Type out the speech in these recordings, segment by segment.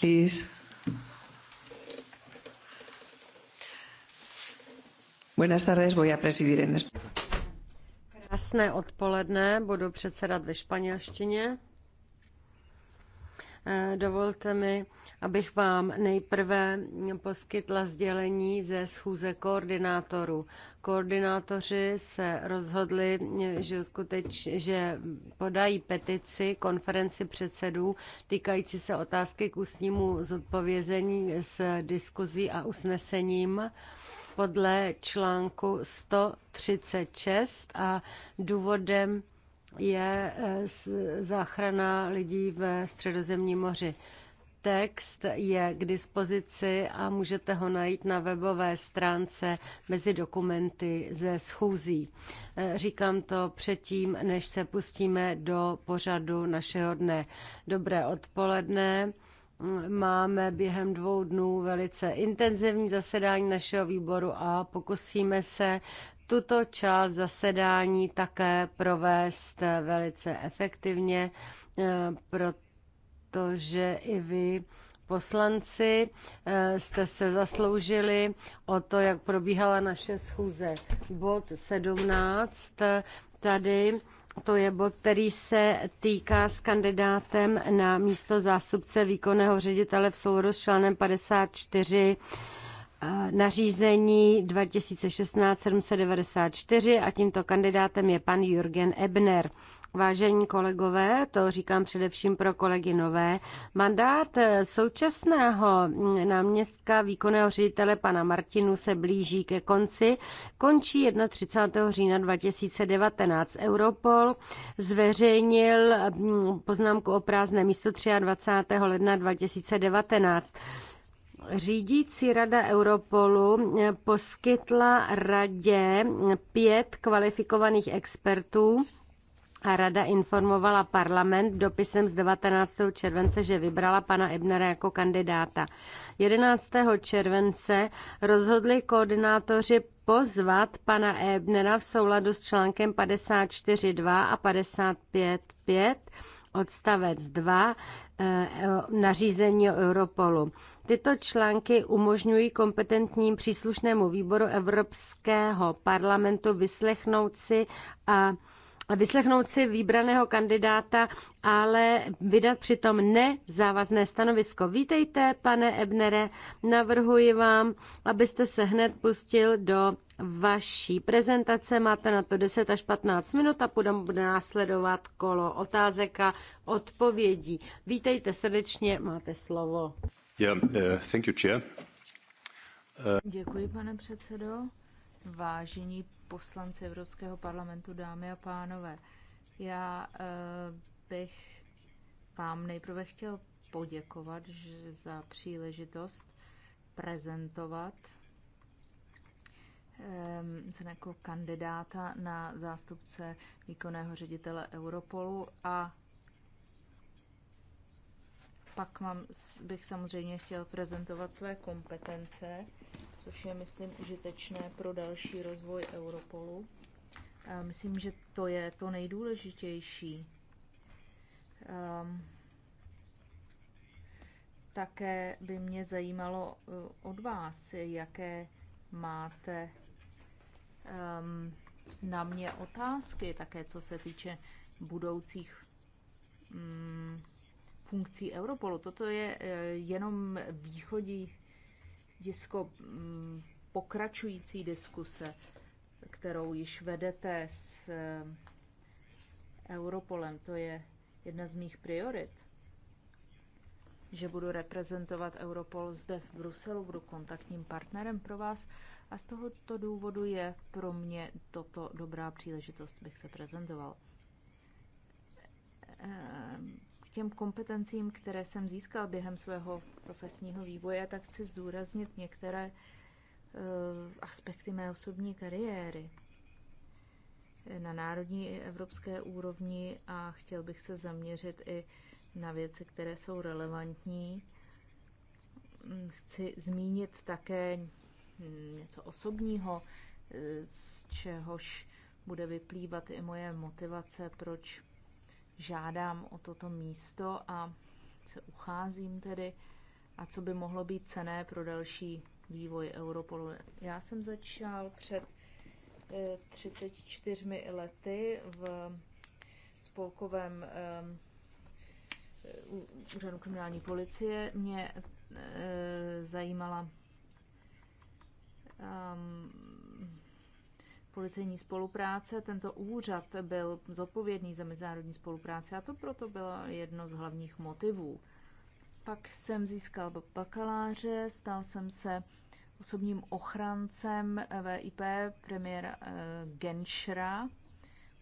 please. Buenas tardes, voy a presidir en Krásné odpoledne, budu předsedat ve španělštině. Eh, dovolte mi, abych vám nejprve poskytla sdělení ze schůze koordinátorů. Koordinátoři se rozhodli, že, skuteč, že podají petici konferenci předsedů týkající se otázky k ústnímu zodpovězení s diskuzí a usnesením podle článku 136 a důvodem je eh, záchrana lidí ve středozemním moři. Text je k dispozici a můžete ho najít na webové stránce mezi dokumenty ze schůzí. Eh, říkám to předtím, než se pustíme do pořadu našeho dne. Dobré odpoledne. Máme během dvou dnů velice intenzivní zasedání našeho výboru a pokusíme se tuto část zasedání také provést velice efektivně, eh, protože i vy poslanci eh, jste se zasloužili o to, jak probíhala naše schůze. Bod 17 tady to je bod, který se týká s kandidátem na místo zástupce výkonného ředitele v souboru s článem 54 nařízení 2016-794 a tímto kandidátem je pan Jürgen Ebner. Vážení kolegové, to říkám především pro kolegy nové, mandát eh, současného náměstka výkonného ředitele pana Martinu se blíží ke konci. Končí 31. října 2019. Europol zveřejnil mm, poznámku o prázdné místo 23. ledna 2019. Řídící rada Europolu eh, poskytla radě eh, pět kvalifikovaných expertů a rada informovala parlament dopisem z 19. července, že vybrala pana Ebnera jako kandidáta. 11. července rozhodli koordinátoři pozvat pana Ebnera v souladu s článkem 54.2 a 55.5 odstavec 2 eh, nařízení Europolu. Tyto články umožňují kompetentním příslušnému výboru Evropského parlamentu vyslechnout si a vyslechnout si výbraného kandidáta, ale vydat přitom nezávazné stanovisko. Vítejte, pane Ebnere, navrhuji vám, abyste se hned pustil do vaší prezentace. Máte na to 10 až 15 minut a potom bude následovat kolo otázek a odpovědí. Vítejte srdečně, máte slovo. Yeah, uh, thank you, chair. Uh... Děkuji, pane předsedo. Vážení poslanci Evropského parlamentu, dámy a pánové. Já eh, bych vám nejprve chtěl poděkovat že za příležitost prezentovat ehm, se jako kandidáta na zástupce výkonného ředitele Europolu a pak mám, bych samozřejmě chtěl prezentovat své kompetence což je, myslím, užitečné pro další rozvoj Europolu. myslím, že to je to nejdůležitější. Um, také by mě zajímalo e, od vás, jaké máte um, na mě otázky, také co se týče budoucích um, funkcí Europolu. Toto je uh, jenom východí hledisko mm, pokračující diskuse, kterou již vedete s eh, Europolem, to je jedna z mých priorit, že budu reprezentovat Europol zde v Bruselu, budu kontaktním partnerem pro vás a z tohoto důvodu je pro mě toto dobrá příležitost, bych se prezentoval. Ehm těm kompetencím, které jsem získal během svého profesního vývoje, tak chci zdůraznit některé eh, aspekty mé osobní kariéry na národní i evropské úrovni a chtěl bych se zaměřit i na věci, které jsou relevantní. Mm, chci zmínit také něco osobního, eh, z čehož bude vyplývat i moje motivace, proč žádám o toto místo a se ucházím tedy a co by mohlo být cené pro další vývoj Europolu. Já jsem začal před 34 eh, lety v spolkovém eh, úřadu kriminální policie. Mě eh, zajímala ehm, policejní spolupráce. Tento úřad byl zodpovědný za mezinárodní spolupráci a to proto bylo jedno z hlavních motivů. Pak jsem získal bakaláře, stal jsem se osobním ochrancem VIP premiéra eh, Genšra.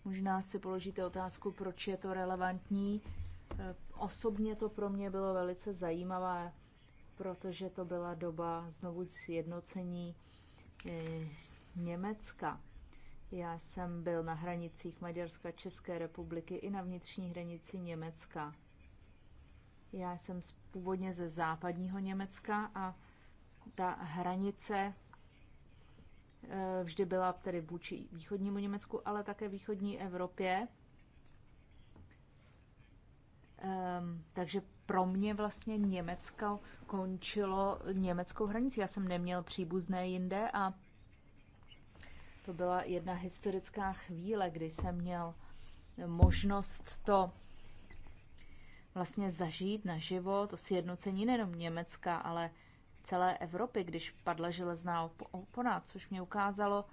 Možná si položíte otázku, proč je to relevantní. Eh, osobně to pro mě bylo velice zajímavé, protože to byla doba znovu sjednocení eh, Německa. Já jsem byl na hranicích Maďarska, České republiky i na vnitřní hranici Německa. Já jsem původně ze západního Německa a ta hranice e, vždy byla tedy vůči východnímu Německu, ale také východní Evropě. Um, takže pro mě vlastně Německo končilo německou hranicí. Já jsem neměl příbuzné jinde a to byla jedna historická chvíle, kdy jsem měl možnost to vlastně zažít na život. to sjednocení nejenom Německa, ale celé Evropy, když padla železná opona, což mě ukázalo,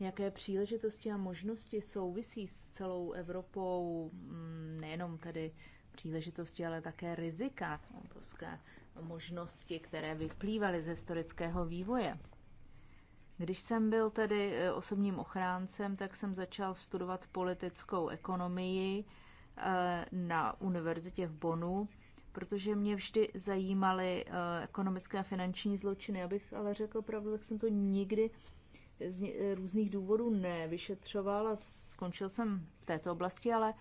jaké příležitosti a možnosti souvisí s celou Evropou, mm, nejenom tedy příležitosti, ale také rizika, obrovské možnosti, které vyplývaly ze historického vývoje. Když jsem byl tedy e, osobním ochráncem, tak jsem začal studovat politickou ekonomii e, na univerzitě v Bonu, protože mě vždy zajímaly e, ekonomické a finanční zločiny. Abych ale řekl pravdu, tak jsem to nikdy z různých důvodů nevyšetřoval a skončil jsem v této oblasti, ale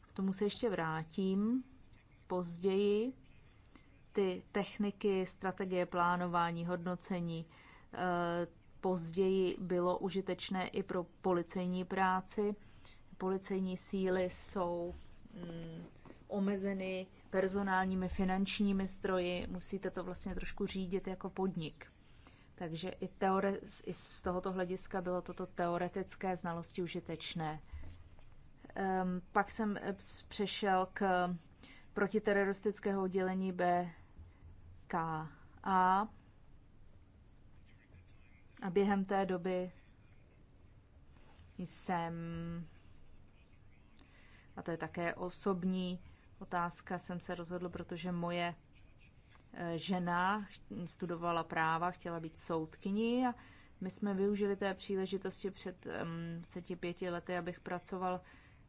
k tomu se ještě vrátím později. Ty techniky, strategie plánování, hodnocení, později bylo užitečné i pro policejní práci. Policejní síly jsou mm, omezeny personálními finančními stroji, musíte to vlastně trošku řídit jako podnik. Takže i, teore, i z tohoto hlediska bylo toto teoretické znalosti užitečné. Um, pak jsem eh, přešel k protiteroristického oddělení BKA a během té doby jsem, a to je také osobní otázka, jsem se rozhodl, protože moje eh, žena studovala práva, chtěla být soudkyní a my jsme využili té příležitosti před 25 lety, abych pracoval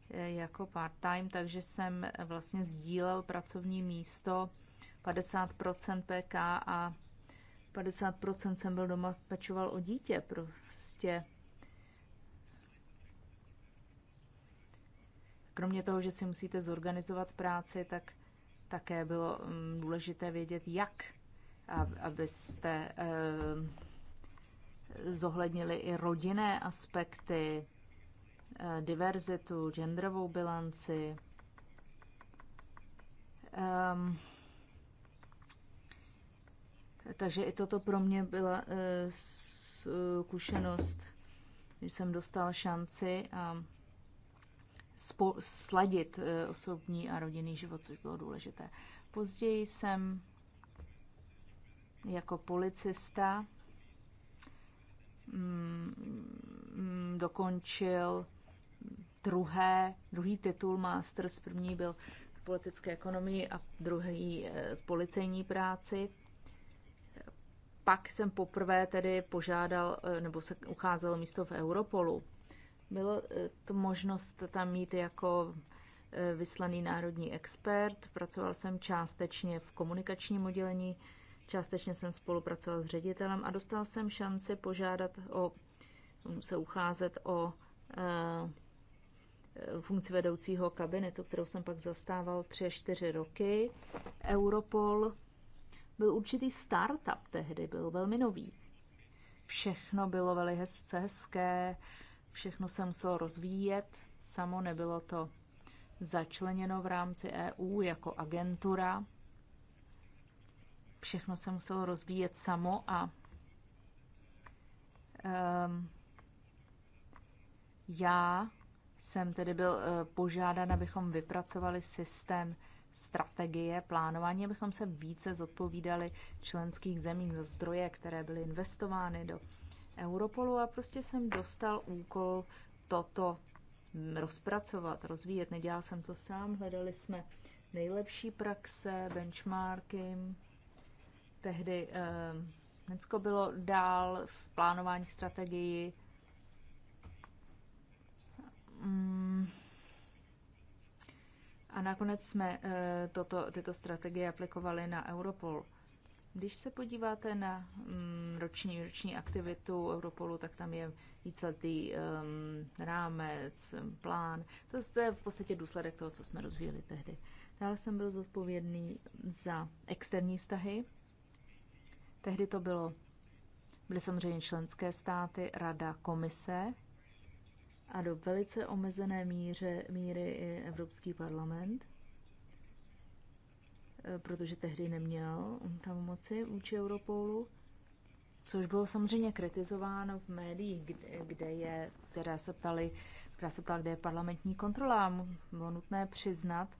eh, jako part-time, takže jsem eh, vlastně sdílel pracovní místo 50% PK a 50% jsem byl doma, pečoval o dítě prostě. Kromě toho, že si musíte zorganizovat práci, tak také bylo mm, důležité vědět, jak, abyste ehm, zohlednili i rodinné aspekty, eh, diverzitu, genderovou bilanci. Um, takže i toto pro mě byla eh, eh, zkušenost, že jsem dostal šanci a sladit eh, osobní a rodinný život, což bylo důležité. Později jsem jako policista mm, mm, dokončil druhé, druhý titul Masters. První byl v politické ekonomii a druhý z policejní práci pak jsem poprvé tedy požádal, eh, nebo se ucházel místo v Europolu. Bylo eh, to možnost tam mít jako eh, vyslaný národní expert. Pracoval jsem částečně v komunikačním oddělení, částečně jsem spolupracoval s ředitelem a dostal jsem šanci požádat o, se ucházet o e, funkci vedoucího kabinetu, kterou jsem pak zastával tři čtyři roky. Europol byl určitý startup tehdy, byl velmi nový. Všechno bylo velmi hezce, hezké, všechno se muselo rozvíjet, samo nebylo to začleněno v rámci EU jako agentura. Všechno se muselo rozvíjet samo a um, já jsem tedy byl uh, požádán, abychom vypracovali systém strategie plánování, abychom se více zodpovídali členských zemí za zdroje, které byly investovány do Europolu a prostě jsem dostal úkol toto rozpracovat, rozvíjet. Nedělal jsem to sám, hledali jsme nejlepší praxe, benchmarky. Tehdy eh, bylo dál v plánování strategii. Mm a nakonec jsme eh, toto, tyto strategie aplikovali na Europol. Když se podíváte na mm, roční, roční aktivitu Europolu, tak tam je víceletý um, rámec, ehm, plán. To, to je v podstatě důsledek toho, co jsme rozvíjeli tehdy. Dále jsem byl zodpovědný za externí vztahy. Tehdy to bylo, byly samozřejmě členské státy, rada, komise a do velice omezené míře, míry i Evropský parlament, eh, protože tehdy neměl pravomoci vůči Europolu, což bylo samozřejmě kritizováno v médiích, kde, kde je, které se ptali, která se ptala, kde je parlamentní kontrola. Bylo nutné přiznat,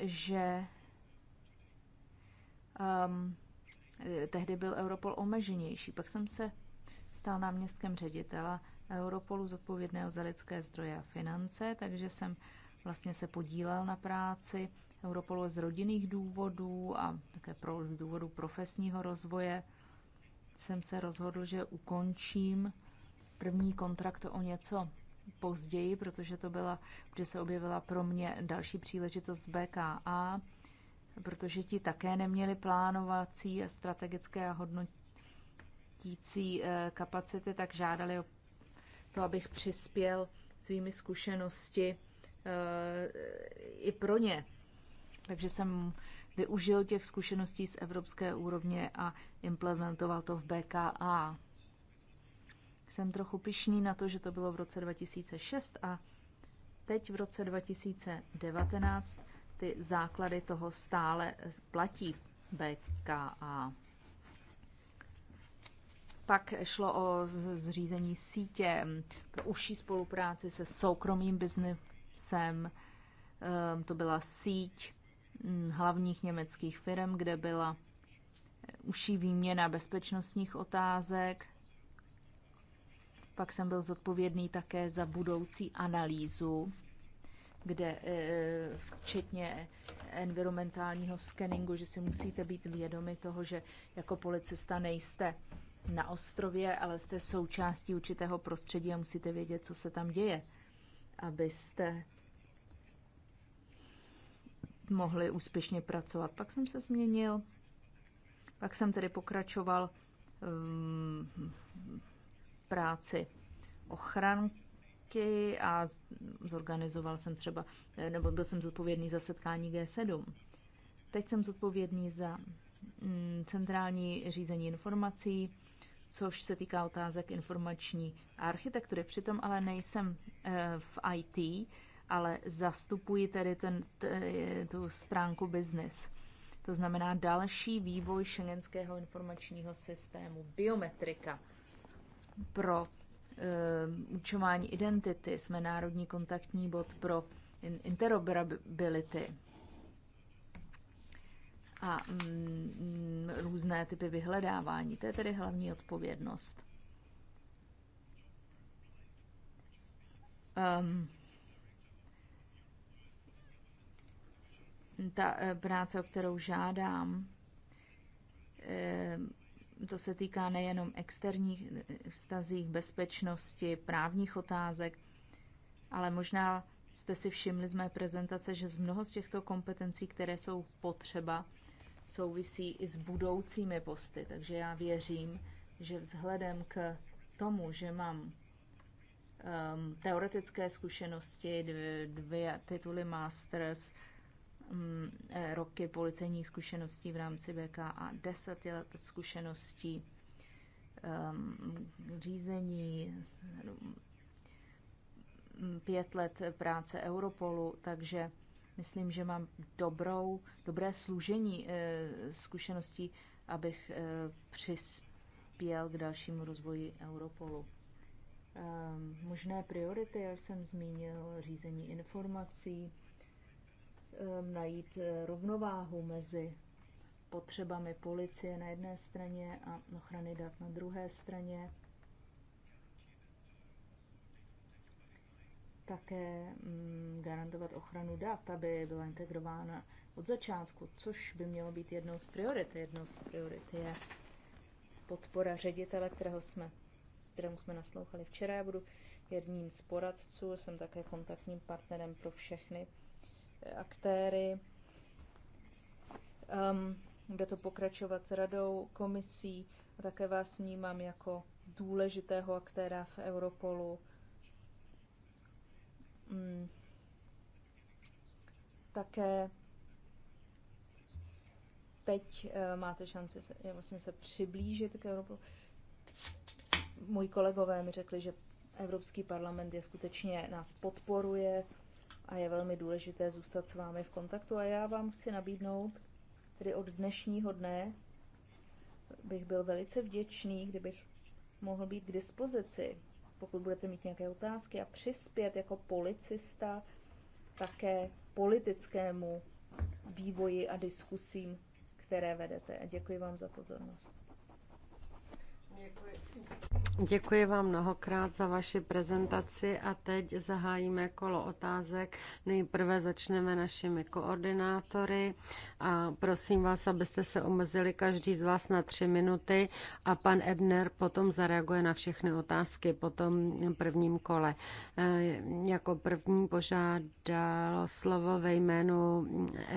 že um, tehdy byl Europol omeženější. Pak jsem se stal náměstkem ředitela Europolu zodpovědného za lidské zdroje a finance, takže jsem vlastně se podílel na práci Europolu z rodinných důvodů a také pro, z důvodu profesního rozvoje jsem se rozhodl, že ukončím první kontrakt o něco později, protože to byla, kde se objevila pro mě další příležitost BKA, protože ti také neměli plánovací a strategické a hodnotící eh, kapacity, tak žádali o to, abych přispěl svými zkušenosti eh, i pro ně. Takže jsem využil těch zkušeností z evropské úrovně a implementoval to v BKA. Jsem trochu pišný na to, že to bylo v roce 2006 a teď v roce 2019 ty základy toho stále platí BKA. Pak šlo o zřízení sítě pro užší spolupráci se soukromým biznesem. Ehm, to byla síť hm, hlavních německých firm, kde byla eh, užší výměna bezpečnostních otázek. Pak jsem byl zodpovědný také za budoucí analýzu, kde eh, včetně environmentálního skeningu, že si musíte být vědomi toho, že jako policista nejste na ostrově, ale jste součástí určitého prostředí a musíte vědět, co se tam děje, abyste mohli úspěšně pracovat. Pak jsem se změnil, pak jsem tedy pokračoval um, práci ochranky a zorganizoval jsem třeba, nebo byl jsem zodpovědný za setkání G7. Teď jsem zodpovědný za mm, centrální řízení informací, což se týká otázek informační architektury. Přitom ale nejsem eh, v IT, ale zastupuji tedy ten, t, eh, tu stránku business. To znamená další vývoj šengenského informačního systému, biometrika pro e, eh, učování identity, jsme národní kontaktní bod pro interoperability. A mm, různé typy vyhledávání. To je tedy hlavní odpovědnost. Um, ta e, práce, o kterou žádám, ehm, to se týká nejenom externích e, vztazích, bezpečnosti, právních otázek, ale možná jste si všimli z mé prezentace, že z mnoho z těchto kompetencí, které jsou potřeba, souvisí i s budoucími posty. Takže já věřím, že vzhledem k tomu, že mám um, teoretické zkušenosti, dvě, dvě tituly masters, um, eh, roky policejních zkušeností v rámci BK a deset let zkušeností um, řízení, pět let práce Europolu, takže Myslím, že mám dobrou, dobré služení eh, zkušeností, abych eh, přispěl k dalšímu rozvoji Europolu. Ehm, možné priority, já jsem zmínil řízení informací, ehm, najít eh, rovnováhu mezi potřebami policie na jedné straně a ochrany dat na druhé straně. také mm, garantovat ochranu dat, aby byla integrována od začátku, což by mělo být jednou z priorit. Jednou z priorit je podpora ředitele, kterého jsme, kterému jsme naslouchali včera. Já budu jedním z poradců, jsem také kontaktním partnerem pro všechny eh, aktéry. Um, bude to pokračovat s radou, komisí a také vás vnímám jako důležitého aktéra v Europolu Mm. také teď eh, máte šanci se, vlastně se přiblížit k Evropu. Moji kolegové mi řekli, že Evropský parlament je skutečně nás podporuje a je velmi důležité zůstat s vámi v kontaktu. A já vám chci nabídnout, tedy od dnešního dne bych byl velice vděčný, kdybych mohl být k dispozici pokud budete mít nějaké otázky a přispět jako policista také politickému vývoji a diskusím, které vedete. A děkuji vám za pozornost. Děkuji vám mnohokrát za vaši prezentaci a teď zahájíme kolo otázek. Nejprve začneme našimi koordinátory a prosím vás, abyste se omezili každý z vás na tři minuty a pan Ebner potom zareaguje na všechny otázky po tom prvním kole. Eh, jako první požádal slovo ve jménu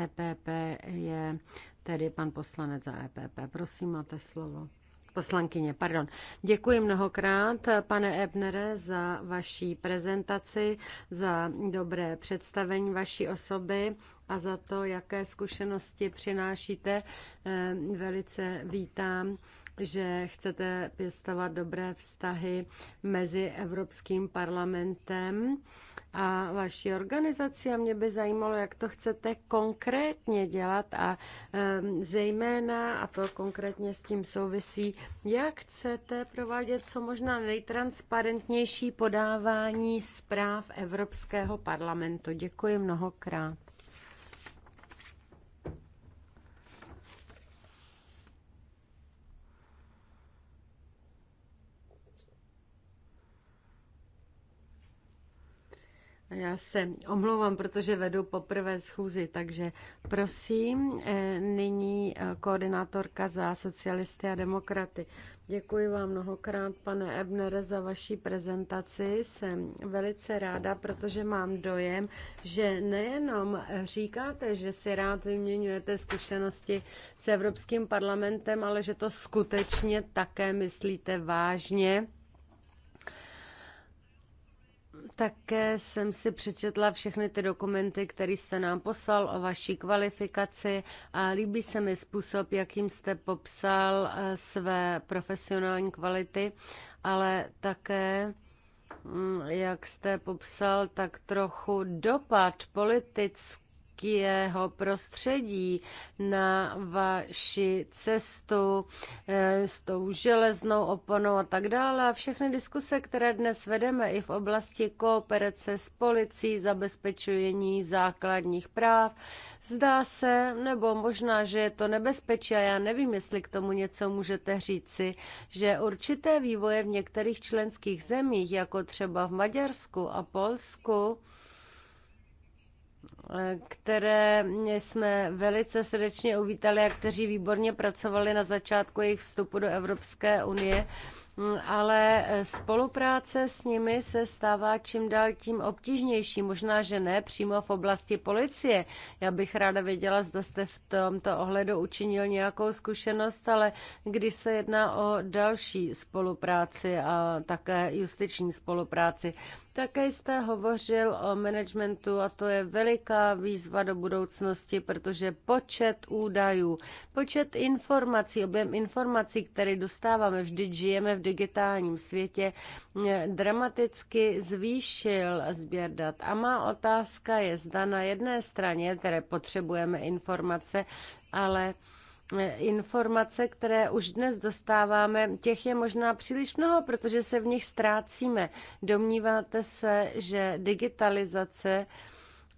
EPP je tedy pan poslanec za EPP. Prosím, máte slovo. Poslankyně, pardon. Děkuji mnohokrát, pane Ebnere, za vaší prezentaci, za dobré představení vaší osoby a za to, jaké zkušenosti přinášíte. Eh, velice vítám, že chcete pěstovat dobré vztahy mezi Evropským parlamentem a vaší organizaci a mě by zajímalo, jak to chcete konkrétně dělat a zejména, a to konkrétně s tím souvisí, jak chcete provádět co možná nejtransparentnější podávání zpráv Evropského parlamentu. Děkuji mnohokrát. Já se omlouvám, protože vedu poprvé schůzi, takže prosím, eh, nyní eh, koordinátorka za socialisty a demokraty. Děkuji vám mnohokrát, pane Ebnere, za vaší prezentaci. Jsem velice ráda, protože mám dojem, že nejenom říkáte, že si rád vyměňujete zkušenosti s Evropským parlamentem, ale že to skutečně také myslíte vážně také jsem si přečetla všechny ty dokumenty, které jste nám poslal o vaší kvalifikaci a líbí se mi způsob, jakým jste popsal eh, své profesionální kvality, ale také mm, jak jste popsal, tak trochu dopad politický jeho prostředí na vaši cestu eh, s tou železnou oponou a tak dále. A všechny diskuse, které dnes vedeme i v oblasti kooperace s policií, zabezpečení základních práv, zdá se, nebo možná, že je to nebezpečí a já nevím, jestli k tomu něco můžete říci, že určité vývoje v některých členských zemích, jako třeba v Maďarsku a Polsku, které jsme velice srdečně uvítali a kteří výborně pracovali na začátku jejich vstupu do Evropské unie, ale spolupráce s nimi se stává čím dál tím obtížnější. Možná, že ne přímo v oblasti policie. Já bych ráda věděla, zda jste v tomto ohledu učinil nějakou zkušenost, ale když se jedná o další spolupráci a také justiční spolupráci, také jste hovořil o managementu a to je veliká výzva do budoucnosti, protože počet údajů, počet informací, objem informací, které dostáváme, vždy žijeme v digitálním světě, dramaticky zvýšil sběr dat. A má otázka je, zda na jedné straně, které potřebujeme informace, ale Eh, informace, které už dnes dostáváme, těch je možná příliš mnoho, protože se v nich ztrácíme. Domníváte se, že digitalizace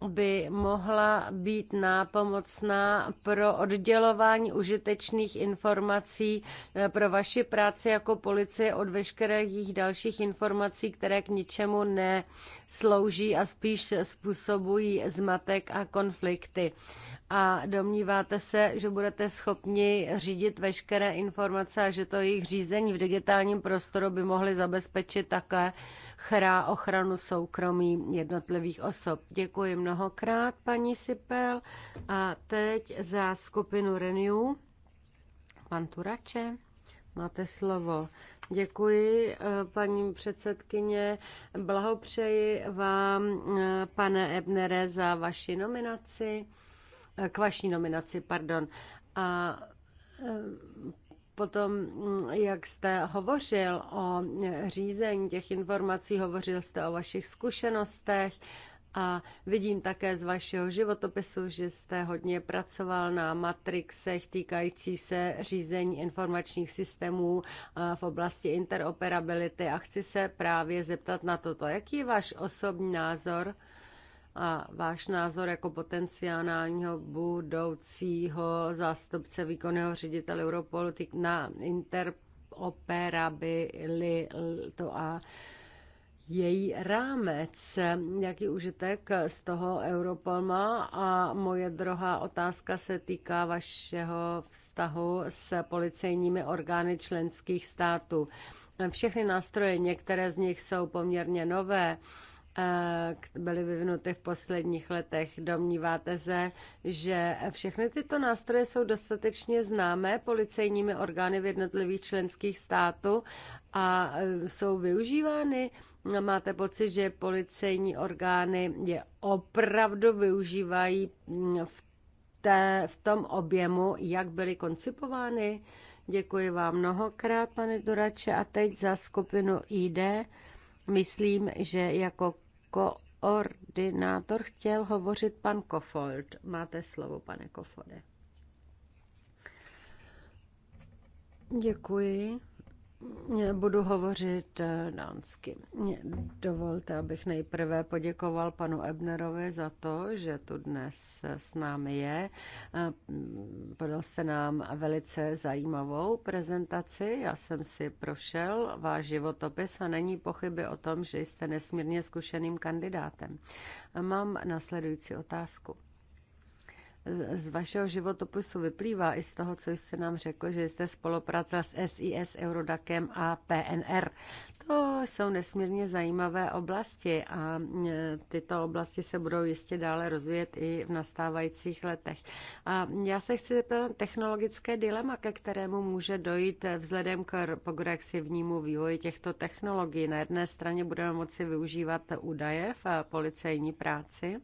by mohla být nápomocná pro oddělování užitečných informací eh, pro vaši práci jako policie od veškerých dalších informací, které k ničemu neslouží a spíš způsobují zmatek a konflikty a domníváte se, že budete schopni řídit veškeré informace a že to jejich řízení v digitálním prostoru by mohly zabezpečit také chrá ochranu soukromí jednotlivých osob. Děkuji mnohokrát, paní Sipel. A teď za skupinu Renew, pan Turače. Máte slovo. Děkuji, eh, paní předsedkyně. Blahopřeji vám, eh, pane Ebnere, za vaši nominaci k vaší nominaci, pardon. A eh, potom, mm, jak jste hovořil o eh, řízení těch informací, hovořil jste o vašich zkušenostech a vidím také z vašeho životopisu, že jste hodně pracoval na matrixech týkající se řízení informačních systémů eh, v oblasti interoperability a chci se právě zeptat na toto. Jaký je váš osobní názor a váš názor jako potenciálního budoucího zástupce výkonného ředitele Europolu na interoperabilitu a její rámec, jaký užitek z toho Europol má a moje druhá otázka se týká vašeho vztahu s policejními orgány členských států. Všechny nástroje, některé z nich jsou poměrně nové, Eh, byly vyvinuty v posledních letech. Domníváte se, že všechny tyto nástroje jsou dostatečně známé policejními orgány v jednotlivých členských států a eh, jsou využívány? Máte pocit, že policejní orgány je opravdu využívají hm, v, té, v tom objemu, jak byly koncipovány? Děkuji vám mnohokrát, pane Durače, a teď za skupinu ID. Myslím, že jako koordinátor chtěl hovořit pan Kofold. Máte slovo, pane Kofode. Děkuji. Eh, budu hovořit eh, dánsky. Dovolte, abych nejprve poděkoval panu Ebnerovi za to, že tu dnes eh, s námi je. Mm, podal jste nám velice zajímavou prezentaci. Já jsem si prošel váš životopis a není pochyby o tom, že jste nesmírně zkušeným kandidátem. Mám následující otázku z vašeho životopisu vyplývá i z toho, co jste nám řekl, že jste spolupracoval s SIS, Eurodakem a PNR. To jsou nesmírně zajímavé oblasti a e, tyto oblasti se budou jistě dále rozvíjet i v nastávajících letech. A já se chci zeptat na technologické dilema, ke kterému může dojít vzhledem k progresivnímu vývoji těchto technologií. Na jedné straně budeme moci využívat údaje v policejní práci,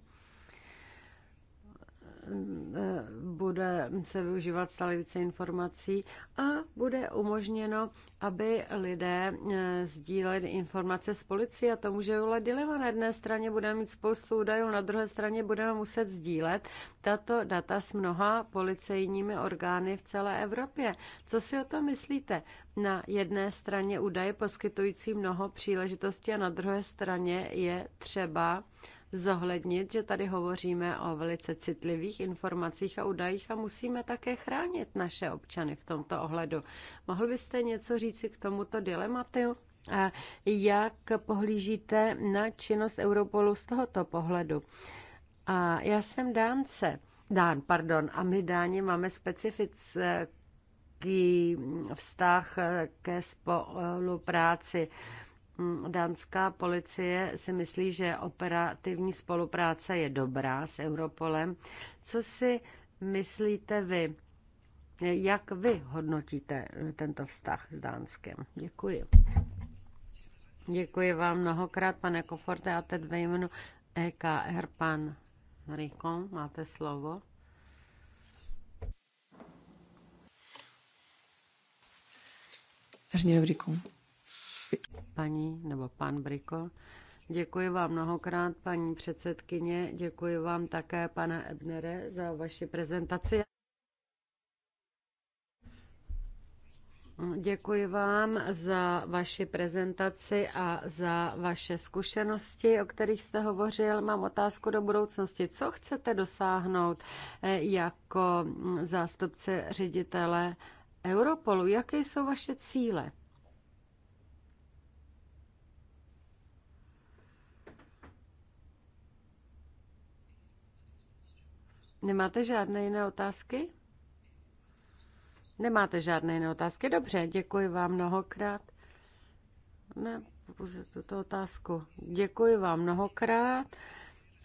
Eh, bude se využívat stále více informací a bude umožněno, aby lidé eh, sdíleli informace s policií a to může udělat dilema. Na jedné straně budeme mít spoustu údajů, na druhé straně budeme muset sdílet tato data s mnoha policejními orgány v celé Evropě. Co si o to myslíte? Na jedné straně údaje poskytující mnoho příležitostí a na druhé straně je třeba zohlednit, že tady hovoříme o velice citlivých informacích a údajích a musíme také chránit naše občany v tomto ohledu. Mohl byste něco říci k tomuto dilematu? A jak pohlížíte na činnost Europolu z tohoto pohledu? A já jsem dánce, dán, pardon, a my dáni máme specifické vztah ke spolupráci Mm, dánská policie si myslí, že operativní spolupráce je dobrá s Europolem. Co si myslíte vy? Jak vy hodnotíte eh, tento vztah s Dánskem? Děkuji. Děkuji vám mnohokrát, pane Koforte, a teď ve jménu EKR, pan Rikon, máte slovo. Herr Rikon. Paní nebo pan Briko, děkuji vám mnohokrát, paní předsedkyně, děkuji vám také, pane Ebnere, za vaši prezentaci. Děkuji vám za vaši prezentaci a za vaše zkušenosti, o kterých jste hovořil. Mám otázku do budoucnosti. Co chcete dosáhnout eh, jako zástupce ředitele Europolu? Jaké jsou vaše cíle? Nemáte žádné jiné otázky? Nemáte žádné jiné otázky? Dobře, děkuji vám mnohokrát. Ne, pouze tuto otázku. Děkuji vám mnohokrát.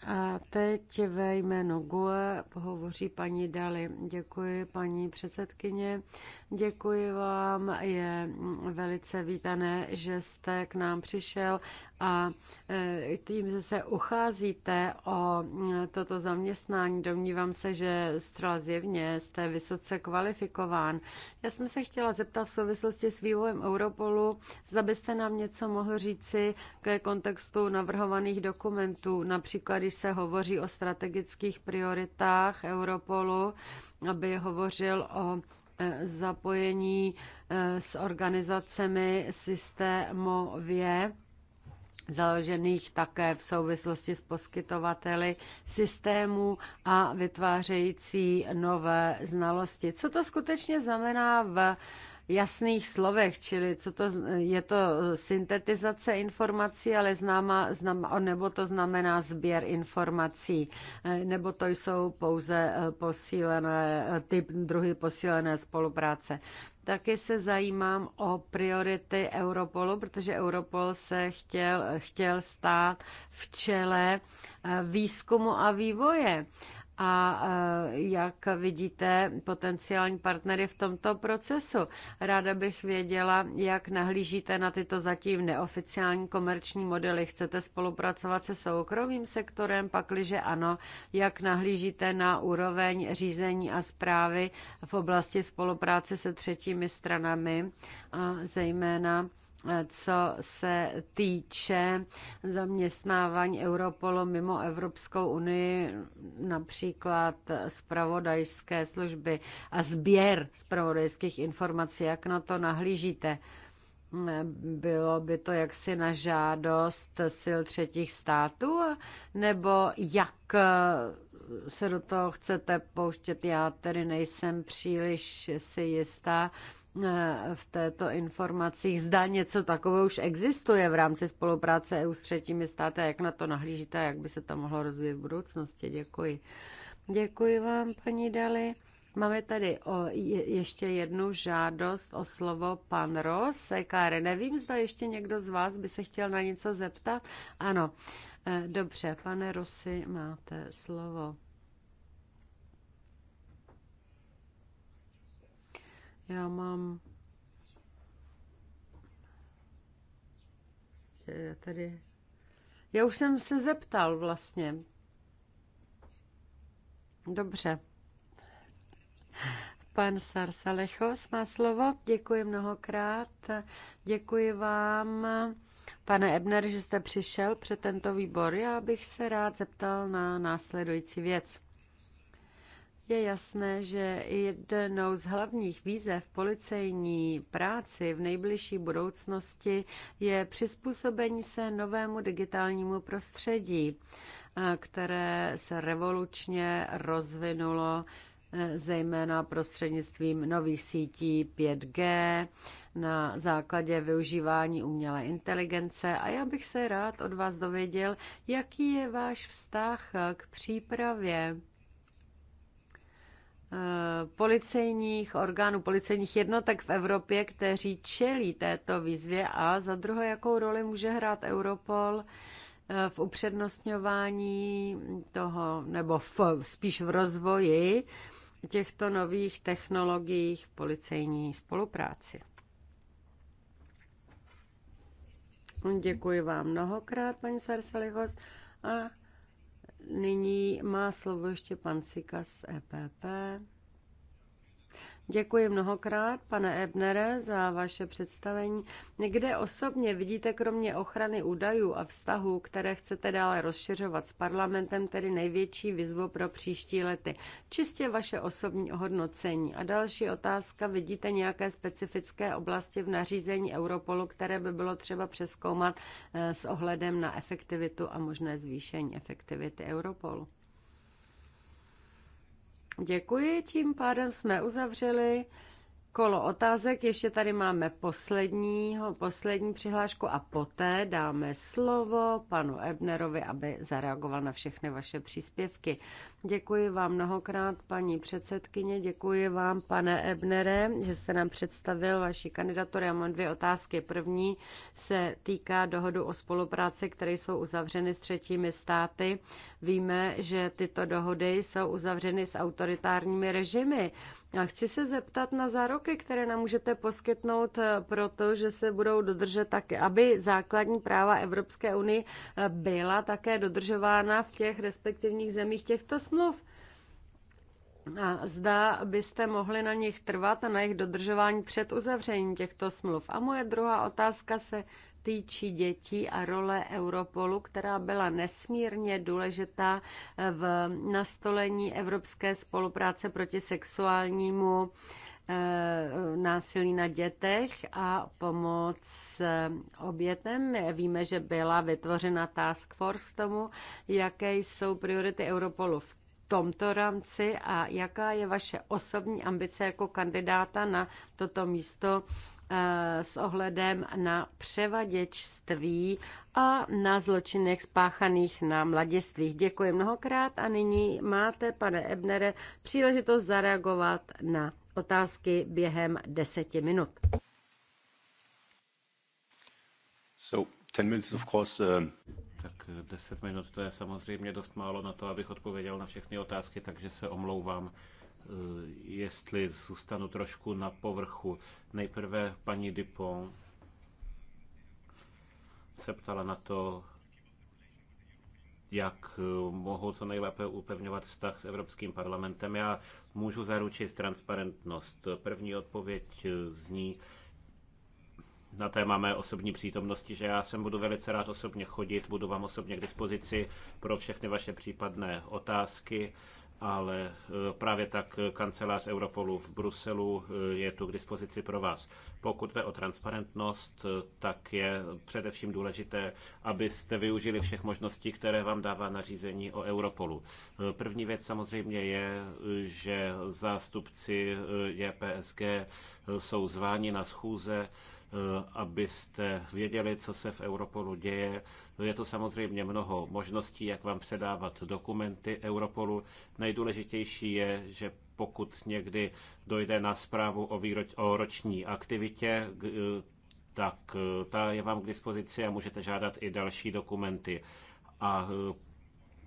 A teď ve jménu GUE pohovoří paní Dali. Děkuji, paní předsedkyně. Děkuji vám, je velice vítané, že jste k nám přišel a e, tím, že se ucházíte o e, toto zaměstnání, domnívám se, že zcela zjevně jste vysoce kvalifikován. Já jsem se chtěla zeptat v souvislosti s vývojem Europolu, zda byste nám něco mohl říci ke kontextu navrhovaných dokumentů, například když se hovoří o strategických prioritách Europolu, aby hovořil o Eh, zapojení eh, s organizacemi systémově založených také v souvislosti s poskytovateli systémů a vytvářející nové znalosti. Co to skutečně znamená v jasných slovech, čili co to, je to syntetizace informací, ale známa, znam, nebo to znamená sběr informací, eh, nebo to jsou pouze eh, posílené, eh, typ druhy posílené spolupráce. Taky se zajímám o priority Europolu, protože Europol se chtěl, chtěl stát v čele výzkumu a vývoje a eh, jak vidíte potenciální partnery v tomto procesu. Ráda bych věděla, jak nahlížíte na tyto zatím neoficiální komerční modely. Chcete spolupracovat se soukromým sektorem, pakliže ano, jak nahlížíte na úroveň řízení a zprávy v oblasti spolupráce se třetími stranami, a zejména co se týče zaměstnávání Europolu mimo Evropskou unii, například zpravodajské služby a sběr zpravodajských informací, jak na to nahlížíte? Bylo by to jaksi na žádost sil třetích států, nebo jak se do toho chcete pouštět? Já tedy nejsem příliš si jistá, Eh, v této informaci zda něco takového už existuje v rámci spolupráce EU s třetími státy. Jak na to nahlížíte jak by se to mohlo rozvíjet v budoucnosti? Děkuji. Děkuji vám, paní Dali. Máme tady o je, ještě jednu žádost o slovo pan Ros. E Káre, nevím, zda ještě někdo z vás by se chtěl na něco zeptat. Ano, eh, dobře, pane Rosy, máte slovo. Já mám eh, tady... Já už jsem se zeptal vlastně. Dobře. Pan Lechos má slovo. Děkuji mnohokrát. Děkuji vám, pane Ebner, že jste přišel před tento výbor. Já bych se rád zeptal na následující věc. Je jasné, že jednou z hlavních výzev policejní práci v nejbližší budoucnosti je přizpůsobení se novému digitálnímu prostředí, které se revolučně rozvinulo e, zejména prostřednictvím nových sítí 5G na základě využívání umělé inteligence. A já bych se rád od vás dověděl, jaký je váš vztah k přípravě Eh, policejních orgánů, policejních jednotek v Evropě, kteří čelí této výzvě a za druhé, jakou roli může hrát Europol eh, v upřednostňování toho, nebo v, spíš v rozvoji těchto nových technologií v policejní spolupráci. Děkuji vám mnohokrát, paní Sarselichos. A Nyní má slovo ještě pan Sika z EPP. Děkuji mnohokrát, pane Ebnere, za vaše představení. Někde osobně vidíte kromě ochrany údajů a vztahů, které chcete dále rozšiřovat s parlamentem, tedy největší výzvu pro příští lety? Čistě vaše osobní ohodnocení. A další otázka, vidíte nějaké specifické oblasti v nařízení Europolu, které by bylo třeba přeskoumat eh, s ohledem na efektivitu a možné zvýšení efektivity Europolu? Děkuji, tím pádem jsme uzavřeli kolo otázek. Ještě tady máme posledního, poslední přihlášku a poté dáme slovo panu Ebnerovi, aby zareagoval na všechny vaše příspěvky. Děkuji vám mnohokrát, paní předsedkyně, děkuji vám, pane Ebnere, že jste nám představil vaši kandidaturu. Já mám dvě otázky. První se týká dohodu o spolupráci, které jsou uzavřeny s třetími státy Víme, že tyto dohody jsou uzavřeny s autoritárními režimy. A chci se zeptat na zároky, které nám můžete poskytnout, eh, protože se budou dodržet tak, aby základní práva Evropské unie eh, byla také dodržována v těch respektivních zemích těchto smluv. A zda byste mohli na nich trvat a na jejich dodržování před uzavřením těchto smluv. A moje druhá otázka se týčí dětí a role Europolu, která byla nesmírně důležitá v nastolení evropské spolupráce proti sexuálnímu eh, násilí na dětech a pomoc eh, obětem. Víme, že byla vytvořena task force tomu, jaké jsou priority Europolu v tomto rámci a jaká je vaše osobní ambice jako kandidáta na toto místo Eh, s ohledem na převaděčství a na zločinech spáchaných na mladistvích. Děkuji mnohokrát a nyní máte, pane Ebnere, příležitost zareagovat na otázky během deseti minut. So, ten minut, of course, um... Tak 10 minut to je samozřejmě dost málo na to, abych odpověděl na všechny otázky, takže se omlouvám Eh, jestli zůstanu trošku na povrchu. Nejprve paní Dupont se ptala na to, jak eh, mohou co nejlépe upevňovat vztah s Evropským parlamentem. Já můžu zaručit transparentnost. První odpověď eh, zní, na téma mé osobní přítomnosti, že já sem budu velice rád osobně chodit, budu vám osobně k dispozici pro všechny vaše případné otázky ale e, právě tak e, kancelář Europolu v Bruselu e, je tu k dispozici pro vás. Pokud jde o transparentnost, tak je především důležité, abyste využili všech možností, které vám dává nařízení o Europolu. První věc samozřejmě je, že zástupci JPSG jsou zváni na schůze Eh, abyste věděli, co se v Europolu děje. Je to samozřejmě mnoho možností, jak vám předávat dokumenty Europolu. Nejdůležitější je, že pokud někdy dojde na zprávu o, výroč, o roční aktivitě, eh, tak eh, ta je vám k dispozici a můžete žádat i další dokumenty. A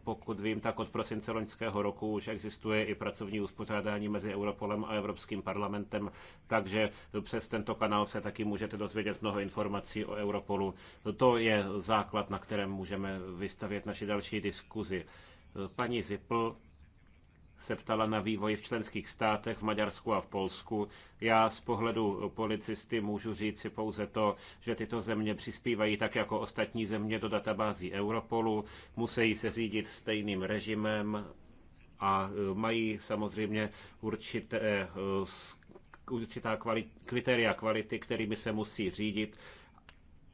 pokud vím, tak od prosince loňského roku už existuje i pracovní uspořádání mezi Europolem a Evropským parlamentem, takže přes tento kanál se taky můžete dozvědět mnoho informací o Europolu. To je základ, na kterém můžeme vystavět naši další diskuzi. Paní Zipl se ptala na vývoj v členských státech, v Maďarsku a v Polsku. Já z pohledu policisty můžu říct si pouze to, že tyto země přispívají tak jako ostatní země do databází Europolu, musí se řídit stejným režimem a e, mají samozřejmě určité e, určitá kvalit, kritéria kvality, kterými se musí řídit,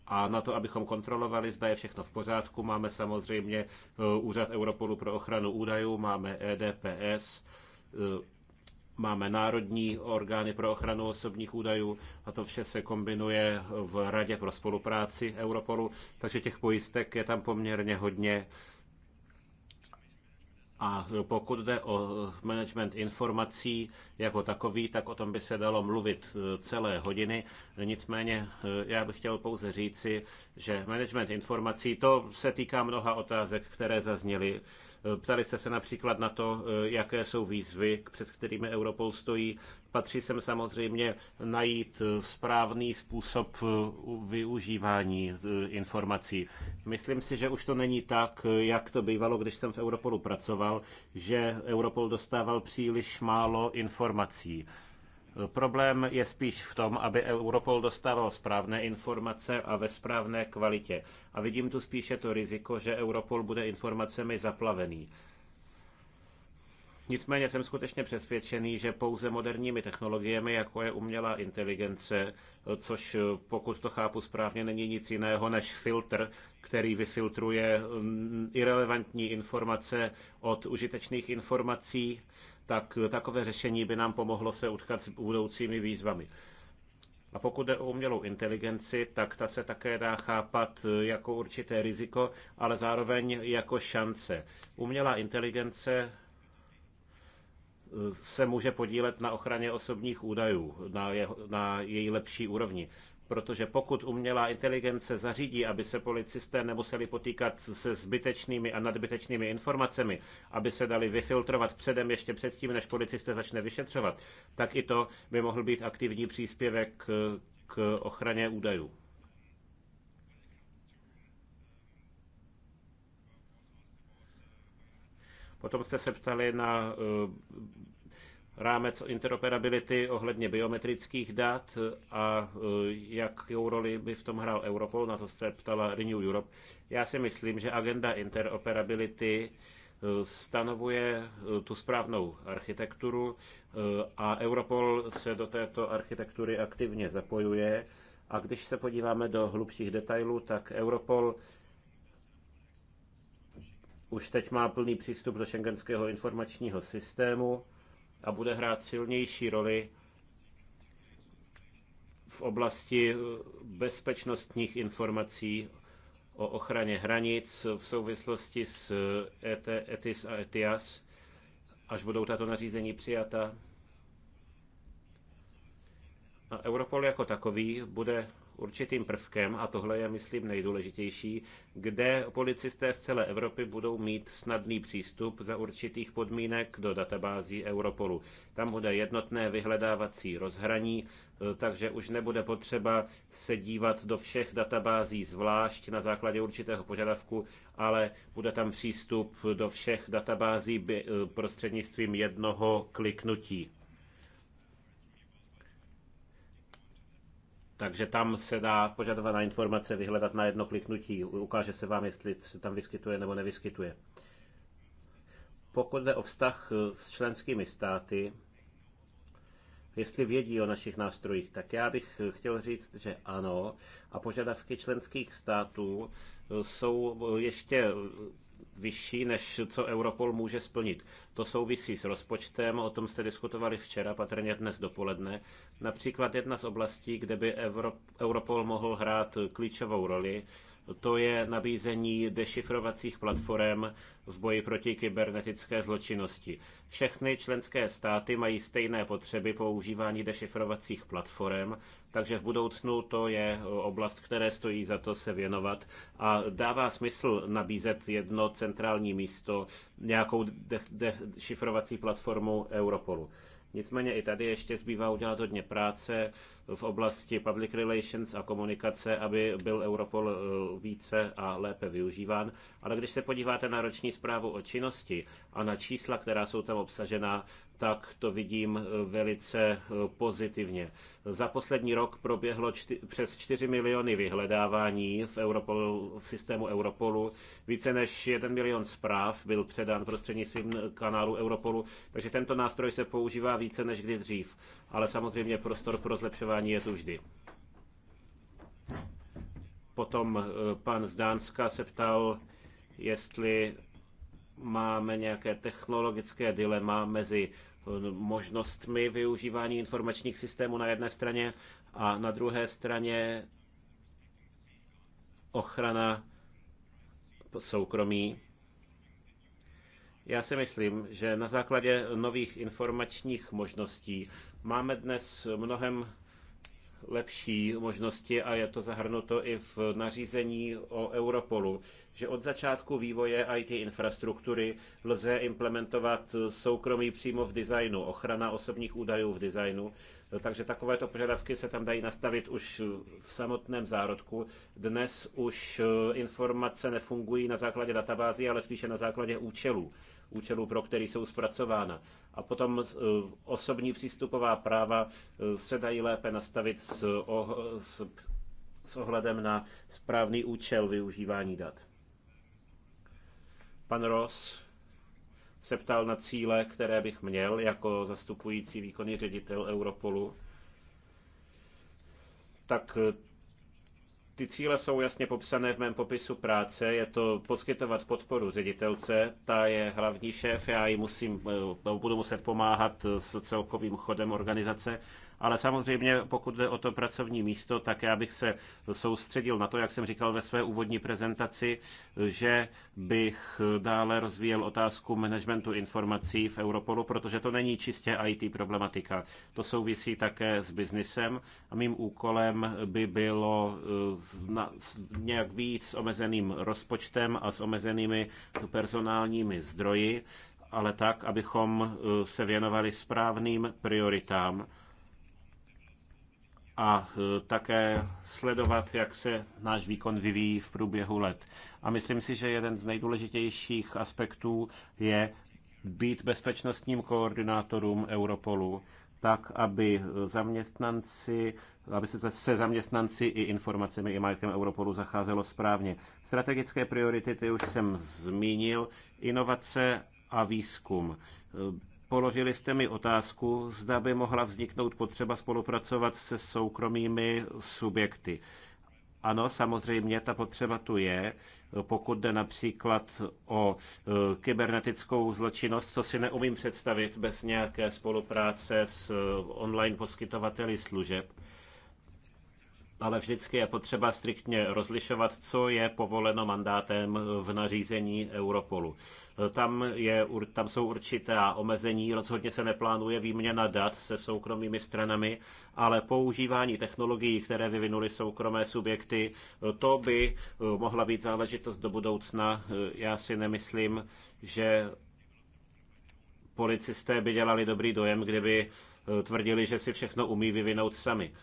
a na to, abychom kontrolovali, zda je všechno v pořádku, máme samozřejmě eh, Úřad Europolu pro ochranu údajů, máme EDPS, eh, máme národní orgány pro ochranu osobních údajů a to vše se kombinuje v Radě pro spolupráci Europolu, takže těch pojistek je tam poměrně hodně a pokud jde o management informací jako takový, tak o tom by se dalo mluvit e, celé hodiny. Nicméně e, já bych chtěl pouze říci, že management informací, to se týká mnoha otázek, které zazněly. E, ptali jste se například na to, jaké jsou výzvy, před kterými Europol stojí, patří sem samozřejmě najít správný způsob eh, využívání eh, informací. Myslím si, že už to není tak, eh, jak to bývalo, když jsem v Europolu pracoval, že Europol dostával příliš málo informací. Problém je spíš v tom, aby Europol dostával správné informace a ve správné kvalitě. A vidím tu spíše to riziko, že Europol bude informacemi zaplavený. Nicméně jsem skutečně přesvědčený, že pouze moderními technologiemi, jako je umělá inteligence, což pokud to chápu správně, není nic jiného než filtr, který vyfiltruje mm, irrelevantní informace od užitečných informací, tak takové řešení by nám pomohlo se utkat s budoucími výzvami. A pokud jde o umělou inteligenci, tak ta se také dá chápat jako určité riziko, ale zároveň jako šance. Umělá inteligence se může podílet na ochraně osobních údajů, na, je, na její lepší úrovni. Protože pokud umělá inteligence zařídí, aby se policisté nemuseli potýkat se zbytečnými a nadbytečnými informacemi, aby se dali vyfiltrovat předem ještě předtím, než policisté začne vyšetřovat, tak i to by mohl být aktivní příspěvek k ochraně údajů. Potom jste se ptali na eh, rámec interoperability ohledně biometrických dat a eh, jakou roli by v tom hrál Europol, na to se ptala Renew Europe. Já si myslím, že agenda interoperability eh, stanovuje tu správnou architekturu a Europol se do této architektury aktivně zapojuje. A když se podíváme do hlubších detailů, tak Europol už teď má plný přístup do šengenského informačního systému a bude hrát silnější roli v oblasti eh, bezpečnostních informací o ochraně hranic v souvislosti s ET, eh, e ETIS a ETIAS, až budou tato nařízení přijata. A Europol jako takový bude určitým prvkem, a tohle je, myslím, nejdůležitější, kde policisté z celé Evropy budou mít snadný přístup za určitých podmínek do databází Europolu. Tam bude jednotné vyhledávací rozhraní, eh, takže už nebude potřeba se dívat do všech databází zvlášť na základě určitého požadavku, ale bude tam přístup do všech databází eh, prostřednictvím jednoho kliknutí. Takže tam se dá požadovaná informace vyhledat na jedno kliknutí. Ukáže se vám, jestli se tam vyskytuje nebo nevyskytuje. Pokud jde o vztah eh, s členskými státy, jestli vědí o našich nástrojích, tak já bych eh, chtěl říct, že ano. A požadavky členských států eh, jsou ještě vyšší, než co Europol může splnit. To souvisí s rozpočtem, o tom jste diskutovali včera, patrně dnes dopoledne. Například jedna z oblastí, kde by Europol mohl hrát klíčovou roli, to je nabízení dešifrovacích platform v boji proti kybernetické zločinnosti. Všechny členské státy mají stejné potřeby používání dešifrovacích platform, takže v budoucnu to je oblast, které stojí za to se věnovat a dává smysl nabízet jedno centrální místo, nějakou dešifrovací platformu Europolu. Nicméně i tady ještě zbývá udělat hodně práce v oblasti public relations a komunikace, aby byl Europol eh, více a lépe využíván. Ale když se podíváte na roční zprávu o činnosti a na čísla, která jsou tam obsažena, tak to vidím eh, velice eh, pozitivně. Za poslední rok proběhlo čty, přes 4 miliony vyhledávání v, Europolu, v systému Europolu. Více než 1 milion zpráv byl předán prostřednictvím kanálu Europolu, takže tento nástroj se používá více než kdy dřív ale samozřejmě prostor pro zlepšování je tu vždy. Potom eh, pan z Dánska se ptal, jestli máme nějaké technologické dilema mezi eh, možnostmi využívání informačních systémů na jedné straně a na druhé straně ochrana soukromí. Já si myslím, že na základě nových informačních možností Máme dnes mnohem lepší možnosti a je to zahrnuto i v nařízení o Europolu, že od začátku vývoje IT infrastruktury lze implementovat soukromí přímo v designu, ochrana osobních údajů v designu, takže takovéto požadavky se tam dají nastavit už v samotném zárodku. Dnes už informace nefungují na základě databází, ale spíše na základě účelů účelů, pro který jsou zpracována. A potom e, osobní přístupová práva e, se dají lépe nastavit s, s, s ohledem na správný účel využívání dat. Pan Ross se ptal na cíle, které bych měl jako zastupující výkonný ředitel Europolu. Tak e, ty cíle jsou jasně popsané v mém popisu práce. Je to poskytovat podporu ředitelce, ta je hlavní šéf, já ji musím, eh, budu muset pomáhat s celkovým chodem organizace ale samozřejmě, pokud jde o to pracovní místo, tak já bych se soustředil na to, jak jsem říkal ve své úvodní prezentaci, že bych dále rozvíjel otázku managementu informací v Europolu, protože to není čistě IT problematika. To souvisí také s biznisem a mým úkolem by bylo eh, nějak víc s omezeným rozpočtem a s omezenými personálními zdroji, ale tak, abychom eh, se věnovali správným prioritám a eh, také sledovat, jak se náš výkon vyvíjí v průběhu let. A myslím si, že jeden z nejdůležitějších aspektů je být bezpečnostním koordinátorům Europolu, tak, aby zaměstnanci, aby se, se zaměstnanci i informacemi i majetkem Europolu zacházelo správně. Strategické priority, ty už jsem zmínil, inovace a výzkum. Položili jste mi otázku, zda by mohla vzniknout potřeba spolupracovat se soukromými subjekty. Ano, samozřejmě ta potřeba tu je. Pokud jde například o e, kybernetickou zločinnost, to si neumím představit bez nějaké spolupráce s e, online poskytovateli služeb ale vždycky je potřeba striktně rozlišovat, co je povoleno mandátem v nařízení Europolu. Tam, je, tam jsou určitá omezení, rozhodně se neplánuje výměna dat se soukromými stranami, ale používání technologií, které vyvinuly soukromé subjekty, to by eh, mohla být záležitost do budoucna. Eh, já si nemyslím, že policisté by dělali dobrý dojem, kdyby eh, tvrdili, že si všechno umí vyvinout sami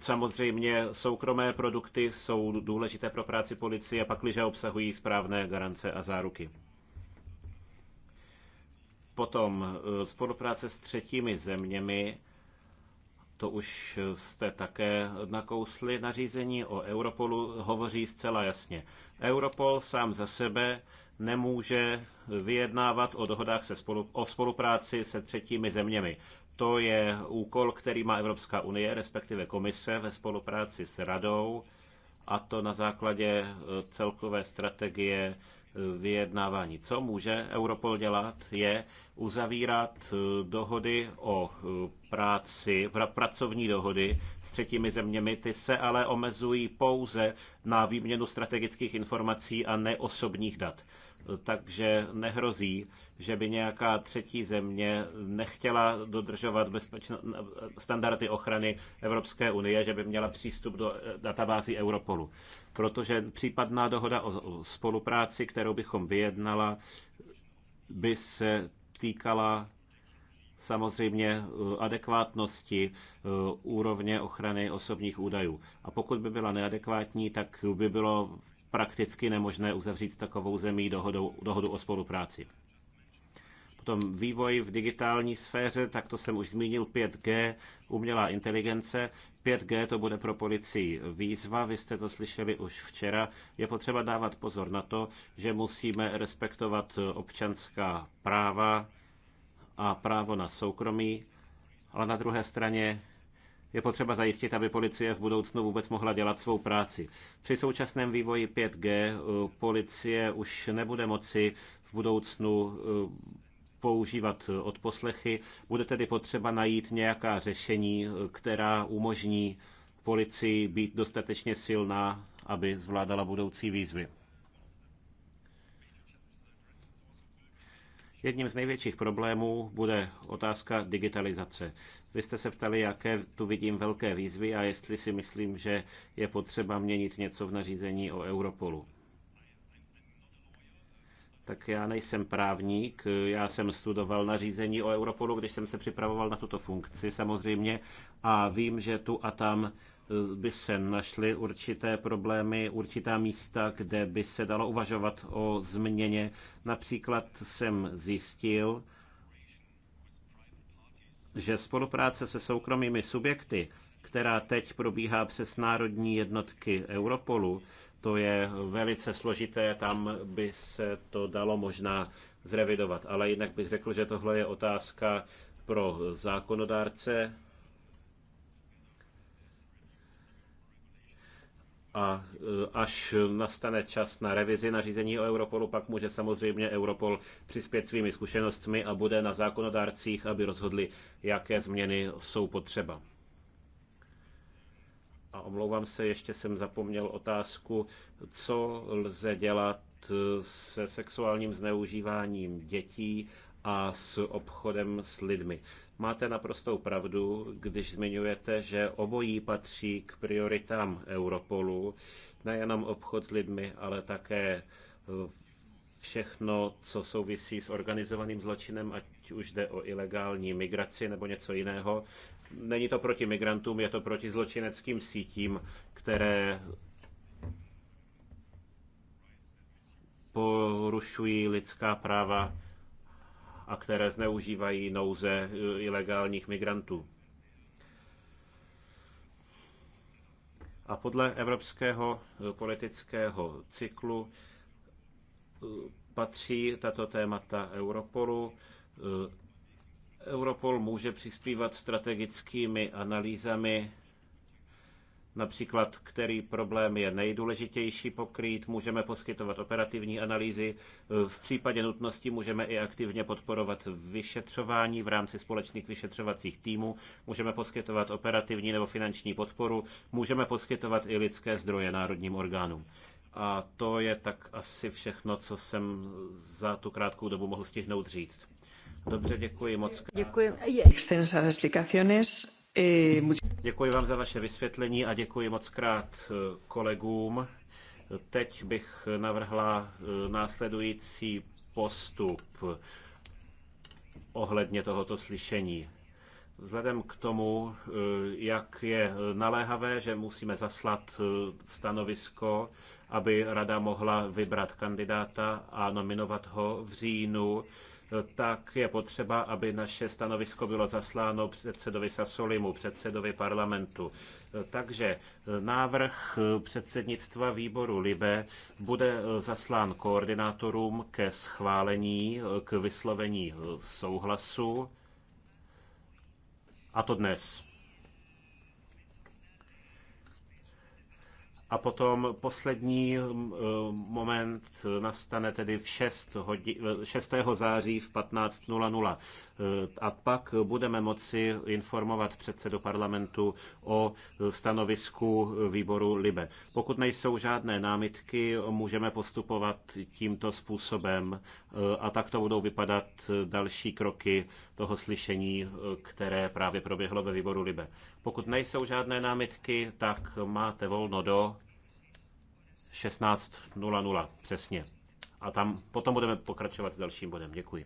Samozřejmě soukromé produkty jsou důležité pro práci policie, pakliže obsahují správné garance a záruky. Potom e, spolupráce s třetími zeměmi, to už jste také nakousli, nařízení o Europolu hovoří zcela jasně. Europol sám za sebe nemůže vyjednávat o dohodách se spolu, o spolupráci se třetími zeměmi. To je úkol, který má Evropská unie, respektive komise ve spolupráci s radou, a to na základě e, celkové strategie e, vyjednávání. Co může Europol dělat, je uzavírat e, dohody o práci, pracovní dohody s třetími zeměmi. Ty se ale omezují pouze na výměnu strategických informací a neosobních dat takže nehrozí, že by nějaká třetí země nechtěla dodržovat bezpečno, standardy ochrany Evropské unie, že by měla přístup do databází Europolu. Protože případná dohoda o spolupráci, kterou bychom vyjednala, by se týkala samozřejmě eh, adekvátnosti eh, úrovně ochrany osobních údajů. A pokud by byla neadekvátní, tak by bylo prakticky nemožné uzavřít s takovou zemí dohodu dohodu o spolupráci. Potom vývoj v digitální sféře, tak to jsem už zmínil, 5G, umělá inteligence. 5G to bude pro policii výzva, vy jste to slyšeli už včera. Je potřeba dávat pozor na to, že musíme respektovat občanská práva a právo na soukromí, ale na druhé straně je potřeba zajistit, aby policie v budoucnu vůbec mohla dělat svou práci. Při současném vývoji 5G eh, policie už nebude moci v budoucnu eh, používat eh, odposlechy. Bude tedy potřeba najít nějaká řešení, která umožní policii být dostatečně silná, aby zvládala budoucí výzvy. Jedním z největších problémů bude otázka digitalizace. Vy jste se ptali, jaké tu vidím velké výzvy a jestli si myslím, že je potřeba měnit něco v nařízení o Europolu. Tak já nejsem právník, já jsem studoval nařízení o Europolu, když jsem se připravoval na tuto funkci samozřejmě a vím, že tu a tam eh, by se našly určité problémy, určitá místa, kde by se dalo uvažovat o změně. Například jsem zjistil, že spolupráce se soukromými subjekty, která teď probíhá přes národní jednotky Europolu, to je velice složité, tam by se to dalo možná zrevidovat. Ale jinak bych řekl, že tohle je otázka pro zákonodárce a e, až nastane čas na revizi nařízení o Europolu, pak může samozřejmě Europol přispět svými zkušenostmi a bude na zákonodárcích, aby rozhodli, jaké změny jsou potřeba. A omlouvám se, ještě jsem zapomněl otázku, co lze dělat se sexuálním zneužíváním dětí a s obchodem s lidmi. Máte naprostou pravdu, když zmiňujete, že obojí patří k prioritám Europolu, nejenom obchod s lidmi, ale také eh, všechno, co souvisí s organizovaným zločinem, ať už jde o ilegální migraci nebo něco jiného. Není to proti migrantům, je to proti zločineckým sítím, které porušují lidská práva a které zneužívají nouze eh, ilegálních migrantů. A podle evropského eh, politického cyklu eh, patří tato témata Europolu. Europol může přispívat strategickými analýzami například který problém je nejdůležitější pokrýt, můžeme poskytovat operativní analýzy, v případě nutnosti můžeme i aktivně podporovat vyšetřování v rámci společných vyšetřovacích týmů, můžeme poskytovat operativní nebo finanční podporu, můžeme poskytovat i lidské zdroje národním orgánům. A to je tak asi všechno, co jsem za tu krátkou dobu mohl stihnout říct. Dobře, děkuji moc. Děkuji. Extensas explicaciones. Děkuji vám za vaše vysvětlení a děkuji moc krát eh, kolegům. Teď bych navrhla eh, následující postup ohledně tohoto slyšení. Vzhledem k tomu, eh, jak je naléhavé, že musíme zaslat stanovisko, aby rada mohla vybrat kandidáta a nominovat ho v říjnu, tak je potřeba, aby naše stanovisko bylo zasláno předsedovi Sasolimu, předsedovi parlamentu. Takže návrh předsednictva výboru LIBE bude zaslán koordinátorům ke schválení, k vyslovení souhlasu, a to dnes. A potom poslední hm, hm, moment nastane tedy v 6. Hodi, 6. září v 15.00. Eh, a pak budeme moci informovat předsedu parlamentu o stanovisku výboru LIBE. Pokud nejsou žádné námitky, můžeme postupovat tímto způsobem eh, a takto budou vypadat další kroky toho slyšení, eh, které právě proběhlo ve výboru LIBE. Pokud nejsou žádné námitky, tak máte volno do 16.00 přesně. A tam potom budeme pokračovat s dalším bodem. Děkuji.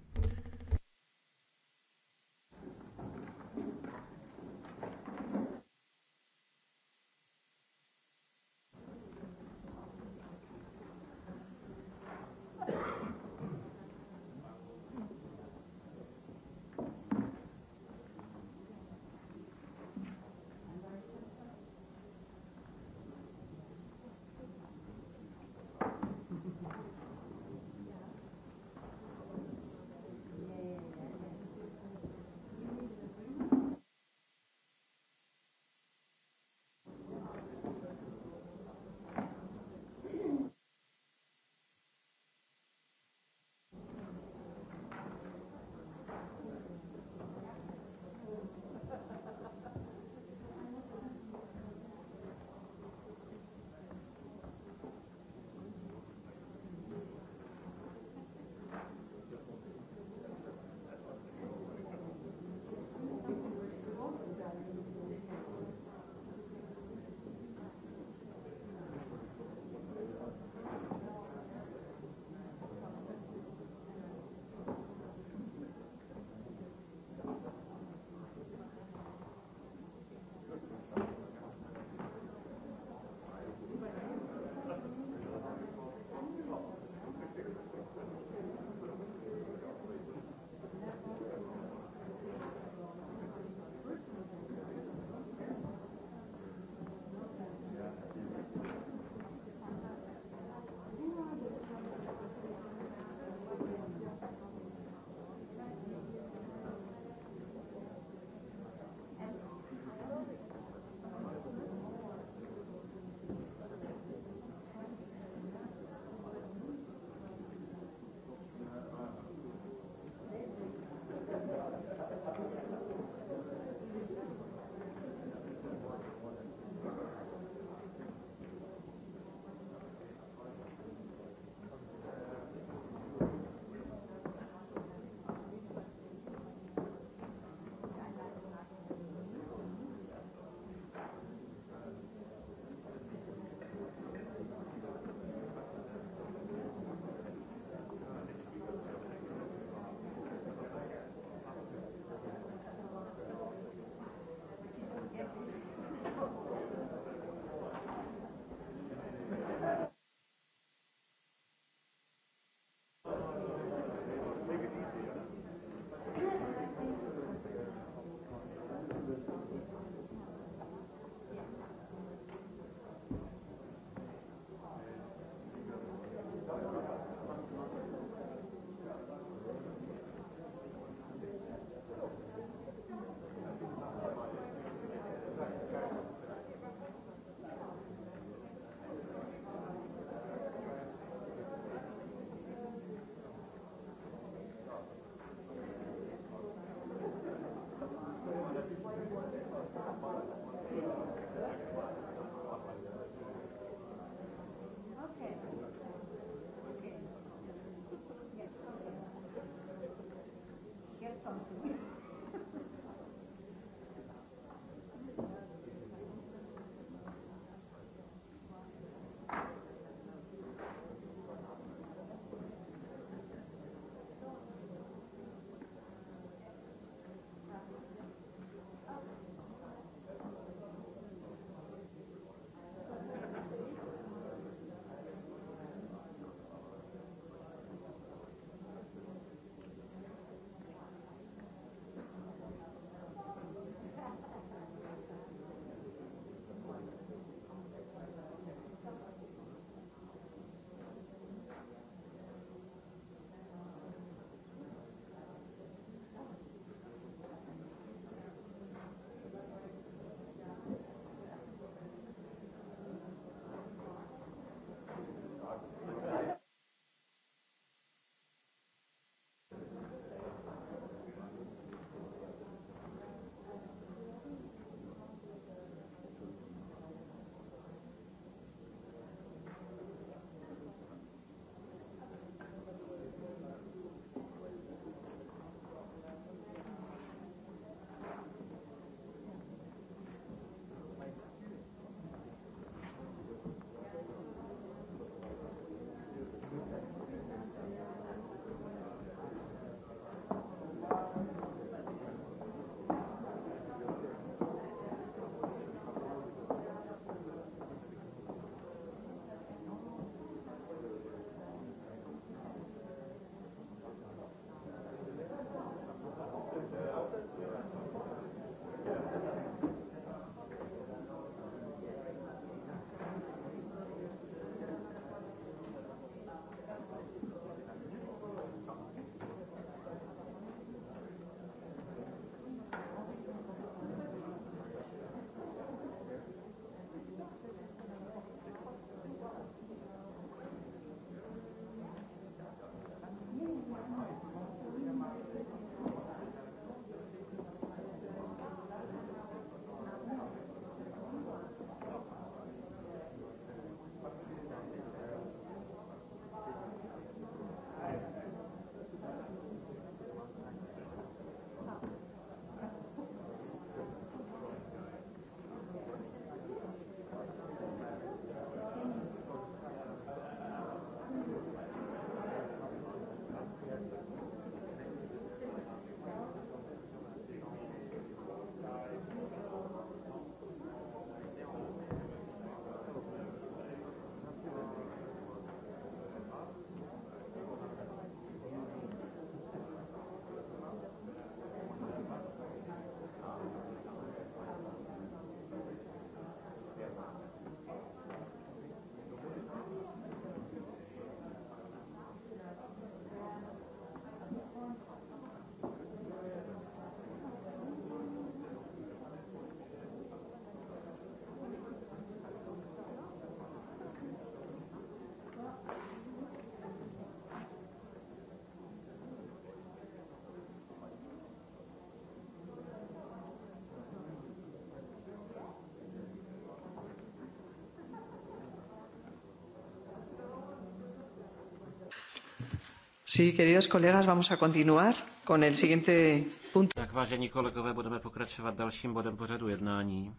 Sí, queridos colegas, vamos a continuar con el siguiente punto. Tak vážení kolegové, budeme pokračovat dalším bodem pořadu jednání.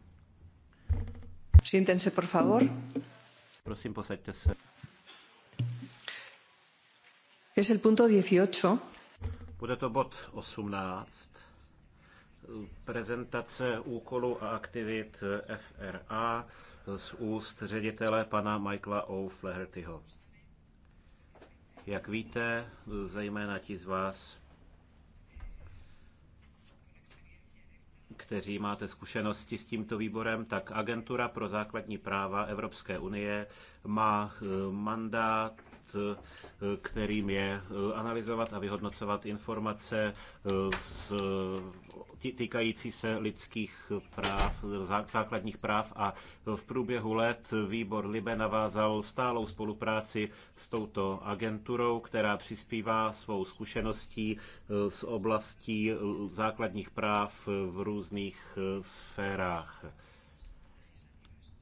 Siéntense, por favor. Prosím, posaďte se. Es el punto 18. Bude to bod 18. Prezentace úkolů a aktivit FRA z úst ředitele pana Michaela O'Flahertyho. Jak víte, zejména ti z vás, kteří máte zkušenosti s tímto výborem, tak Agentura pro základní práva Evropské unie má eh, mandát kterým je eh, analyzovat a vyhodnocovat informace z, eh, týkající se lidských práv, základních práv a v průběhu let výbor Libe navázal stálou spolupráci s touto agenturou, která přispívá svou zkušeností z eh, oblastí základních práv v různých sférách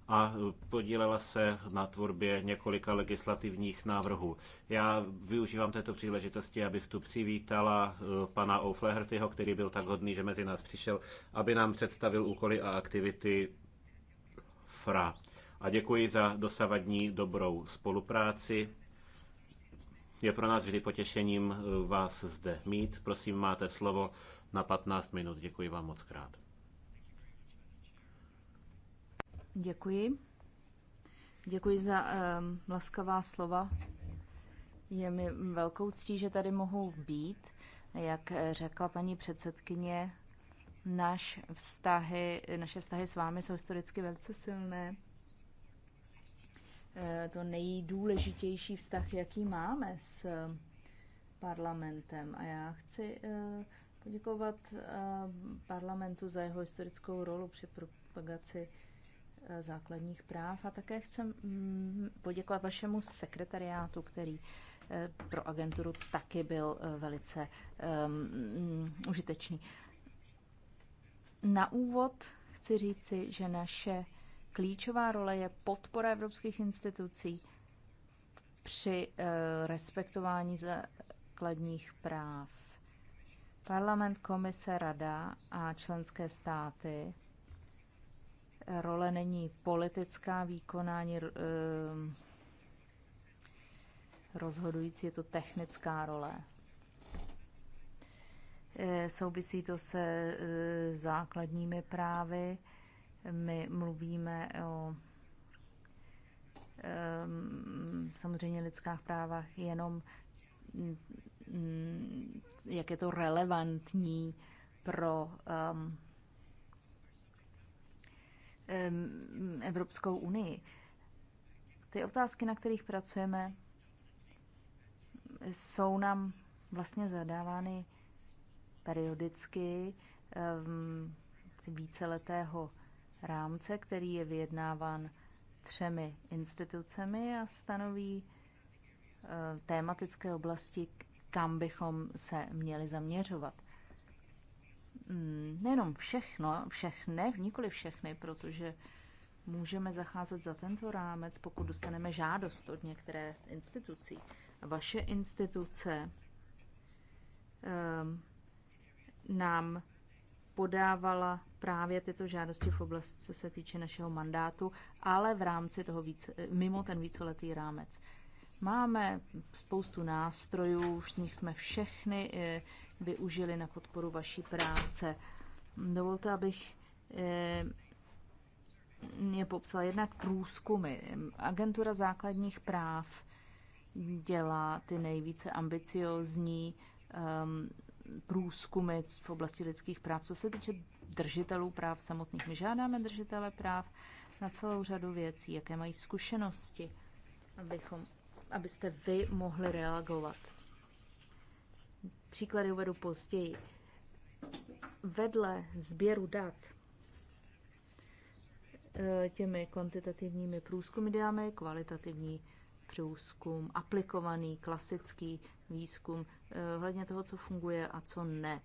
a podílela se na tvorbě několika legislativních návrhů. Já využívám této příležitosti, abych tu přivítala eh, pana O'Flahertyho, který byl tak hodný, že mezi nás přišel, aby nám představil úkoly a aktivity FRA. A děkuji za dosavadní dobrou spolupráci. Je pro nás vždy potěšením eh, vás zde mít. Prosím, máte slovo na 15 minut. Děkuji vám moc krát. Děkuji. Děkuji za um, laskavá slova. Je mi velkou ctí, že tady mohu být. Jak řekla paní předsedkyně, naš vztahy, naše vztahy s vámi jsou historicky velice silné. E, to nejdůležitější vztah, jaký máme s parlamentem. A já chci e, poděkovat e, parlamentu za jeho historickou rolu při propagaci základních práv a také chcem mm, poděkovat vašemu sekretariátu, který eh, pro agenturu taky byl eh, velice um, užitečný. Na úvod chci říci, že naše klíčová role je podpora evropských institucí při uh, respektování základních práv. Parlament, komise, rada a členské státy role není politická, výkonání eh, rozhodující, je to technická role. Eh, souvisí to se eh, základními právy. My mluvíme o ehm, samozřejmě lidských právách jenom mm, mm, jak je to relevantní pro um, Evropskou unii. Ty otázky, na kterých pracujeme, jsou nám vlastně zadávány periodicky víceletého rámce, který je vyjednáván třemi institucemi a stanoví eh, tématické oblasti, kam bychom se měli zaměřovat. Mm, nejenom všechno, všechny, nikoli všechny, protože můžeme zacházet za tento rámec, pokud dostaneme žádost od některé institucí. Vaše instituce um, nám podávala právě tyto žádosti v oblasti, co se týče našeho mandátu, ale v rámci toho více, mimo ten víceletý rámec. Máme spoustu nástrojů, z nich jsme všechny eh, využili na podporu vaší práce. Dovolte, abych eh, je popsala jednak průzkumy. Agentura základních práv dělá ty nejvíce ambiciozní um, ehm, průzkumy v oblasti lidských práv. Co se týče držitelů práv samotných, my žádáme držitele práv na celou řadu věcí, jaké mají zkušenosti, abychom, abyste vy mohli reagovat Příklady uvedu později. Vedle sběru dat eh, těmi kvantitativními průzkumy děláme kvalitativní průzkum, aplikovaný, klasický výzkum, eh, hledně toho, co funguje a co ne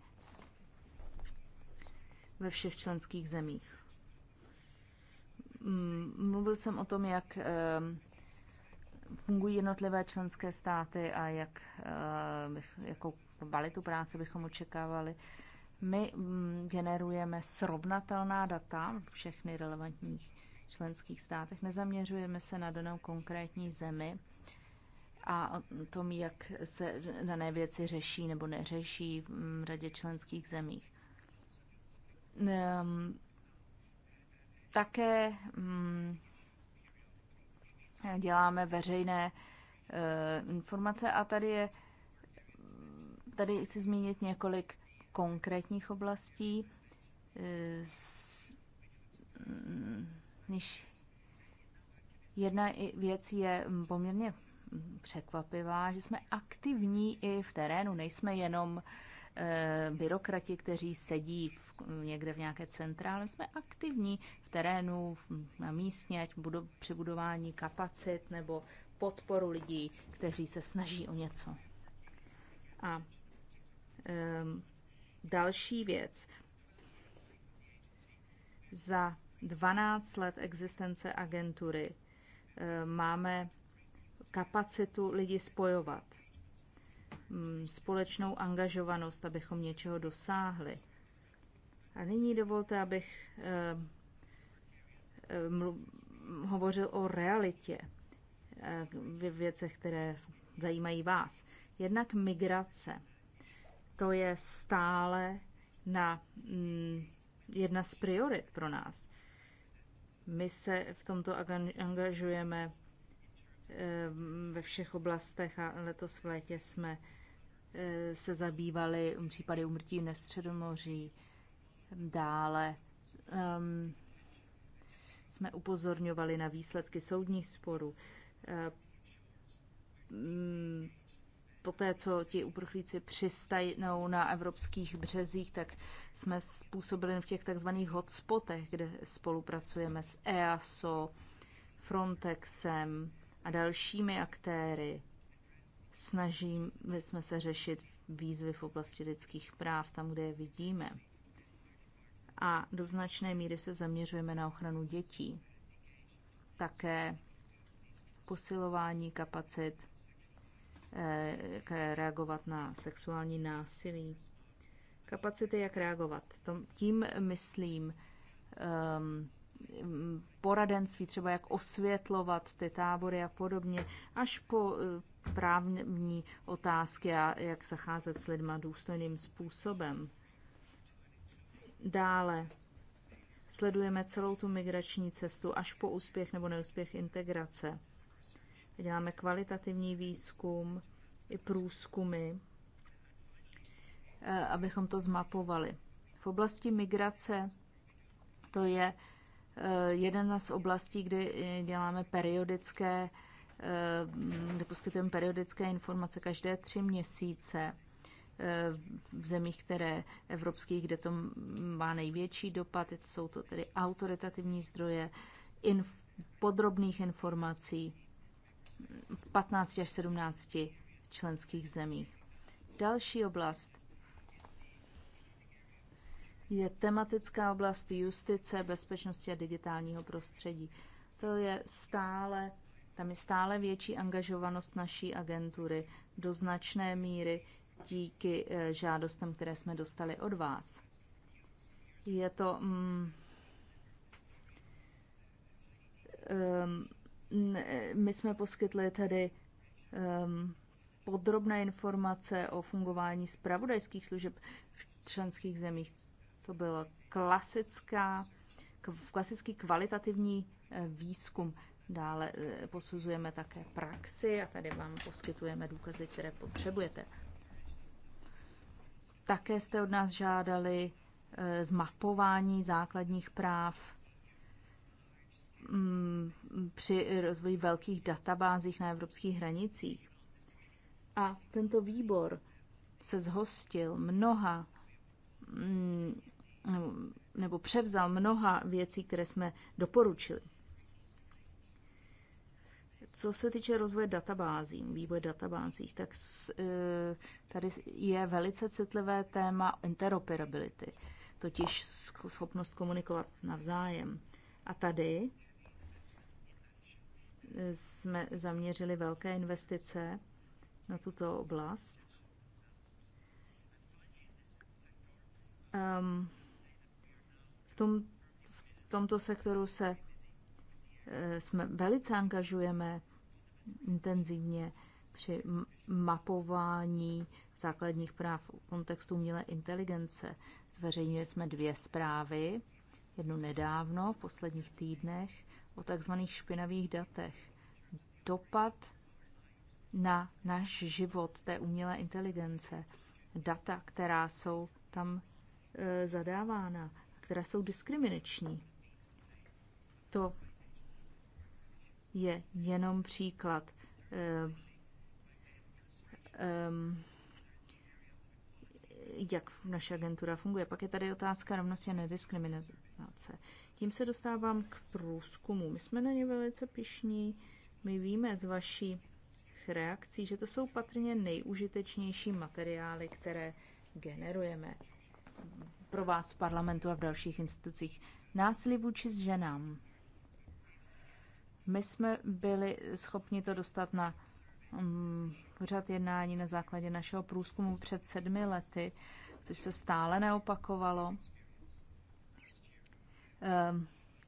ve všech členských zemích. Mm, mluvil jsem o tom, jak eh, fungují jednotlivé členské státy a jak, jakou kvalitu práce bychom očekávali. My mm, generujeme srovnatelná data v všechny relevantních členských státech, nezaměřujeme se na danou konkrétní zemi a o tom, jak se dané věci řeší nebo neřeší v mm, radě členských zemích. Ehm, také mm, děláme veřejné eh, informace a tady je Tady chci zmínit několik konkrétních oblastí. Eh, než jedna věc je poměrně překvapivá, že jsme aktivní i v terénu, nejsme jenom eh, byrokrati, kteří sedí někde v nějaké centrále, jsme aktivní v terénu, na místě, ať budu, při budování kapacit nebo podporu lidí, kteří se snaží o něco. A Ehm, další věc. Za 12 let existence agentury ehm, máme kapacitu lidi spojovat, mm, společnou angažovanost, abychom něčeho dosáhli. A nyní dovolte, abych ehm, hovořil o realitě v věcech, které zajímají vás. Jednak migrace to je stále na mm, jedna z priorit pro nás. My se v tomto angažujeme eh, ve všech oblastech a letos v létě jsme eh, se zabývali případy umrtí v Středomoří. Dále um, jsme upozorňovali na výsledky soudních sporů. Um, poté, co ti uprchlíci přistajnou na evropských březích, tak jsme způsobili v těch takzvaných hotspotech, kde spolupracujeme s EASO, Frontexem a dalšími aktéry. Snažíme jsme se řešit výzvy v oblasti lidských práv tam, kde je vidíme. A do značné míry se zaměřujeme na ochranu dětí. Také posilování kapacit Eh, reagovat na sexuální násilí. Kapacity, jak reagovat. Tím myslím ehm, poradenství, třeba jak osvětlovat ty tábory a podobně, až po eh, právní otázky a jak zacházet s lidma důstojným způsobem. Dále sledujeme celou tu migrační cestu až po úspěch nebo neúspěch integrace děláme kvalitativní výzkum i průzkumy, eh, abychom to zmapovali. V oblasti migrace to je eh, jeden z oblastí, kdy eh, děláme periodické, kde poskytujeme periodické informace každé tři měsíce v zemích, které evropských, kde to má největší dopad, jsou to tedy autoritativní zdroje inf- podrobných informací v 15 až 17 členských zemích. Další oblast je tematická oblast justice, bezpečnosti a digitálního prostředí. To je stále, tam je stále větší angažovanost naší agentury do značné míry díky eh, žádostem, které jsme dostali od vás. Je to mm, ehm, my jsme poskytli tedy um, podrobné informace o fungování zpravodajských služeb v členských zemích. To byl klasická, klasický kvalitativní eh, výzkum. Dále eh, posuzujeme také praxi a tady vám poskytujeme důkazy, které potřebujete. Také jste od nás žádali eh, zmapování základních práv Mm, při rozvoji velkých databázích na evropských hranicích. A tento výbor se zhostil mnoha mm, nebo převzal mnoha věcí, které jsme doporučili. Co se týče rozvoje databází, vývoje databází, tak e, tady je velice citlivé téma interoperability, totiž schopnost komunikovat navzájem. A tady jsme zaměřili velké investice na tuto oblast. Um, v, tom, v tomto sektoru se eh, jsme velice angažujeme intenzivně při mapování základních práv v kontextu umělé inteligence. Zveřejnili jsme dvě zprávy, jednu nedávno, v posledních týdnech, o takzvaných špinavých datech. Dopad na náš život té umělé inteligence, data, která jsou tam e, zadávána, která jsou diskriminační. To je jenom příklad. E, e, jak naše agentura funguje. Pak je tady otázka rovnosti a nediskriminace. Tím se dostávám k průzkumu. My jsme na ně velice pišní. My víme z vaší reakcí, že to jsou patrně nejužitečnější materiály, které generujeme pro vás v parlamentu a v dalších institucích. Násilí vůči s ženám. My jsme byli schopni to dostat na um, jednání na základě našeho průzkumu před sedmi lety, což se stále neopakovalo. Ehm,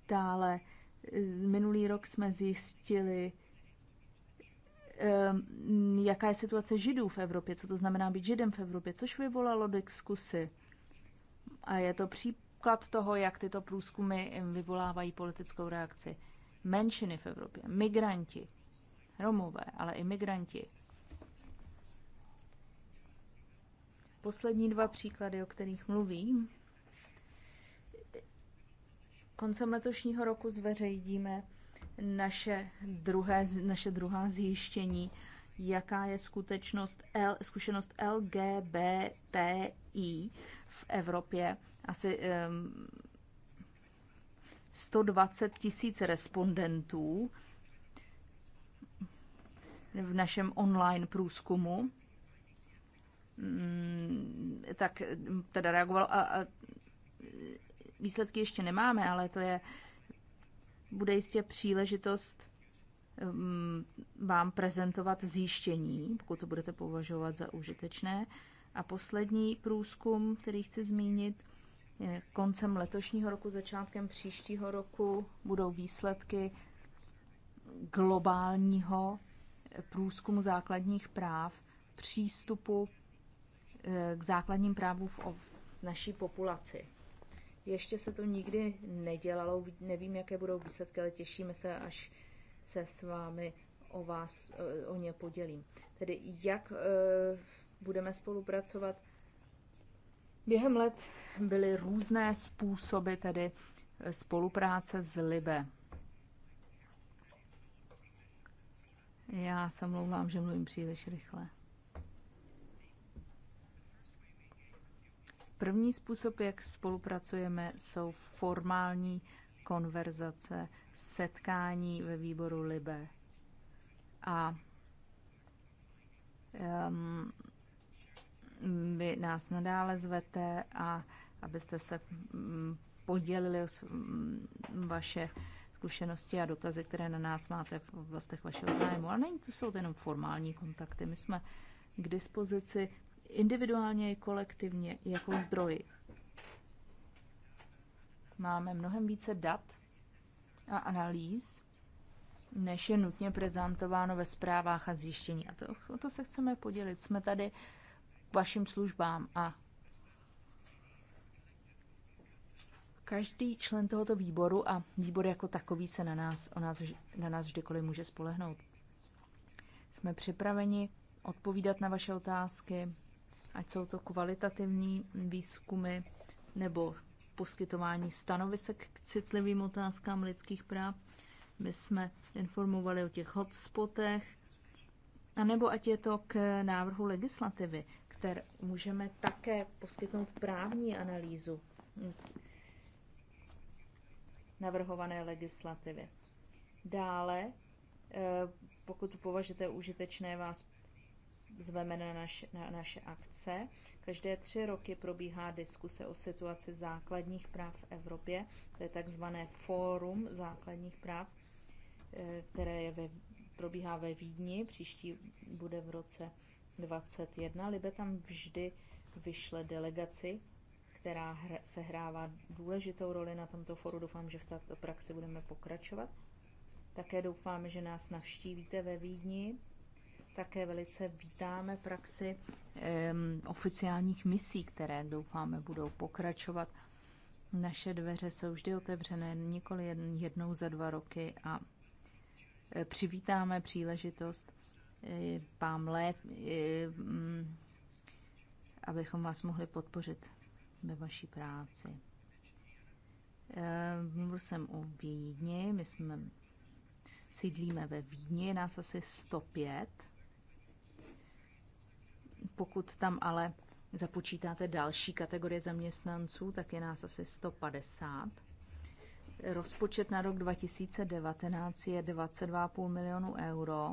dále eh, minulý rok jsme zjistili, ehm, jaká je situace židů v Evropě, co to znamená být židem v Evropě, což vyvolalo diskusy. A je to příklad toho, jak tyto průzkumy vyvolávají politickou reakci. Menšiny v Evropě, migranti, Romové, ale i migranti. Poslední dva příklady, o kterých mluvím, Koncem letošního roku zveřejníme naše, druhé, naše druhá zjištění, jaká je skutečnost L, zkušenost LGBTI v Evropě. Asi um, 120 tisíc respondentů v našem online průzkumu. Mm, tak teda reagoval a, a výsledky ještě nemáme, ale to je, bude jistě příležitost um, vám prezentovat zjištění, pokud to budete považovat za užitečné. A poslední průzkum, který chci zmínit, je koncem letošního roku, začátkem příštího roku budou výsledky globálního eh, průzkumu základních práv, přístupu eh, k základním právům v naší populaci. Ještě se to nikdy nedělalo, nevím, jaké budou výsledky, ale těšíme se, až se s vámi o vás, eh, o ně podělím. Tedy jak eh, budeme spolupracovat? Během let byly různé způsoby tedy eh, spolupráce s Libe. Já se mluvám, že mluvím příliš rychle. První způsob, jak spolupracujeme, jsou formální konverzace, setkání ve výboru Libe. A um, vy nás nadále zvete a abyste se mm, podělili o mm, vaše zkušenosti a dotazy, které na nás máte v oblastech vašeho zájmu. Ale není to jsou to jenom formální kontakty. My jsme k dispozici individuálně i kolektivně jako zdroji. Máme mnohem více dat a analýz, než je nutně prezentováno ve zprávách a zjištění. A to, o to se chceme podělit. Jsme tady k vašim službám a každý člen tohoto výboru a výbor jako takový se na nás, o nás, na nás vždykoliv může spolehnout. Jsme připraveni odpovídat na vaše otázky, ať jsou to kvalitativní výzkumy nebo poskytování stanovisek k citlivým otázkám lidských práv. My jsme informovali o těch hotspotech, anebo ať je to k návrhu legislativy, které můžeme také poskytnout právní analýzu navrhované legislativy. Dále, eh, pokud považujete užitečné, vás zveme na naše, na naše akce. Každé tři roky probíhá diskuse o situaci základních práv v Evropě. To je takzvané Fórum základních práv, eh, které je ve, probíhá ve Vídni. Příští bude v roce 21. Libe tam vždy vyšle delegaci, která hr, sehrává důležitou roli na tomto foru. Doufám, že v této praxi budeme pokračovat. Také doufáme, že nás navštívíte ve Vídni také velice vítáme praxi um, oficiálních misí, které doufáme budou pokračovat. Naše dveře jsou vždy otevřené, nikoli jednou za dva roky a e, přivítáme příležitost e, pám e, mm, abychom vás mohli podpořit ve vaší práci. Mluvil jsem o Vídni, my jsme sídlíme ve Vídni, nás asi 105 pokud tam ale započítáte další kategorie zaměstnanců, tak je nás asi 150. Rozpočet na rok 2019 je 22,5 milionů euro,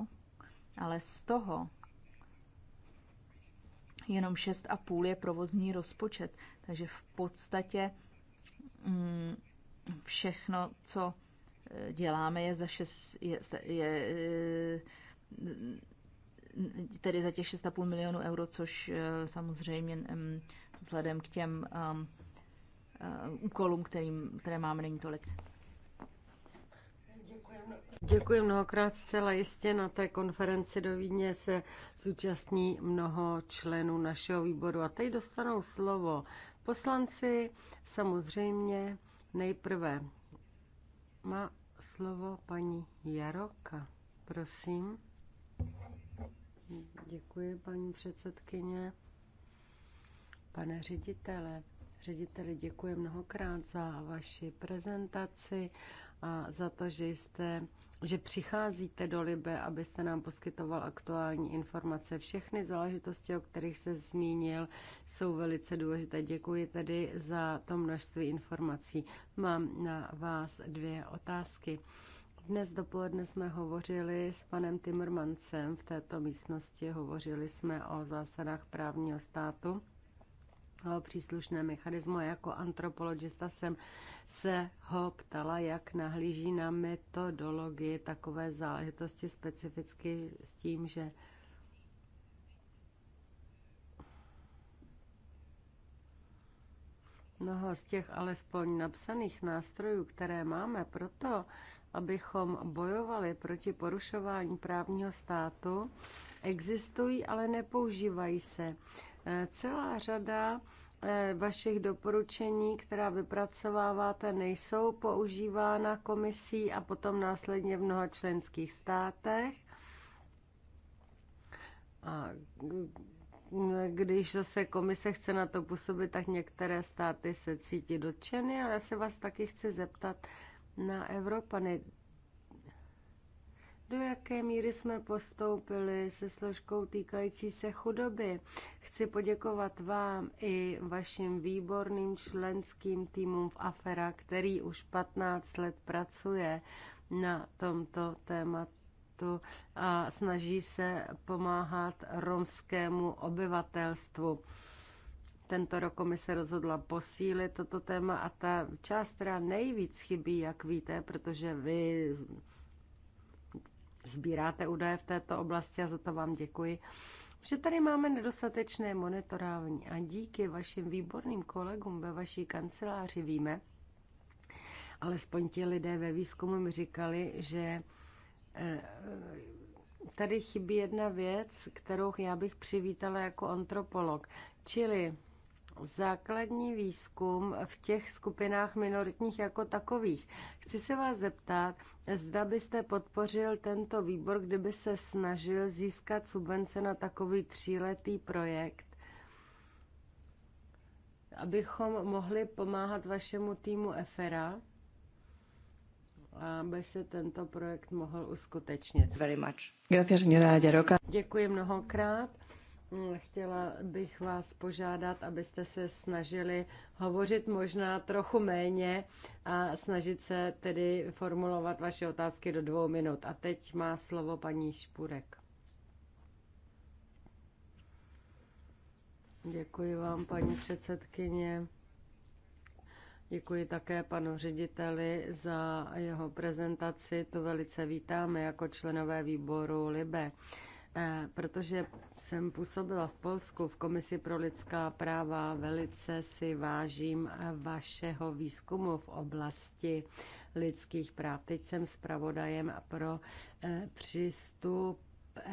ale z toho jenom 6,5 je provozní rozpočet. Takže v podstatě mm, všechno, co e, děláme, je za 6, je, je, e, tedy za těch 6,5 milionů euro, což eh, samozřejmě mm, vzhledem k těm um, eh, úkolům, kterým, které máme, není tolik. Děkuji mnohokrát zcela jistě. Na té konferenci do Vídně se zúčastní mnoho členů našeho výboru. A teď dostanou slovo poslanci. Samozřejmě nejprve má slovo paní Jaroka. Prosím. Děkuji, paní předsedkyně. Pane ředitele, řediteli, děkuji mnohokrát za vaši prezentaci a za to, že jste že přicházíte do Libe, abyste nám poskytoval aktuální informace. Všechny záležitosti, o kterých se zmínil, jsou velice důležité. Děkuji tedy za to množství informací. Mám na vás dvě otázky. Dnes dopoledne jsme hovořili s panem Timmermansem v této místnosti, hovořili jsme o zásadách právního státu o příslušné mechanismu. Jako antropologista jsem se ho ptala, jak nahlíží na metodologii takové záležitosti specificky s tím, že mnoho z těch alespoň napsaných nástrojů, které máme proto, abychom bojovali proti porušování právního státu, existují, ale nepoužívají se. E, celá řada e, vašich doporučení, která vypracováváte, nejsou používána komisí a potom následně v mnoha členských státech. A když zase komise chce na to působit, tak některé státy se cítí dotčeny, ale já se vás taky chci zeptat, na Evropany. Do jaké míry jsme postoupili se složkou týkající se chudoby? Chci poděkovat vám i vašim výborným členským týmům v Afera, který už 15 let pracuje na tomto tématu a snaží se pomáhat romskému obyvatelstvu. Tento rok komise rozhodla posílit toto téma a ta část, která nejvíc chybí, jak víte, protože vy sbíráte údaje v této oblasti a za to vám děkuji, že tady máme nedostatečné monitorování a díky vašim výborným kolegům ve vaší kanceláři víme, alespoň ti lidé ve výzkumu mi říkali, že eh, tady chybí jedna věc, kterou já bych přivítala jako antropolog, čili základní výzkum v těch skupinách minoritních jako takových. Chci se vás zeptat, zda byste podpořil tento výbor, kdyby se snažil získat subvence na takový tříletý projekt, abychom mohli pomáhat vašemu týmu EFERA, aby se tento projekt mohl uskutečnit. Very much. Gracias, señora Děkuji mnohokrát. Chtěla bych vás požádat, abyste se snažili hovořit možná trochu méně a snažit se tedy formulovat vaše otázky do dvou minut. A teď má slovo paní Špurek. Děkuji vám, paní předsedkyně. Děkuji také panu řediteli za jeho prezentaci. To velice vítáme jako členové výboru LIBE. Eh, protože jsem působila v Polsku v Komisi pro lidská práva, velice si vážím vašeho výzkumu v oblasti lidských práv. Teď jsem zpravodajem pro eh, přístup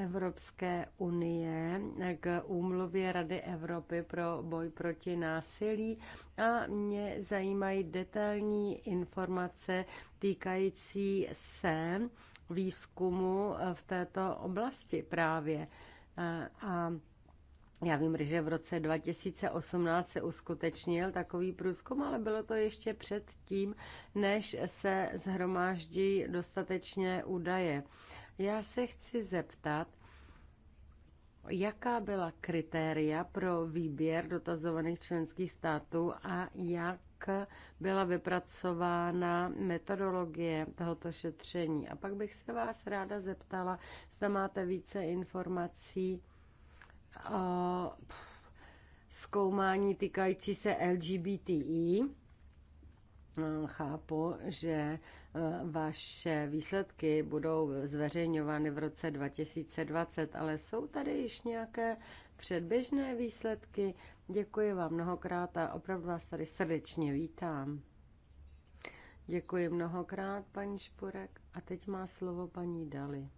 Evropské unie k úmluvě Rady Evropy pro boj proti násilí a mě zajímají detailní informace týkající se výzkumu eh, v této oblasti právě. Eh, a já vím, že v roce 2018 se uskutečnil takový průzkum, ale bylo to ještě před tím, než se zhromáždí dostatečné údaje. Já se chci zeptat, jaká byla kritéria pro výběr dotazovaných členských států a jak byla vypracována metodologie tohoto šetření. A pak bych se vás ráda zeptala, zda máte více informací o zkoumání týkající se LGBTI. Chápu, že eh, vaše výsledky budou zveřejňovány v roce 2020, ale jsou tady již nějaké předběžné výsledky? Děkuji vám mnohokrát a opravdu vás tady srdečně vítám. Děkuji mnohokrát, paní Špurek. A teď má slovo paní Dali.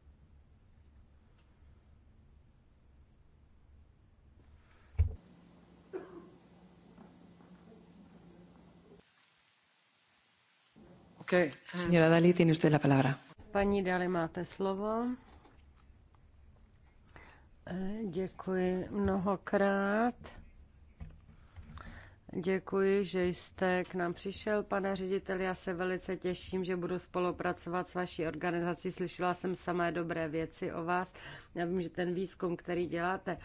Okay. Eh. Dali, tiene usted la palabra. Paní Dali, máte slovo. Eh, děkuji mnohokrát. Děkuji, že jste k nám přišel, pane ředitel. Já se velice těším, že budu spolupracovat s vaší organizací. Slyšela jsem samé dobré věci o vás. Já vím, že ten výzkum, který děláte,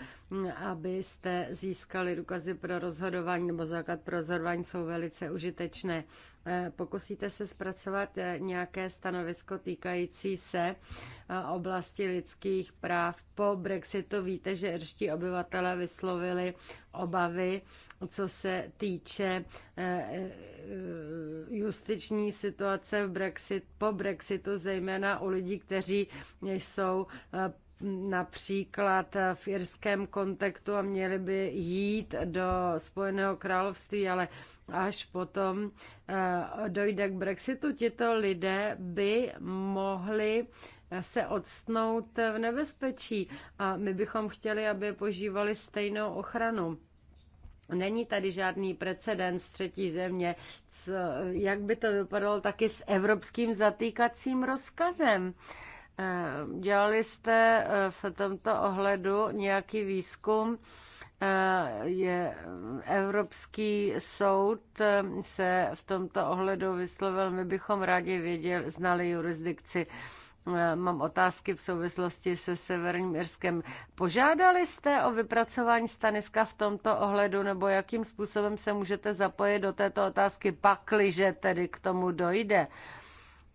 abyste získali důkazy pro rozhodování nebo základ pro rozhodování, jsou velice užitečné. E, pokusíte se zpracovat e, nějaké stanovisko týkající se e, oblasti lidských práv. Po Brexitu víte, že irští obyvatelé vyslovili obavy, co se týče eh, justiční situace v Brexit, po Brexitu, zejména u lidí, kteří jsou eh, například v irském kontaktu a měli by jít do Spojeného království, ale až potom eh, dojde k Brexitu, tito lidé by mohli se odstnout v nebezpečí a my bychom chtěli, aby požívali stejnou ochranu. Není tady žádný precedens třetí země. Co, jak by to vypadalo taky s evropským zatýkacím rozkazem? Eh, dělali jste eh, v tomto ohledu nějaký výzkum? Eh, je Evropský soud se v tomto ohledu vyslovil, my bychom rádi věděli, znali jurisdikci Eh, mám otázky v souvislosti se Severním Irskem. Požádali jste o vypracování staniska v tomto ohledu, nebo jakým způsobem se můžete zapojit do této otázky, pakliže tedy k tomu dojde?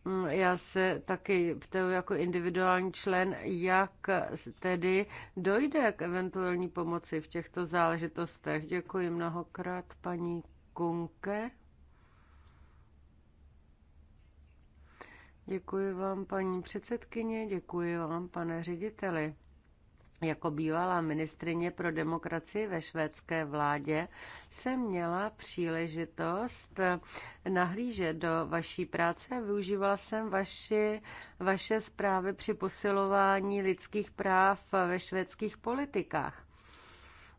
Hm, já se taky ptám jako individuální člen, jak tedy dojde k eventuální pomoci v těchto záležitostech. Děkuji mnohokrát, paní Kunke. Děkuji vám, paní předsedkyně, děkuji vám, pane řediteli. Jako bývalá ministrině pro demokracii ve švédské vládě jsem měla příležitost nahlížet do vaší práce a využívala jsem vaši, vaše zprávy při posilování lidských práv ve švédských politikách.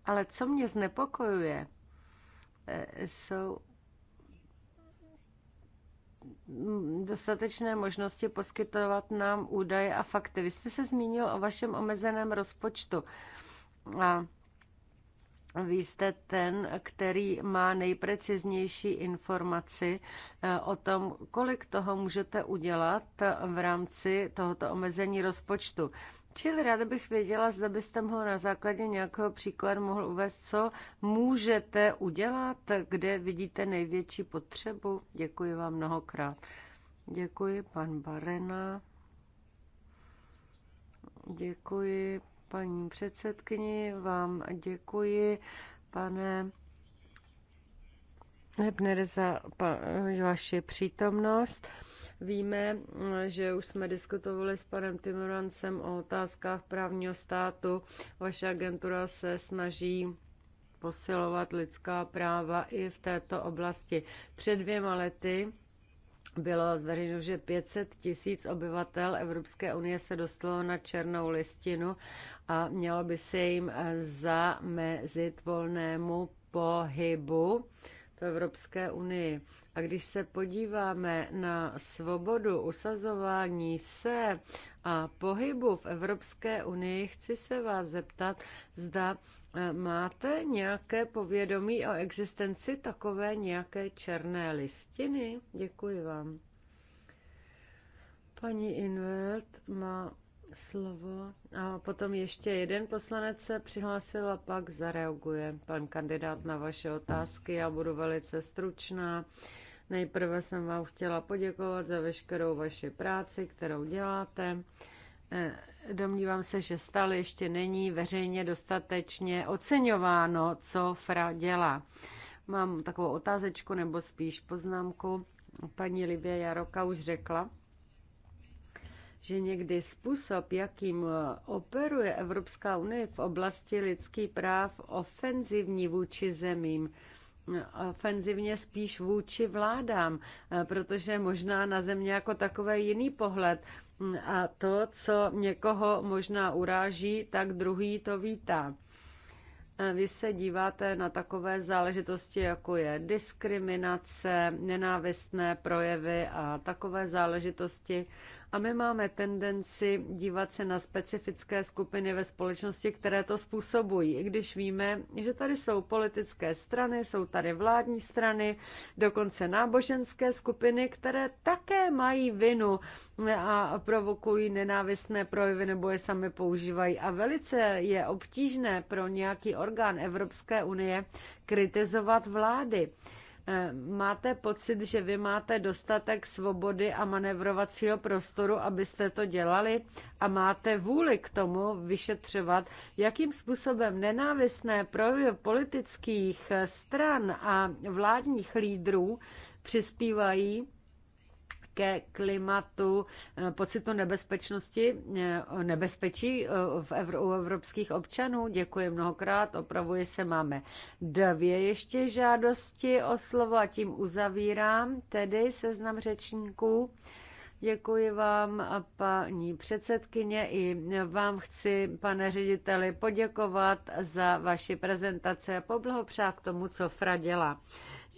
Ale co mě znepokojuje, eh, jsou dostatečné možnosti poskytovat nám údaje a fakty. Vy jste se zmínil o vašem omezeném rozpočtu. A vy jste ten, který má nejpreciznější informaci eh, o tom, kolik toho můžete udělat v rámci tohoto omezení rozpočtu. Čili ráda bych věděla, zda byste mohl na základě nějakého příkladu mohl uvést, co můžete udělat, kde vidíte největší potřebu. Děkuji vám mnohokrát. Děkuji, pan Barena. Děkuji, paní předsedkyni, vám děkuji, pane Hebner, za vaši přítomnost. Víme, že už jsme diskutovali s panem Timorancem o otázkách právního státu. Vaše agentura se snaží posilovat lidská práva i v této oblasti. Před dvěma lety bylo zveřejněno, že 500 tisíc obyvatel Evropské unie se dostalo na černou listinu a mělo by se jim zamezit volnému pohybu v Evropské unii. A když se podíváme na svobodu usazování se a pohybu v Evropské unii, chci se vás zeptat, zda eh, máte nějaké povědomí o existenci takové nějaké černé listiny? Děkuji vám. Paní Invert má slovo. A potom ještě jeden poslanec se přihlásil a pak zareaguje pan kandidát na vaše otázky. Já budu velice stručná. Nejprve jsem vám chtěla poděkovat za veškerou vaši práci, kterou děláte. E, domnívám se, že stále ještě není veřejně dostatečně oceňováno, co FRA dělá. Mám takovou otázečku nebo spíš poznámku. Paní Libě Jaroka už řekla, že někdy způsob, jakým operuje Evropská unie v oblasti lidských práv, ofenzivní vůči zemím, ofenzivně spíš vůči vládám, protože možná na země jako takové jiný pohled. A to, co někoho možná uráží, tak druhý to vítá. Vy se díváte na takové záležitosti, jako je diskriminace, nenávistné projevy a takové záležitosti, a my máme tendenci dívat se na specifické skupiny ve společnosti, které to způsobují. I když víme, že tady jsou politické strany, jsou tady vládní strany, dokonce náboženské skupiny, které také mají vinu a provokují nenávistné projevy nebo je sami používají. A velice je obtížné pro nějaký orgán Evropské unie kritizovat vlády. Eh, máte pocit, že vy máte dostatek svobody a manevrovacího prostoru, abyste to dělali a máte vůli k tomu vyšetřovat, jakým způsobem nenávistné projevy politických stran a vládních lídrů přispívají ke klimatu, eh, pocitu nebezpečnosti, eh, nebezpečí eh, v Evro, u evropských občanů. Děkuji mnohokrát, opravuji se máme dvě ještě žádosti o slovo a tím uzavírám tedy seznam řečníků. Děkuji vám, a paní předsedkyně, i vám chci, pane řediteli, poděkovat za vaši prezentaci a poblahopřát k tomu, co FRA dělá.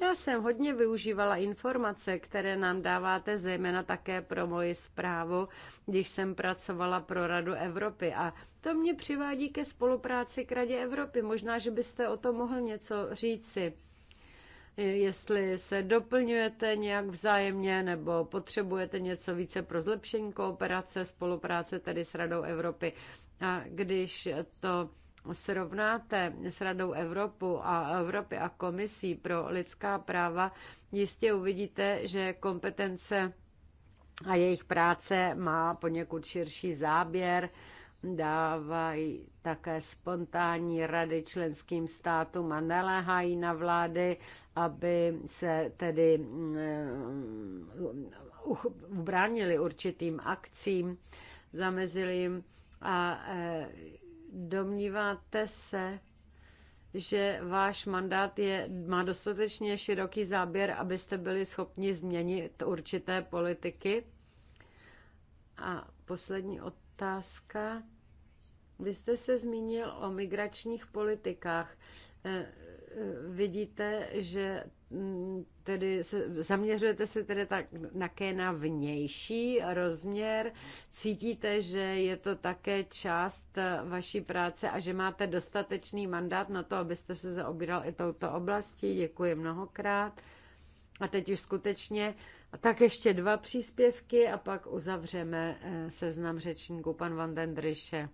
Já jsem hodně využívala informace, které nám dáváte, zejména také pro moji zprávu, když jsem pracovala pro Radu Evropy. A to mě přivádí ke spolupráci k Radě Evropy. Možná, že byste o tom mohl něco říci jestli se doplňujete nějak vzájemně nebo potřebujete něco více pro zlepšení kooperace, spolupráce tedy s Radou Evropy. A když to srovnáte s Radou Evropu a Evropy a Komisí pro lidská práva, jistě uvidíte, že kompetence a jejich práce má poněkud širší záběr, dávají také spontánní rady členským státům a neléhají na vlády, aby se tedy eh, ubránili určitým akcím, zamezili jim a eh, Domníváte se, že váš mandát je, má dostatečně široký záběr, abyste byli schopni změnit určité politiky? A poslední otázka. Vy jste se zmínil o migračních politikách. Eh, eh, vidíte, že Mm, tedy zaměřujete se tedy tak také na vnější rozměr. Cítíte, že je to také část eh, vaší práce a že máte dostatečný mandát na to, abyste se zaobíral i touto oblastí. Děkuji mnohokrát. A teď už skutečně tak ještě dva příspěvky a pak uzavřeme eh, seznam řečníků. Pan Van den Drische.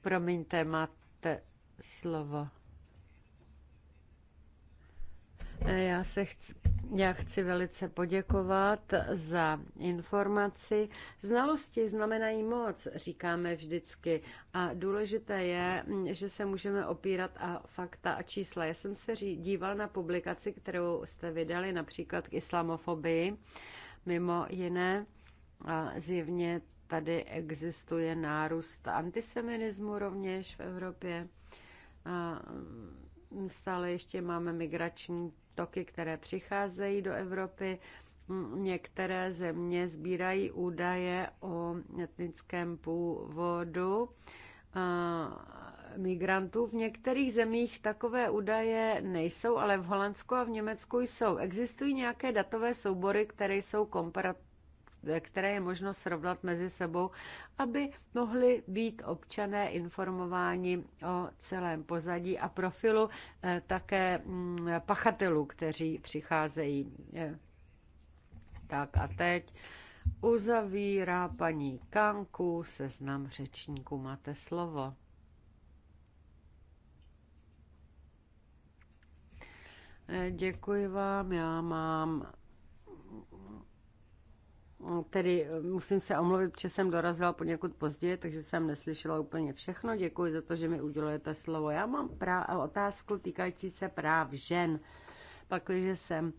Promiňte, máte slovo. Já se chci, já chci velice poděkovat za informaci. Znalosti znamenají moc, říkáme vždycky. A důležité je, že se můžeme opírat a fakta a čísla. Já jsem se díval na publikaci, kterou jste vydali například k islamofobii, mimo jiné. A zjevně tady existuje nárůst antisemitismu rovněž v Evropě. A stále ještě máme migrační toky, které přicházejí do Evropy. Některé země sbírají údaje o etnickém původu migrantů. V některých zemích takové údaje nejsou, ale v Holandsku a v Německu jsou. Existují nějaké datové soubory, které jsou které je možno srovnat mezi sebou, aby mohli být občané informováni o celém pozadí a profilu eh, také mm, pachatelů, kteří přicházejí. Tak a teď uzavírá paní Kanku seznam řečníků. Máte slovo. Eh, děkuji vám, já mám Tedy eh, musím se omluvit, že jsem dorazila poněkud později, takže jsem neslyšela úplně všechno. Děkuji za to, že mi udělujete slovo. Já mám prá- eh, otázku týkající se práv žen. Pakliže jsem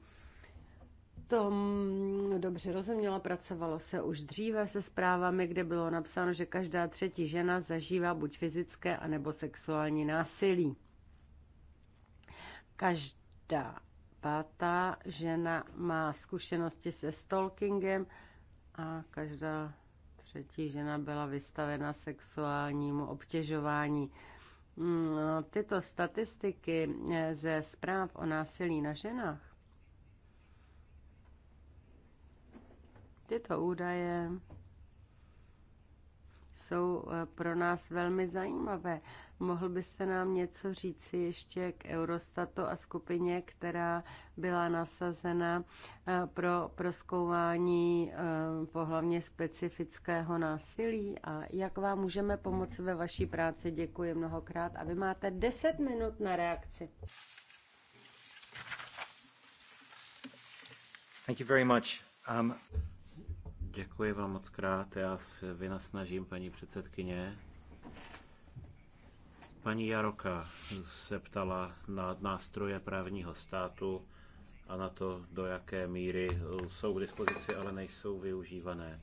to mm, dobře rozuměla, pracovalo se už dříve se zprávami, kde bylo napsáno, že každá třetí žena zažívá buď fyzické, anebo sexuální násilí. Každá pátá žena má zkušenosti se stalkingem, a každá třetí žena byla vystavena sexuálnímu obtěžování. Mm, tyto statistiky eh, ze zpráv o násilí na ženách, tyto údaje jsou eh, pro nás velmi zajímavé Mohl byste nám něco říci ještě k Eurostatu a skupině, která byla nasazena eh, pro proskoumání eh, pohlavně specifického násilí a jak vám můžeme pomoci ve vaší práci? Děkuji mnohokrát a vy máte 10 minut na reakci. Thank you very much. Um... Děkuji vám moc krát. Já se vynasnažím, paní předsedkyně. Paní Jaroka se ptala na nástroje právního státu a na to, do jaké míry jsou k dispozici, ale nejsou využívané.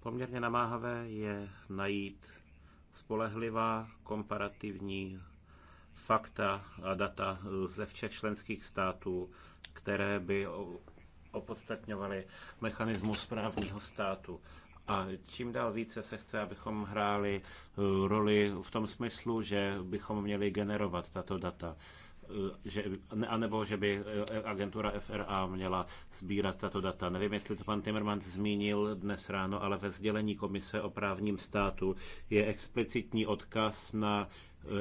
Poměrně namáhavé je najít spolehlivá komparativní fakta a data ze všech členských států, které by opodstatňovaly mechanismus právního státu. A čím dál více se chce, abychom hráli eh, roli v tom smyslu, že bychom měli generovat tato data eh, že, anebo že by eh, agentura FRA měla sbírat tato data. Nevím, jestli to pan Timmermans zmínil dnes ráno, ale ve sdělení komise o právním státu je explicitní odkaz na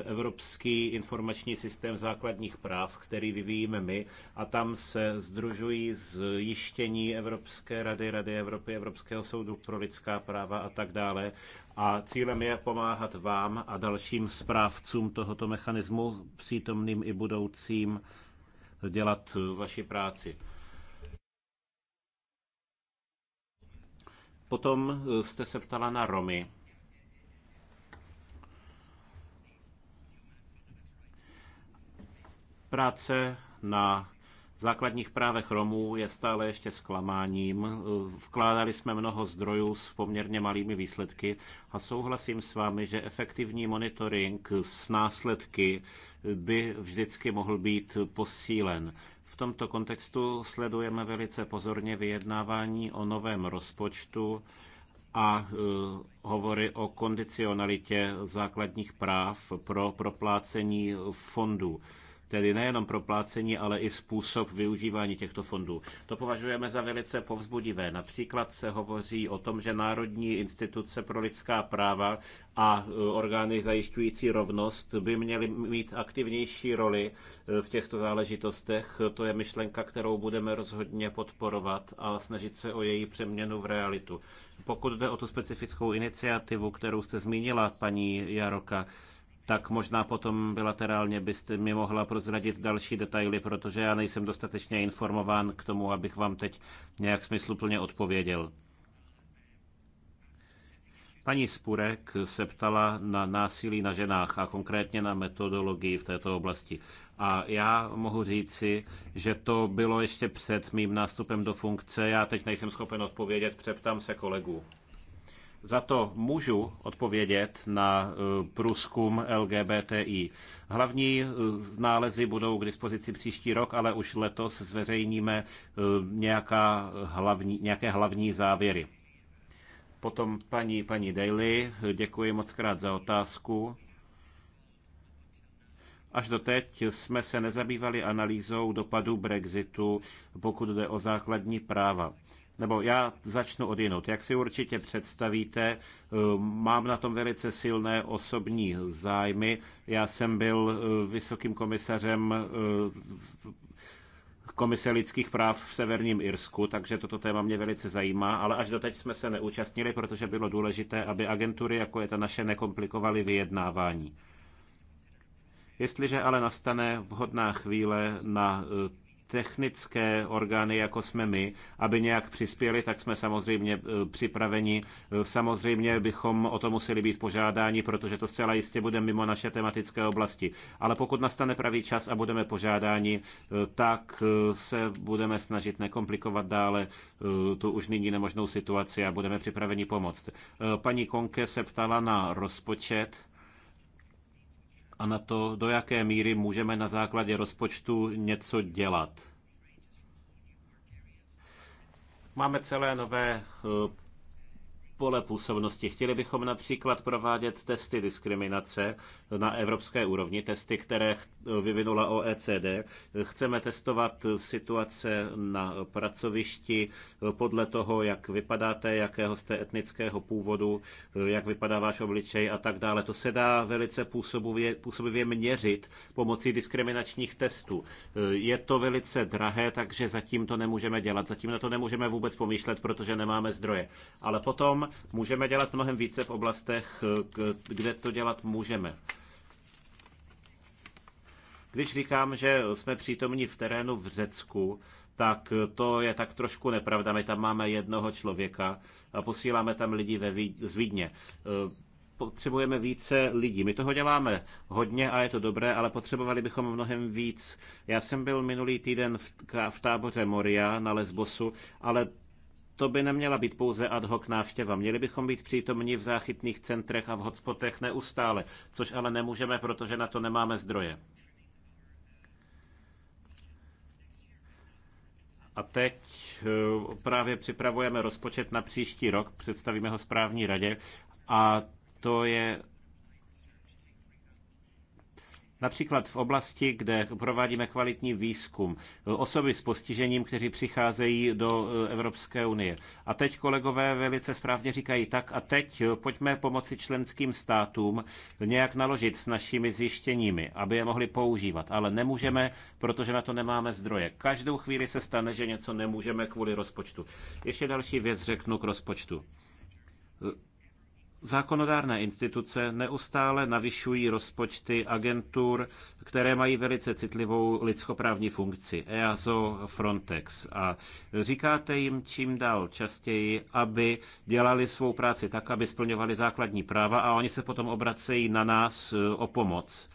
Evropský informační systém základních práv, který vyvíjíme my, a tam se združují zjištění Evropské rady, Rady Evropy, Evropského soudu pro lidská práva a tak dále. A cílem je pomáhat vám a dalším správcům tohoto mechanismu, přítomným i budoucím, dělat vaši práci. Potom jste se ptala na Romy. Práce na základních právech Romů je stále ještě zklamáním. Vkládali jsme mnoho zdrojů s poměrně malými výsledky a souhlasím s vámi, že efektivní monitoring s následky by vždycky mohl být posílen. V tomto kontextu sledujeme velice pozorně vyjednávání o novém rozpočtu a e, hovory o kondicionalitě základních práv pro proplácení fondů. Tedy nejenom proplácení, ale i způsob využívání těchto fondů. To považujeme za velice povzbudivé. Například se hovoří o tom, že Národní instituce pro lidská práva a e, orgány zajišťující rovnost by měly mít aktivnější roli e, v těchto záležitostech. To je myšlenka, kterou budeme rozhodně podporovat a snažit se o její přeměnu v realitu. Pokud jde o tu specifickou iniciativu, kterou jste zmínila, paní Jaroka, tak možná potom bilaterálně byste mi mohla prozradit další detaily, protože já nejsem dostatečně informován k tomu, abych vám teď nějak smysluplně odpověděl. Paní Spurek se ptala na násilí na ženách a konkrétně na metodologii v této oblasti. A já mohu říci, že to bylo ještě před mým nástupem do funkce. Já teď nejsem schopen odpovědět, přeptám se kolegů. Za to můžu odpovědět na e, průzkum LGBTI. Hlavní e, nálezy budou k dispozici příští rok, ale už letos zveřejníme e, nějaká hlavní, nějaké hlavní závěry. Potom paní, paní Daly, děkuji moc krát za otázku. Až doteď jsme se nezabývali analýzou dopadu Brexitu, pokud jde o základní práva nebo já začnu od jinot. Jak si určitě představíte, eh, mám na tom velice silné osobní zájmy. Já jsem byl eh, vysokým komisařem eh, Komise lidských práv v Severním Irsku, takže toto téma mě velice zajímá, ale až doteď jsme se neúčastnili, protože bylo důležité, aby agentury, jako je ta naše, nekomplikovaly vyjednávání. Jestliže ale nastane vhodná chvíle na technické orgány, jako jsme my, aby nějak přispěli, tak jsme samozřejmě eh, připraveni. Eh, samozřejmě bychom o to museli být požádáni, protože to zcela jistě bude mimo naše tematické oblasti. Ale pokud nastane pravý čas a budeme požádáni, eh, tak se budeme snažit nekomplikovat dále tu už nyní nemožnou situaci a budeme připraveni pomoct. Paní Konke se ptala na rozpočet a na to, do jaké míry můžeme na základě rozpočtu něco dělat. Máme celé nové eh, pole působnosti. Chtěli bychom například provádět testy diskriminace na evropské úrovni, testy, které vyvinula OECD. Chceme testovat situace na pracovišti podle toho, jak vypadáte, jakého jste etnického původu, jak vypadá váš obličej a tak dále. To se dá velice působivě, působivě měřit pomocí diskriminačních testů. Je to velice drahé, takže zatím to nemůžeme dělat. Zatím na to nemůžeme vůbec pomýšlet, protože nemáme zdroje. Ale potom můžeme dělat mnohem více v oblastech, kde to dělat můžeme. Když říkám, že jsme přítomní v terénu v Řecku, tak to je tak trošku nepravda. My tam máme jednoho člověka a posíláme tam lidi ve Víd- z Vídně. Potřebujeme více lidí. My toho děláme hodně a je to dobré, ale potřebovali bychom mnohem víc. Já jsem byl minulý týden v, v táboře Moria na Lesbosu, ale to by neměla být pouze ad hoc návštěva. Měli bychom být přítomní v záchytných centrech a v hotspotech neustále, což ale nemůžeme, protože na to nemáme zdroje. A teď eh, právě připravujeme rozpočet na příští rok, představíme ho správní radě a to je Například v oblasti, kde provádíme kvalitní výzkum, osoby s postižením, kteří přicházejí do eh, Evropské unie. A teď kolegové velice správně říkají tak a teď pojďme pomoci členským státům nějak naložit s našimi zjištěními, aby je mohli používat. Ale nemůžeme, protože na to nemáme zdroje. Každou chvíli se stane, že něco nemůžeme kvůli rozpočtu. Ještě další věc řeknu k rozpočtu. Zákonodárné instituce neustále navyšují rozpočty agentur, které mají velice citlivou lidskoprávní funkci, EASO, Frontex. A říkáte jim čím dál častěji, aby dělali svou práci tak, aby splňovali základní práva a oni se potom obracejí na nás eh, o pomoc.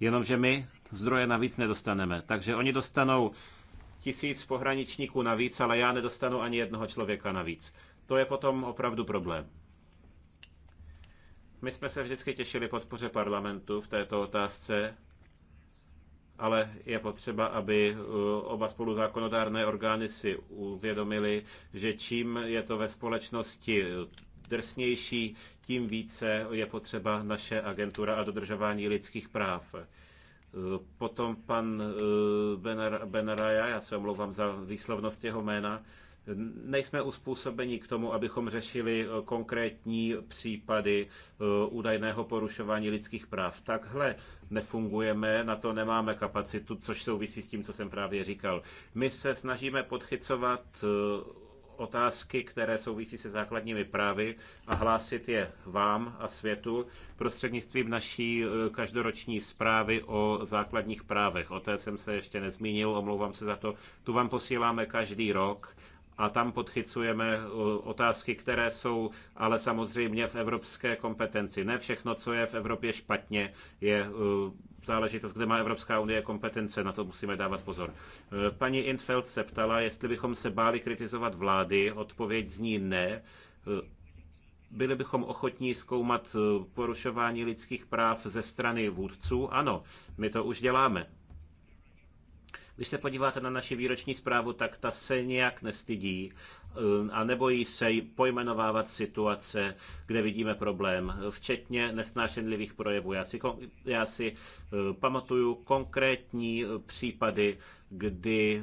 Jenomže my zdroje navíc nedostaneme. Takže oni dostanou tisíc pohraničníků navíc, ale já nedostanu ani jednoho člověka navíc. To je potom opravdu problém. My jsme se vždycky těšili podpoře parlamentu v této otázce, ale je potřeba, aby uh, oba spoluzákonodárné orgány si uvědomili, že čím je to ve společnosti drsnější, tím více je potřeba naše agentura a dodržování lidských práv. Uh, potom pan uh, Benaraja, já se omlouvám za výslovnost jeho jména, Nejsme uspůsobeni k tomu, abychom řešili eh, konkrétní případy eh, údajného porušování lidských práv. Takhle nefungujeme, na to nemáme kapacitu, což souvisí s tím, co jsem právě říkal. My se snažíme podchycovat eh, otázky, které souvisí se základními právy a hlásit je vám a světu prostřednictvím naší každoroční zprávy o základních právech. O té jsem se ještě nezmínil, omlouvám se za to. Tu vám posíláme každý rok a tam podchycujeme otázky, které jsou ale samozřejmě v evropské kompetenci. Ne všechno, co je v Evropě špatně, je e, záležitost, kde má Evropská unie kompetence, na to musíme dávat pozor. E, paní Infeld se ptala, jestli bychom se báli kritizovat vlády, odpověď zní ne. E, byli bychom ochotní zkoumat porušování lidských práv ze strany vůdců? Ano, my to už děláme. Když se podíváte na naši výroční zprávu, tak ta se nějak nestydí um, a nebojí se pojmenovávat situace, kde vidíme problém, včetně nesnášenlivých projevů. Já si, já si uh, pamatuju konkrétní uh, případy, kdy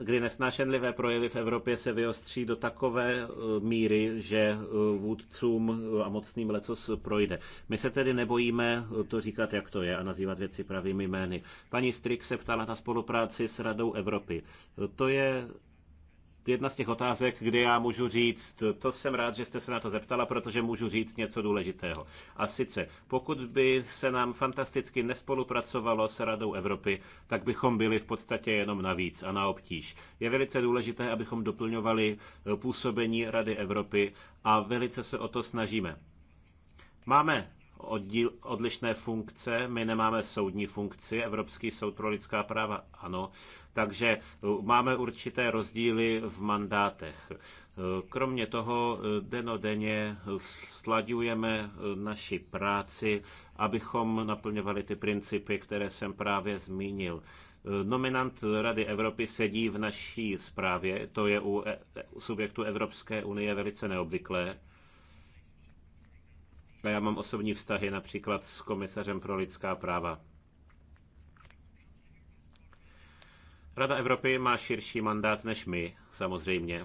kdy nesnášenlivé projevy v Evropě se vyostří do takové e, míry, že e, vůdcům e, a mocným lecos projde. My se tedy nebojíme to říkat, jak to je a nazývat věci pravými jmény. Paní Strik se ptala na spolupráci s Radou Evropy. To je jedna z těch otázek, kdy já můžu říct, to jsem rád, že jste se na to zeptala, protože můžu říct něco důležitého. A sice, pokud by se nám fantasticky nespolupracovalo s Radou Evropy, tak bychom byli v podstatě jenom navíc a na obtíž. Je velice důležité, abychom doplňovali eh, působení Rady Evropy a velice se o to snažíme. Máme oddíl, odlišné funkce. My nemáme soudní funkci, Evropský soud pro lidská práva ano. Takže uh, máme určité rozdíly v mandátech. Uh, kromě toho uh, denodenně sladujeme naši práci, abychom naplňovali ty principy, které jsem právě zmínil. Nominant Rady Evropy sedí v naší zprávě, to je u e, subjektu Evropské unie velice neobvyklé. A já mám osobní vztahy například s komisařem pro lidská práva. Rada Evropy má širší mandát než my, samozřejmě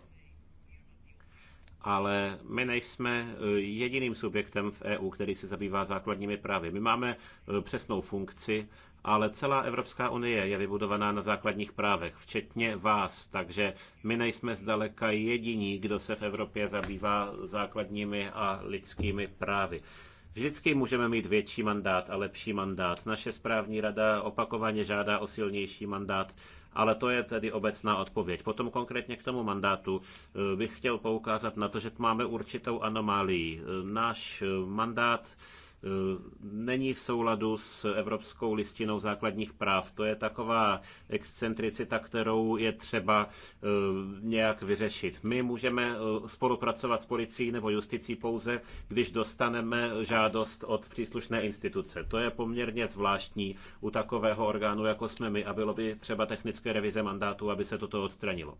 ale my nejsme e, jediným subjektem v EU, který se zabývá základními právy. My máme e, přesnou funkci, ale celá Evropská unie je vybudovaná na základních právech, včetně vás, takže my nejsme zdaleka jediní, kdo se v Evropě zabývá základními a lidskými právy. Vždycky můžeme mít větší mandát a lepší mandát. Naše správní rada opakovaně žádá o silnější mandát ale to je tedy obecná odpověď. Potom konkrétně k tomu mandátu eh, bych chtěl poukázat na to, že máme určitou anomálii. Eh, náš eh, mandát Eh, není v souladu s Evropskou listinou základních práv. To je taková excentricita, kterou je třeba eh, nějak vyřešit. My můžeme eh, spolupracovat s policií nebo justicí pouze, když dostaneme žádost od příslušné instituce. To je poměrně zvláštní u takového orgánu, jako jsme my, a bylo by třeba technické revize mandátu, aby se toto odstranilo.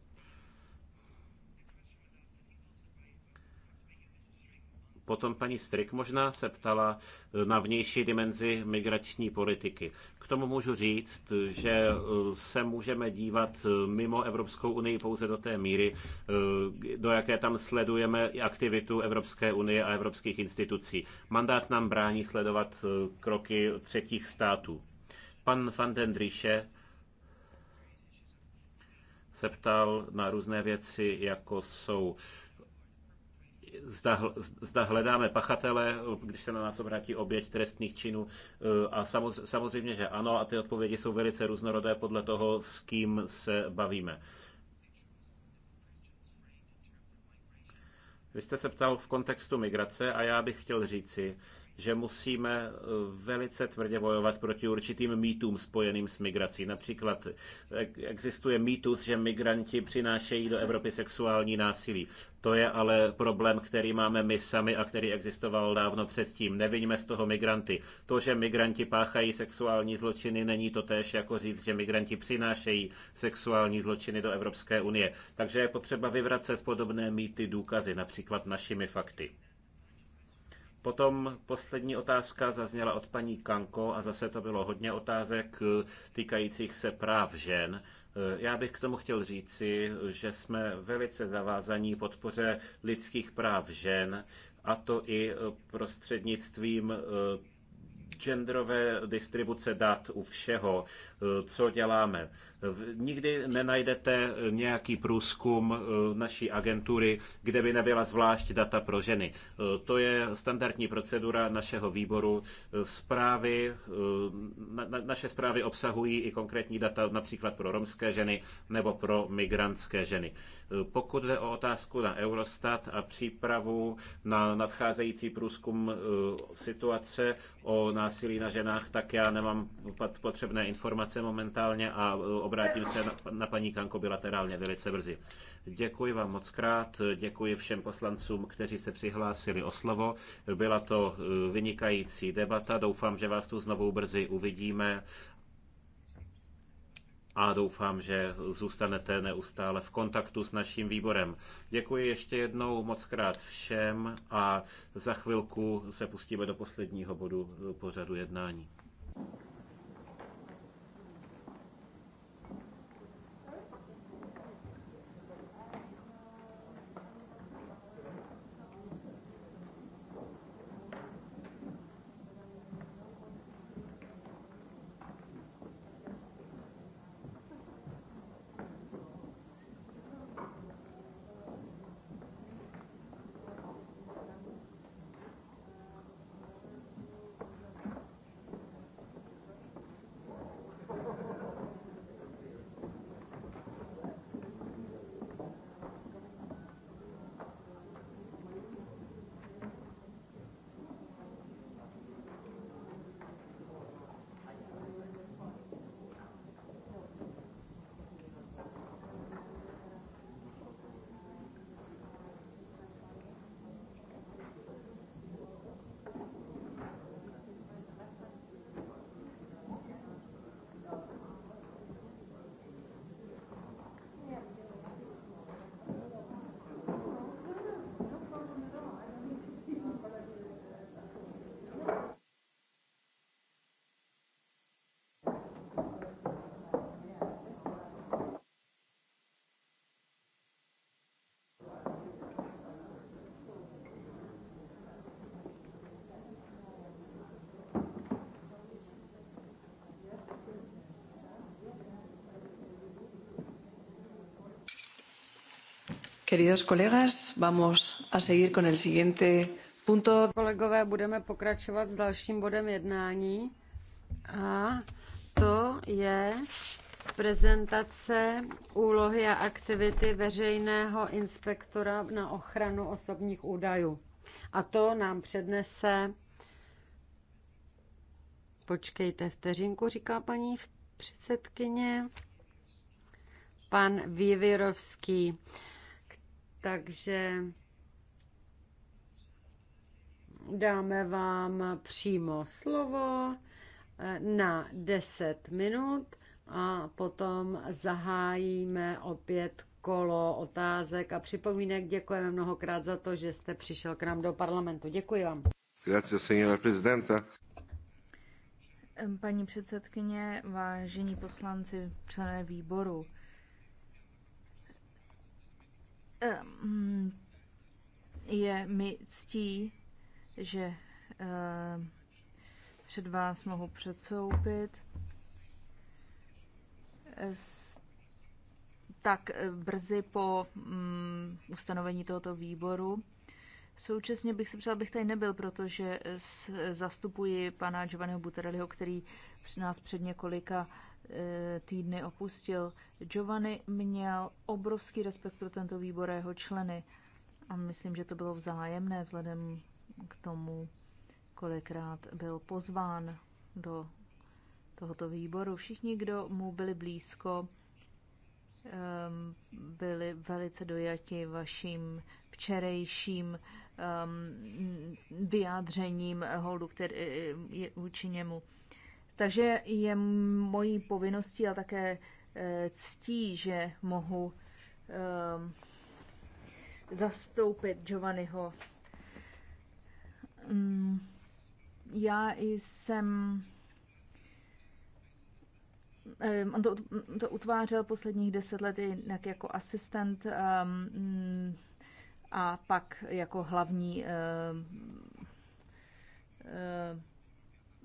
Potom paní Strik možná se ptala eh, na vnější dimenzi migrační politiky. K tomu můžu říct, že eh, se můžeme dívat eh, mimo Evropskou unii pouze do té míry, do jaké tam sledujeme aktivitu Evropské unie a evropských institucí. Mandát nám brání sledovat kroky třetích států. Pan van den Driche se ptal na různé věci, jako jsou zda, zda hledáme pachatele, když se na nás obrátí oběť trestných činů. E, a samozřejmě, že ano, a ty odpovědi jsou velice různorodé podle toho, s kým se bavíme. Vy jste se ptal v kontextu migrace a já bych chtěl říci, že musíme eh, velice tvrdě bojovat proti určitým mýtům spojeným s migrací. Například eh, existuje mýtus, že migranti přinášejí do Evropy sexuální násilí. To je ale problém, který máme my sami a který existoval dávno předtím. Neviňme z toho migranty. To, že migranti páchají sexuální zločiny, není to též jako říct, že migranti přinášejí sexuální zločiny do Evropské unie. Takže je potřeba vyvracet podobné mýty důkazy, například našimi fakty. Potom poslední otázka zazněla od paní Kanko a zase to bylo hodně otázek eh, týkajících se práv žen. Eh, já bych k tomu chtěl říci, že jsme velice zavázaní podpoře lidských práv žen, a to i eh, prostřednictvím genderové distribuce dat u všeho, eh, co děláme. Nikdy nenajdete nějaký průzkum eh, naší agentury, kde by nebyla zvlášť data pro ženy. Eh, to je standardní procedura našeho výboru. Zprávy, na, na, naše zprávy obsahují i konkrétní data například pro romské ženy nebo pro migrantské ženy. Pokud jde o otázku na Eurostat a přípravu na nadcházející průzkum situace o násilí na ženách, tak já nemám potřebné informace momentálně a e, obrátím se na, na paní Kanko bilaterálně velice brzy. Děkuji vám moc krát, děkuji všem poslancům, kteří se přihlásili o slovo. Byla to e, vynikající debata, doufám, že vás tu znovu brzy uvidíme a doufám, že zůstanete neustále v kontaktu s naším výborem. Děkuji ještě jednou moc krát všem a za chvilku se pustíme do posledního bodu pořadu jednání. Queridos colegas, vamos a seguir con el siguiente punto. Kolegové, budeme pokračovat s dalším bodem jednání a to je prezentace úlohy a aktivity veřejného inspektora na ochranu osobních údajů. A to nám přednese. Počkejte vteřinku, říká paní předsedkyně. Pan Vývirovský takže dáme vám přímo slovo eh, na 10 minut a potom zahájíme opět kolo otázek a připomínek. Děkujeme mnohokrát za to, že jste přišel k nám do parlamentu. Děkuji vám. Grazie, signora prezidenta. Paní předsedkyně, vážení poslanci, členové výboru, je mi ctí, že před vás mohu předsoupit. Tak e, brzy po mm, ustanovení tohoto výboru. Současně bych si přál, bych tady nebyl, protože zastupuji pana Giovanniho Buterelliho, který nás před několika Eh, týdny opustil. Giovanni měl obrovský respekt pro tento výbor a jeho členy a myslím, že to bylo vzájemné vzhledem k tomu, kolikrát byl pozván do tohoto výboru. Všichni, kdo mu byli blízko, byli velice dojati vaším včerejším vyjádřením holdu který, eh, vůči němu. Takže je mojí povinností a také eh, ctí, že mohu um, zastoupit Giovanniho. Um, já jsem ehm, On to, mm, to utvářel posledních deset let jinak jako asistent um, a pak jako hlavní um, um,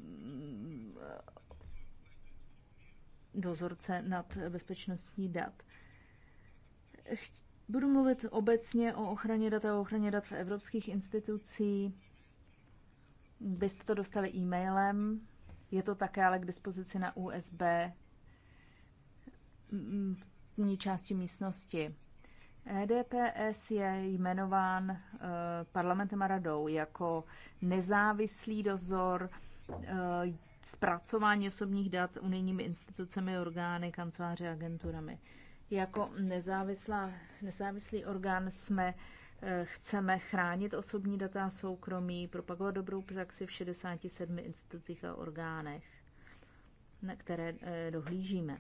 Mm, dozorce nad bezpečností dat. Budu mluvit obecně o ochraně dat a o ochraně dat v evropských institucích. Byste to dostali e-mailem, je to také ale k dispozici na USB mm, v části místnosti. EDPS je jmenován eh, parlamentem a radou jako nezávislý dozor Eh, zpracování osobních dat unijními institucemi, orgány, kanceláři agenturami. Jako nezávislá, nezávislý orgán jsme eh, chceme chránit osobní data a soukromí, propagovat dobrou praxi v 67 institucích a orgánech, na které eh, dohlížíme.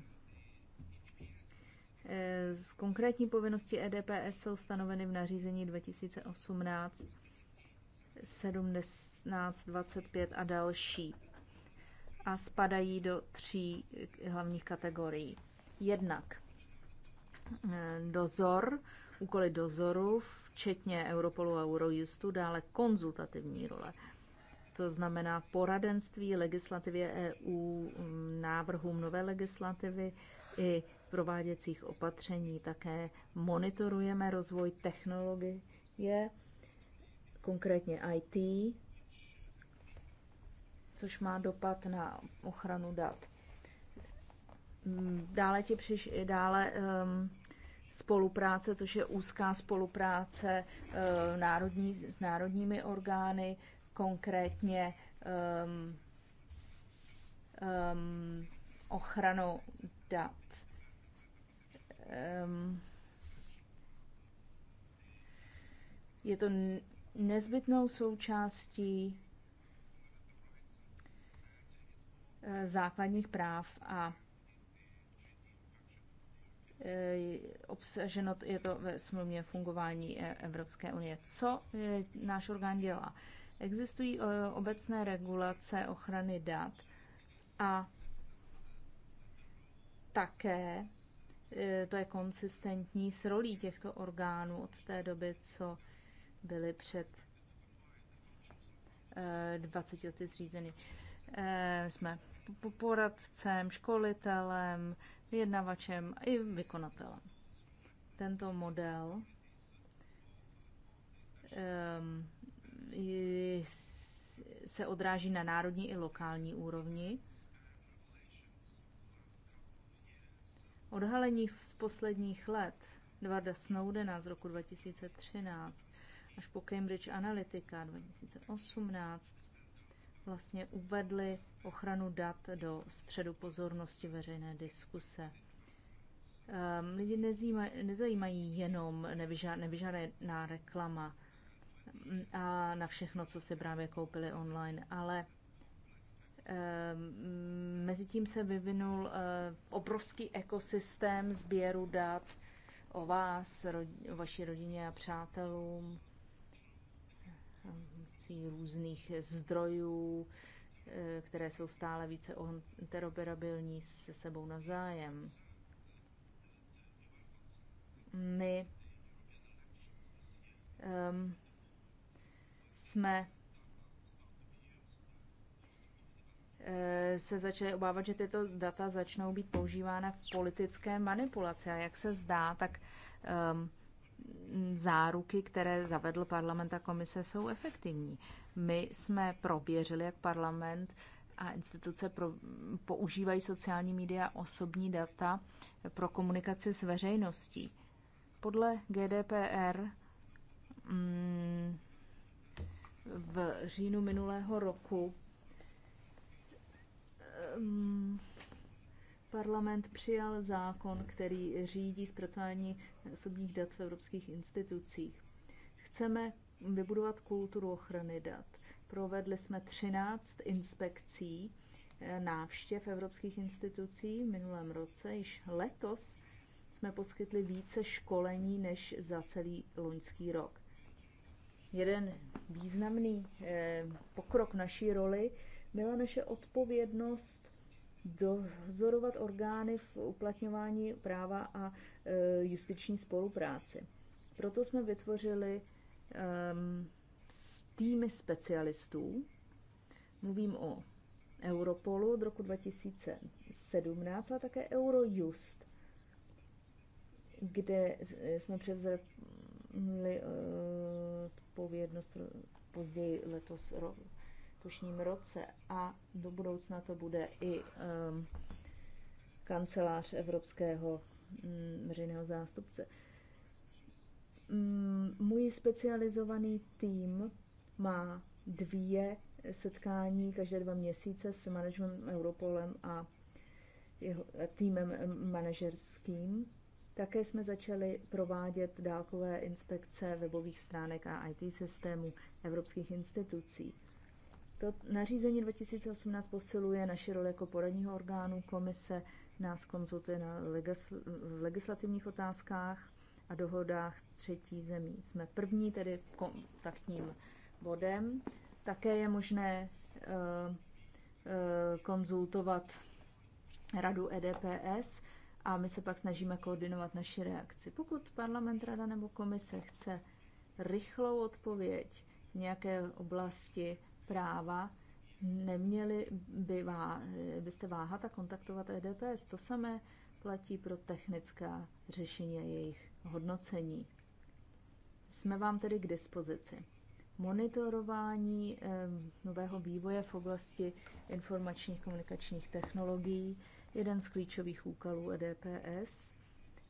Z konkrétní povinnosti EDPS jsou stanoveny v nařízení 2018 1725 a další. A spadají do tří hlavních kategorií. Jednak eh, dozor, úkoly dozoru, včetně Europolu a Eurojustu, dále konzultativní role. To znamená poradenství legislativě EU, mm, návrhům nové legislativy i prováděcích opatření. Také monitorujeme rozvoj technologie konkrétně IT, což má dopad na ochranu dat. Mm, dále, ti přiš, dále um, spolupráce, což je úzká spolupráce uh, národní, s národními orgány, konkrétně um, ehm, um, ehm, ochranou dat. Um, je to nezbytnou součástí eh, základních práv a eh, obsaženo je to ve smluvně fungování eh, Evropské unie. Co náš orgán dělá? Existují obecné regulace ochrany dat a také to je konsistentní s rolí těchto orgánů od té doby, co byly před 20 eh, lety zřízeny. Eh, jsme poradcem, školitelem, vyjednavačem i vykonatelem. Tento model ehm, se odráží na národní i lokální úrovni. Odhalení z posledních let Edwarda Snowdena z roku 2013 až po Cambridge Analytica 2018 vlastně uvedli ochranu dat do středu pozornosti veřejné diskuse. Um, lidi nezajímají, nezajímají jenom nevyžádaná nevyžádaná reklama mm, a na všechno, co si právě koupili online, ale um, ehm, mezi tím se vyvinul uh, obrovský ekosystém sběru dat o vás, ro, o vaší rodině a přátelům, různých zdrojů, eh, které jsou stále více interoperabilní se sebou navzájem. My um, jsme eh, se začali obávat, že tyto data začnou být používána v politické manipulaci. A jak se zdá, tak um, záruky, které zavedl parlament a komise, jsou efektivní. My jsme prověřili, jak parlament a instituce pro, používají sociální média osobní data pro komunikaci s veřejností. Podle GDPR mm, v říjnu minulého roku mm, Parlament přijal zákon, který řídí zpracování osobních dat v evropských institucích. Chceme vybudovat kulturu ochrany dat. Provedli jsme 13 inspekcí eh, návštěv evropských institucí v minulém roce. Již letos jsme poskytli více školení než za celý loňský rok. Jeden významný eh, pokrok naší roli byla naše odpovědnost dozorovat orgány v uplatňování práva a e, justiční spolupráci. Proto jsme vytvořili s týmy specialistů. Mluvím o Europolu od roku 2017, a také Eurojust, kde e, jsme převzali e, odpovědnost později letos letošním roce a do budoucna to bude i um, kancelář Evropského um, veřejného zástupce. Um, můj specializovaný tým má dvě setkání každé dva měsíce s managementem Europolem a jeho týmem ehm, manažerským. Také jsme začali provádět dálkové inspekce webových stránek a IT systémů evropských institucí. To nařízení 2018 posiluje naši roli jako poradního orgánu. Komise nás konzultuje na legisl- v legislativních otázkách a dohodách třetí zemí. Jsme první tedy kontaktním bodem. Také je možné uh, uh, konzultovat radu EDPS a my se pak snažíme koordinovat naši reakci. Pokud parlament, rada nebo komise chce rychlou odpověď v nějaké oblasti, práva, neměli by vá, byste váhat a kontaktovat EDPS. To samé platí pro technická řešení a jejich hodnocení. Jsme vám tedy k dispozici. Monitorování nového vývoje v oblasti informačních komunikačních technologií, jeden z klíčových úkolů EDPS,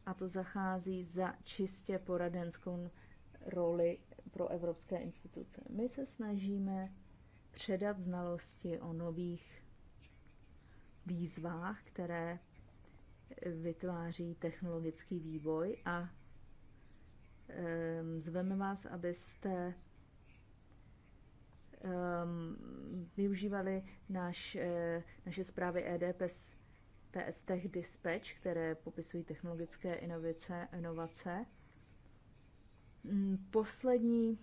a to zachází za čistě poradenskou roli pro evropské instituce. My se snažíme předat znalosti o nových výzvách, které vytváří technologický vývoj a zveme vás, abyste využívali naš, e, naše zprávy EDPS PS Tech Dispatch, které popisují technologické inovice, inovace. Poslední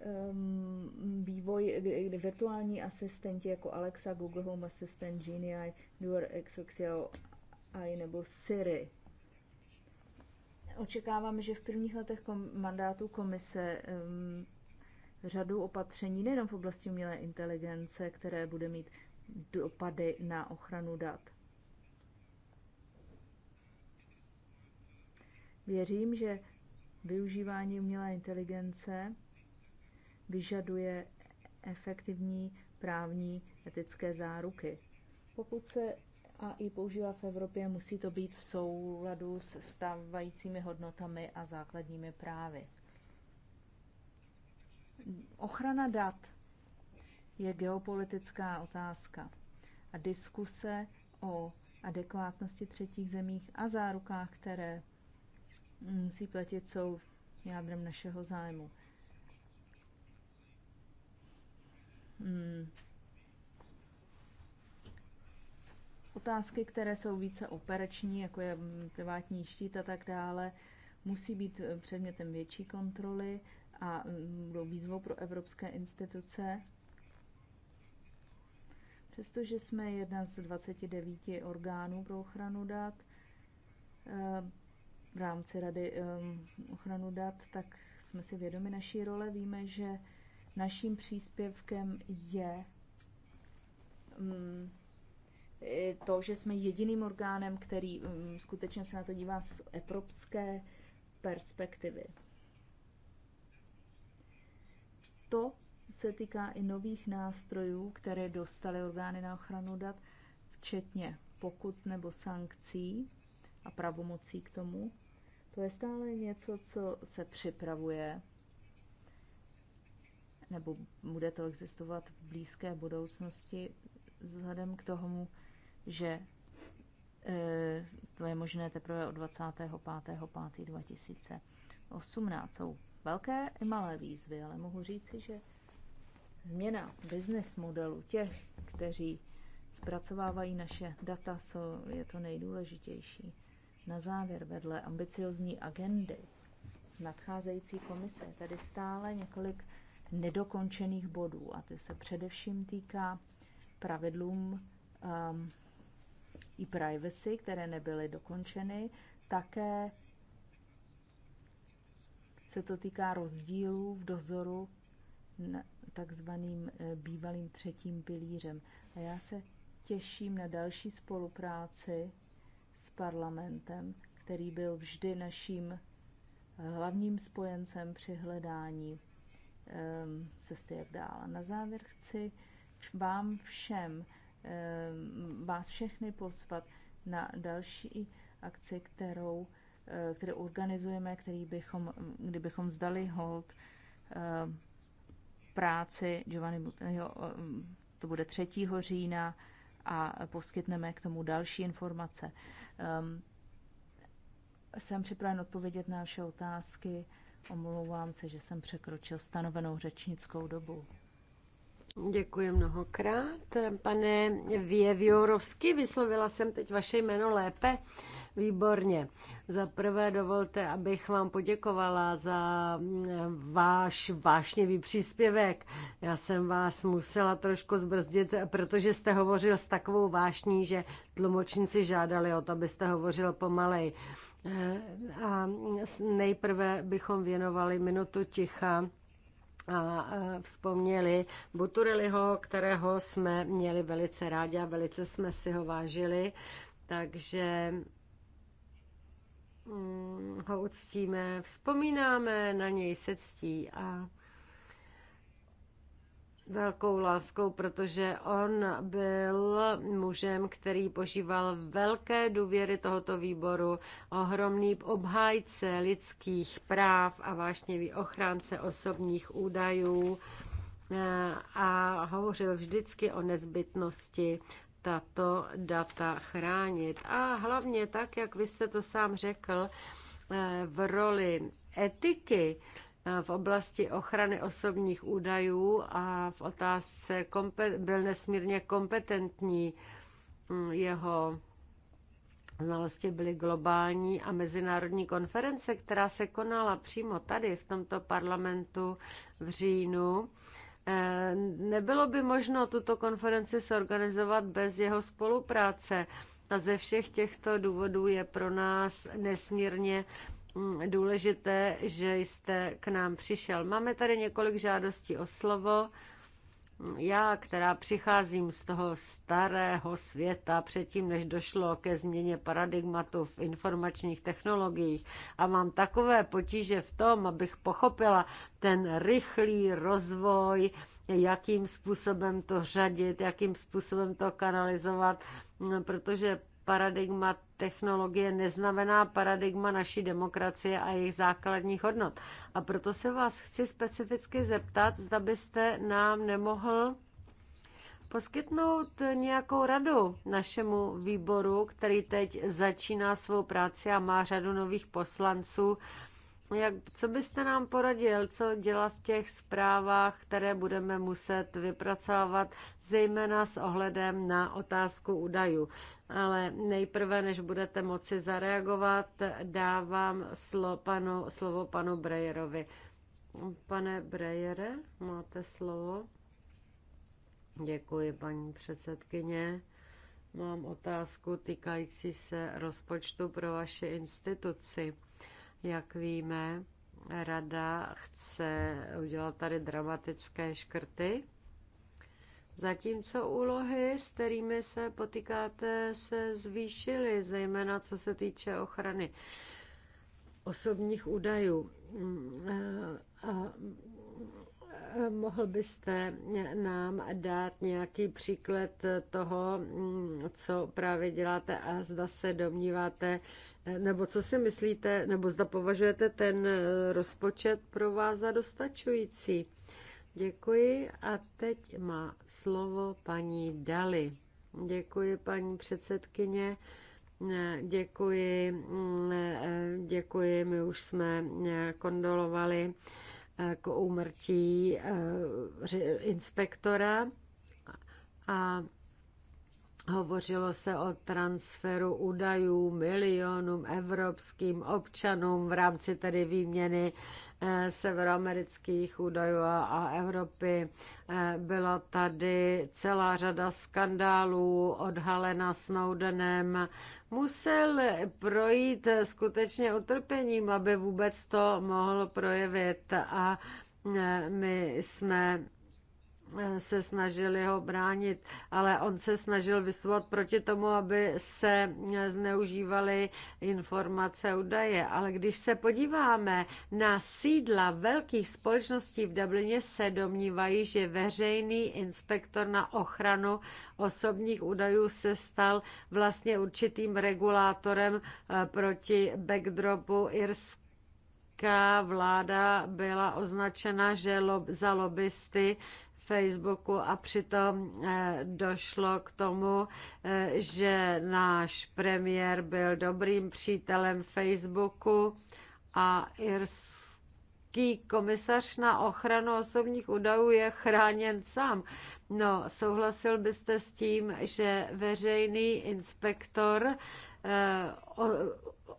Ehm, vývoj virtuální asistenti jako Alexa, Google Home Assistant, Genii, Duer, Exoxial AI nebo Siri. Očekáváme, že v prvních letech kom- mandátu komise um, řadu opatření nejen v oblasti umělé inteligence, které bude mít dopady na ochranu dat. Věřím, že využívání umělé inteligence vyžaduje efektivní právní etické záruky. Pokud se AI používá v Evropě, musí to být v souladu s stávajícími hodnotami a základními právy. Ochrana dat je geopolitická otázka a diskuse o adekvátnosti třetích zemích a zárukách, které musí platit, jsou jádrem našeho zájmu. Hmm. Otázky, které jsou více operační, jako je mm, privátní štít a tak dále, musí být eh, předmětem větší kontroly a mm, budou výzvou pro evropské instituce. Přestože jsme jedna z 29 orgánů pro ochranu dat eh, v rámci Rady eh, ochranu dat, tak jsme si vědomi naší role. Víme, že Naším příspěvkem je mm, to, že jsme jediným orgánem, který mm, skutečně se na to dívá z evropské perspektivy. To se týká i nových nástrojů, které dostaly orgány na ochranu dat, včetně pokut nebo sankcí a pravomocí k tomu. To je stále něco, co se připravuje nebo bude to existovat v blízké budoucnosti, vzhledem k tomu, že e, to je možné teprve od 25.5.2018. Jsou velké i malé výzvy, ale mohu říci, že změna business modelu těch, kteří zpracovávají naše data, co je to nejdůležitější. Na závěr vedle ambiciozní agendy nadcházející komise, tady stále několik nedokončených bodů a ty se především týká pravidlům um, i privacy, které nebyly dokončeny, také se to týká rozdílů v dozoru takzvaným eh, bývalým třetím pilířem. A já se těším na další spolupráci s parlamentem, který byl vždy naším eh, hlavním spojencem při hledání Ehm, cesty, jak dál. Na závěr chci vám všem, ehm, vás všechny pozvat na další akci, kterou eh, které organizujeme, který bychom, kdybychom vzdali hold ehm, práci Giovanni Butanyho, to bude 3. října a poskytneme k tomu další informace. Jsem připraven odpovědět na vaše otázky. Omlouvám se, že jsem překročil stanovenou řečnickou dobu. Děkuji mnohokrát. Pane Věviorovsky, vyslovila jsem teď vaše jméno lépe. Výborně. Za prvé dovolte, abych vám poděkovala za váš vášnivý příspěvek. Já jsem vás musela trošku zbrzdit, protože jste hovořil s takovou vášní, že tlumočníci žádali o to, abyste hovořil pomalej. A nejprve bychom věnovali minutu ticha a vzpomněli Buturiliho, kterého jsme měli velice rádi a velice jsme si ho vážili, takže mm, ho uctíme, vzpomínáme na něj se ctí a velkou láskou, protože on byl mužem, který požíval velké důvěry tohoto výboru, ohromný obhájce lidských práv a vášnivý ochránce osobních údajů eh, a hovořil vždycky o nezbytnosti tato data chránit. A hlavně tak, jak vy jste to sám řekl, eh, v roli etiky v oblasti ochrany osobních údajů a v otázce byl nesmírně kompetentní. Mm, jeho znalosti byly globální a mezinárodní konference, která se konala přímo tady v tomto parlamentu v říjnu. Eh, nebylo by možno tuto konferenci sorganizovat bez jeho spolupráce. A ze všech těchto důvodů je pro nás nesmírně Mm, důležité, že jste k nám přišel. Máme tady několik žádostí o slovo. Já, která přicházím z toho starého světa, předtím, než došlo ke změně paradigmatu v informačních technologiích a mám takové potíže v tom, abych pochopila ten rychlý rozvoj, jakým způsobem to řadit, jakým způsobem to kanalizovat, mm, protože paradigma technologie neznamená paradigma naší demokracie a jejich základních hodnot. A proto se vás chci specificky zeptat, zda byste nám nemohl poskytnout nějakou radu našemu výboru, který teď začíná svou práci a má řadu nových poslanců jak, co byste nám poradil, co dělat v těch zprávách, které budeme muset vypracovávat, zejména s ohledem na otázku údajů? Ale nejprve, než budete moci zareagovat, dávám slovo panu, slovo panu Brejerovi. Pane Brejere, máte slovo. Děkuji, paní předsedkyně. Mám otázku týkající se rozpočtu pro vaši instituci. Jak víme, rada chce udělat tady dramatické škrty. Zatímco úlohy, s kterými se potýkáte, se zvýšily, zejména co se týče ochrany osobních údajů. Mm, a Mohl byste nám dát nějaký příklad toho, co právě děláte a zda se domníváte, nebo co si myslíte, nebo zda považujete ten rozpočet pro vás za dostačující? Děkuji a teď má slovo paní Dali. Děkuji, paní předsedkyně. Děkuji, děkuji, my už jsme kondolovali k úmrtí eh, inspektora a Hovořilo se o transferu údajů milionům evropským občanům v rámci tedy výměny Eh, severoamerických údajů a Evropy. Eh, byla tady celá řada skandálů odhalena Snowdenem. Musel projít skutečně utrpením, aby vůbec to mohl projevit a eh, my jsme se snažili ho bránit, ale on se snažil vystupovat proti tomu, aby se zneužívaly informace údaje. Ale když se podíváme na sídla velkých společností v Dublině, se domnívají, že veřejný inspektor na ochranu osobních údajů se stal vlastně určitým regulátorem eh, proti backdropu Irska vláda byla označena že lob, za lobbysty Facebooku a přitom eh, došlo k tomu, eh, že náš premiér byl dobrým přítelem Facebooku a irský komisař na ochranu osobních údajů je chráněn sám. No, souhlasil byste s tím, že veřejný inspektor eh,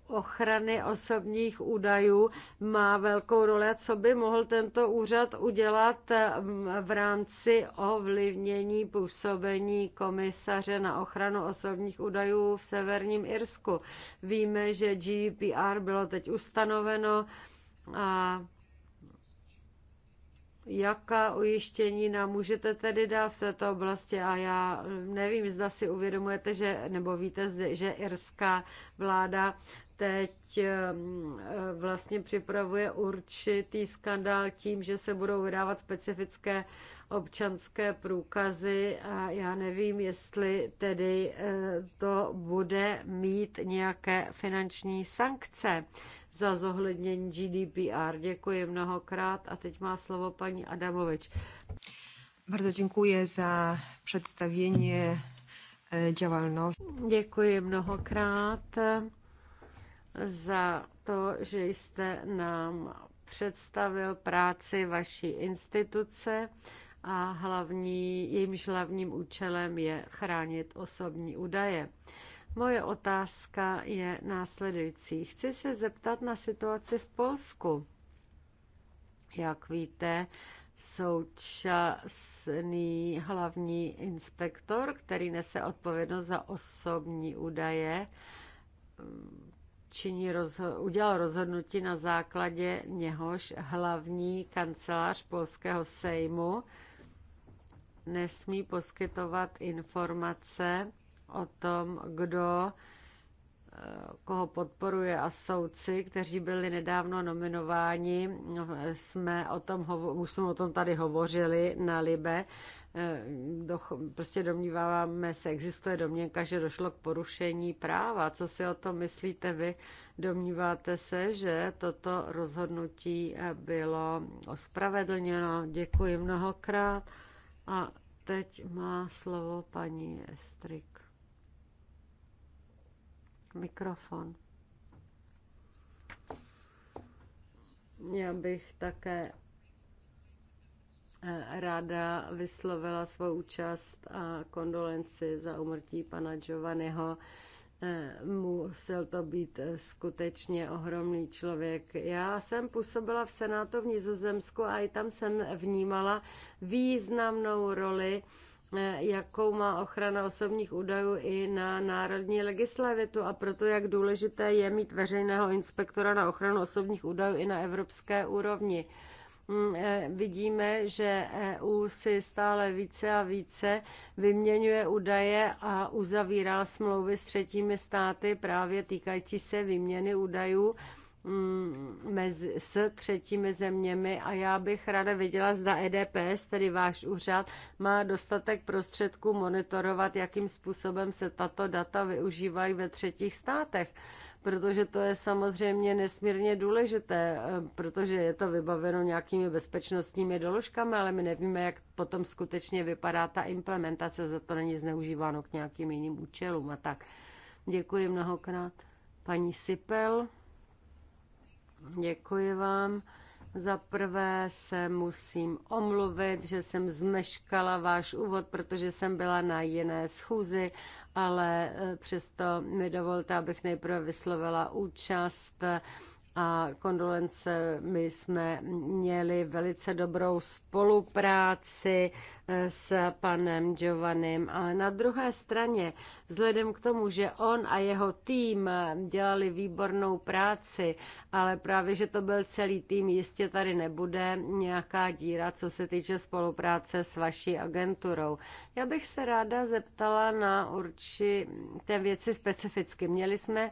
ochrany osobních údajů má velkou roli. Co by mohl tento úřad udělat mm, v rámci ovlivnění působení komisaře na ochranu osobních údajů v Severním Irsku? Víme, že GDPR bylo teď ustanoveno a Jaká ujištění nám můžete tedy dát v této oblasti? A já nevím, zda si uvědomujete, že, nebo víte, že irská vláda teď ehm, eh, vlastně připravuje určitý skandál tím, že se budou vydávat specifické občanské průkazy a já nevím, jestli tedy eh, to bude mít nějaké finanční sankce za zohlednění GDPR. Děkuji mnohokrát a teď má slovo paní Adamovič. Bardzo dziękuję za przedstawienie eh, działalności. Děkuji mnohokrát za to, že jste nám představil práci vaší instituce a hlavní, jejímž hlavním účelem je chránit osobní údaje. Moje otázka je následující. Chci se zeptat na situaci v Polsku. Jak víte, současný hlavní inspektor, který nese odpovědnost za osobní údaje, činí rozho- udělal rozhodnutí na základě něhož hlavní kancelář polského sejmu nesmí poskytovat informace o tom, kdo koho podporuje a soudci, kteří byli nedávno nominováni, jsme o tom, už jsme o tom tady hovořili na Libe, eh, do, prostě domníváme se, existuje domněnka, že došlo k porušení práva. Co si o tom myslíte vy? Domníváte se, že toto rozhodnutí eh, bylo ospravedlněno? Děkuji mnohokrát. A teď má slovo paní Estrik. Mikrofon. Já bych také eh, ráda vyslovila svou účast a kondolenci za umrtí pana Giovanniho. Eh, musel to být eh, skutečně ohromný člověk. Já jsem působila v Senátu v Nizozemsku a i tam jsem vnímala významnou roli E, jakou má ochrana osobních údajů i na národní legislativu a proto, jak důležité je mít veřejného inspektora na ochranu osobních údajů i na evropské úrovni. Mm, e, vidíme, že EU si stále více a více vyměňuje údaje a uzavírá smlouvy s třetími státy právě týkající se výměny údajů Mm, mezi, s třetími zeměmi a já bych ráda věděla, zda EDPS, tedy váš úřad, má dostatek prostředků monitorovat, jakým způsobem se tato data využívají ve třetích státech. Protože to je samozřejmě nesmírně důležité, eh, protože je to vybaveno nějakými bezpečnostními doložkami, ale my nevíme, jak potom skutečně vypadá ta implementace, za to není zneužíváno k nějakým jiným účelům a tak. Děkuji mnohokrát paní Sipel. Děkuji vám. Za prvé se musím omluvit, že jsem zmeškala váš úvod, protože jsem byla na jiné schůzi, ale eh, přesto mi dovolte, abych nejprve vyslovila účast a kondolence. My jsme měli velice dobrou spolupráci eh, s panem Giovannim, ale na druhé straně, vzhledem k tomu, že on a jeho tým dělali výbornou práci, ale právě, že to byl celý tým, jistě tady nebude nějaká díra, co se týče spolupráce s vaší agenturou. Já bych se ráda zeptala na určité věci specificky. Měli jsme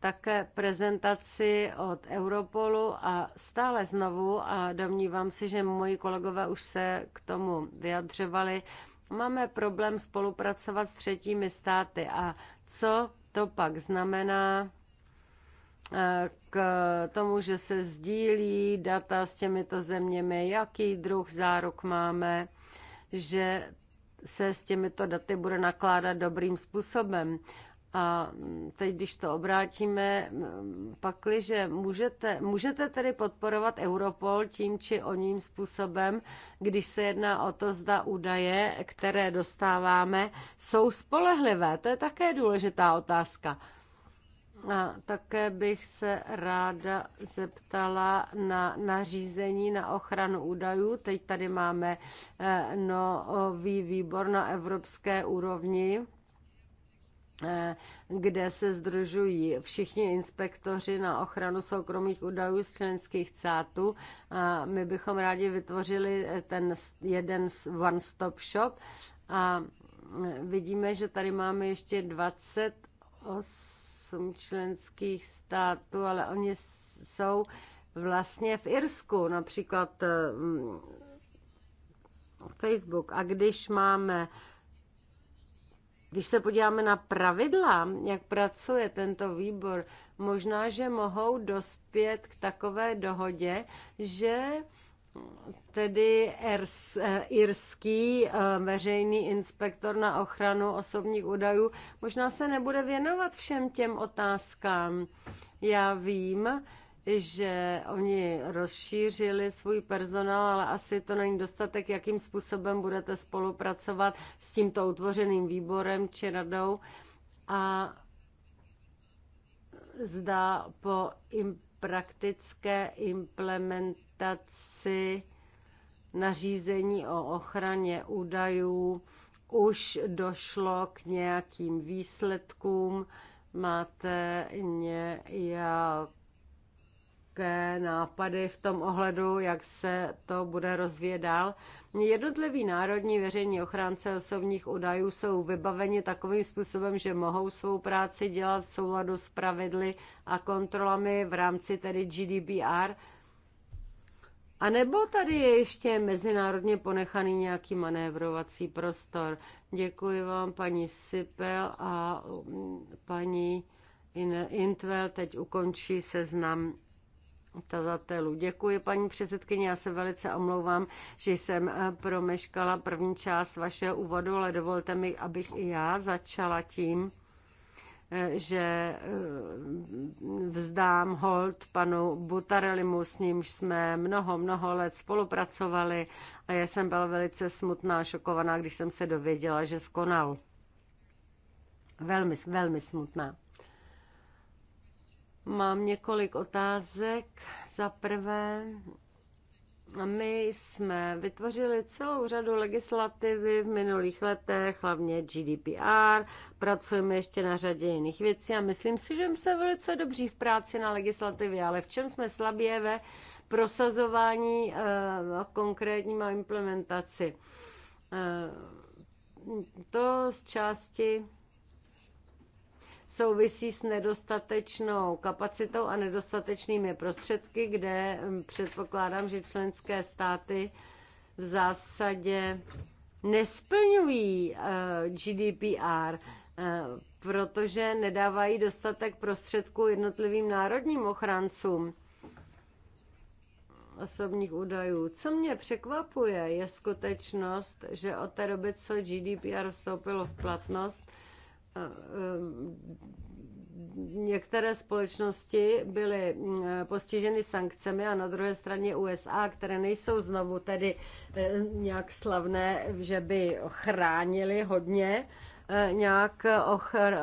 také prezentaci od Europolu a stále znovu, a domnívám se, že moji kolegové už se k tomu vyjadřovali, máme problém spolupracovat s třetími státy a co to pak znamená eh, k tomu, že se sdílí data s těmito zeměmi, jaký druh záruk máme, že se s těmito daty bude nakládat dobrým způsobem. A teď, když to obrátíme, že můžete, můžete tedy podporovat Europol tím či oním způsobem, když se jedná o to, zda údaje, které dostáváme, jsou spolehlivé. To je také důležitá otázka. A také bych se ráda zeptala na nařízení na ochranu údajů. Teď tady máme eh, nový výbor na evropské úrovni Eh, kde se združují všichni inspektoři na ochranu soukromých údajů z členských států. A my bychom rádi vytvořili eh, ten jeden one-stop shop a eh, vidíme, že tady máme ještě 28 členských států, ale oni jsou vlastně v Irsku, například Facebook. A když máme když se podíváme na pravidla, jak pracuje tento výbor, možná, že mohou dospět k takové dohodě, že tedy eh, irský eh, veřejný inspektor na ochranu osobních údajů možná se nebude věnovat všem těm otázkám. Já vím, že oni rozšířili svůj personál, ale asi to není dostatek, jakým způsobem budete spolupracovat s tímto utvořeným výborem či radou a zda po im praktické implementaci nařízení o ochraně údajů už došlo k nějakým výsledkům. Máte nějak nějaké nápady v tom ohledu, jak se to bude rozvíjet dál. Jednotliví národní veřejní ochránce osobních údajů jsou vybaveni takovým způsobem, že mohou svou práci dělat v souladu s pravidly a kontrolami v rámci tedy GDPR. A nebo tady je ještě mezinárodně ponechaný nějaký manévrovací prostor. Děkuji vám, paní Sipel a mm, paní Intvel. Teď ukončí seznam Tazatelu. Děkuji, paní předsedkyně, já se velice omlouvám, že jsem eh, promeškala první část vašeho úvodu, ale dovolte mi, abych i já začala tím, eh, že eh, vzdám hold panu Butarelimu, s nímž jsme mnoho, mnoho let spolupracovali a já jsem byla velice smutná a šokovaná, když jsem se dověděla, že skonal. Velmi, velmi smutná. Mám několik otázek. Za prvé, my jsme vytvořili celou řadu legislativy v minulých letech, hlavně GDPR, pracujeme ještě na řadě jiných věcí a myslím si, že jsme velice dobří v práci na legislativě, ale v čem jsme slabě ve prosazování eh, a konkrétní implementaci. Eh, to z části souvisí s nedostatečnou kapacitou a nedostatečnými prostředky, kde hm, předpokládám, že členské státy v zásadě nesplňují eh, GDPR, eh, protože nedávají dostatek prostředků jednotlivým národním ochráncům osobních údajů. Co mě překvapuje, je skutečnost, že od té doby, co GDPR vstoupilo v platnost, Eh, eh, některé společnosti byly eh, postiženy sankcemi a na druhé straně USA, které nejsou znovu tedy nějak slavné, že by chránili hodně nějak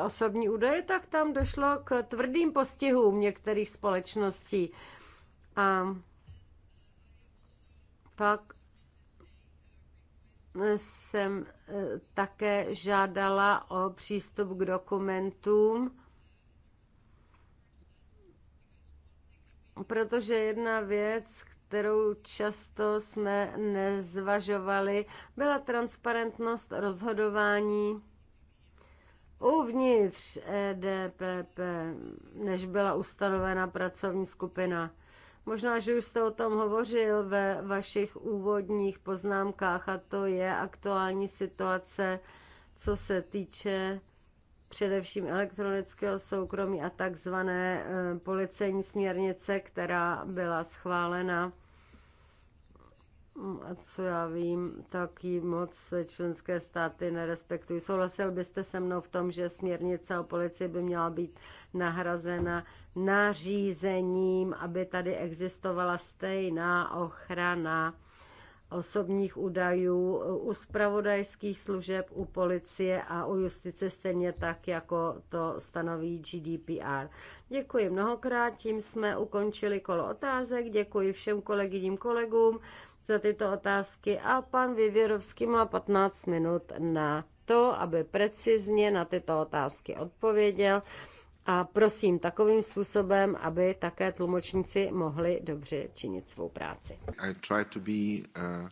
osobní údaje, tak tam došlo k tvrdým postihům některých společností. A pak jsem také žádala o přístup k dokumentům, protože jedna věc, kterou často jsme nezvažovali, byla transparentnost rozhodování uvnitř EDPP, než byla ustanovena pracovní skupina. Možná, že už jste o tom hovořil ve vašich úvodních poznámkách a to je aktuální situace, co se týče především elektronického soukromí a takzvané eh, policejní směrnice, která byla schválena co já vím, tak ji moc členské státy nerespektují. Souhlasil byste se mnou v tom, že směrnice o policii by měla být nahrazena nařízením, aby tady existovala stejná ochrana osobních údajů u spravodajských služeb, u policie a u justice stejně tak, jako to stanoví GDPR. Děkuji mnohokrát, tím jsme ukončili kolo otázek, děkuji všem kolegyním kolegům za tyto otázky a pan Vyvěrovský má 15 minut na to, aby precizně na tyto otázky odpověděl. A prosím takovým způsobem, aby také tlumočníci mohli dobře činit svou práci. I try to be, uh,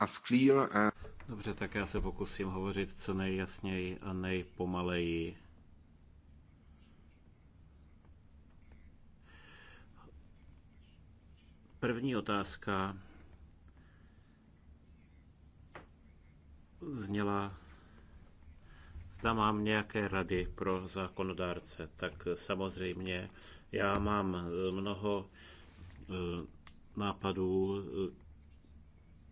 as clear, uh... Dobře, tak já se pokusím hovořit co nejjasněji a nejpomaleji. První otázka zněla zda mám nějaké rady pro zákonodárce, tak samozřejmě já mám eh, mnoho eh, nápadů, eh,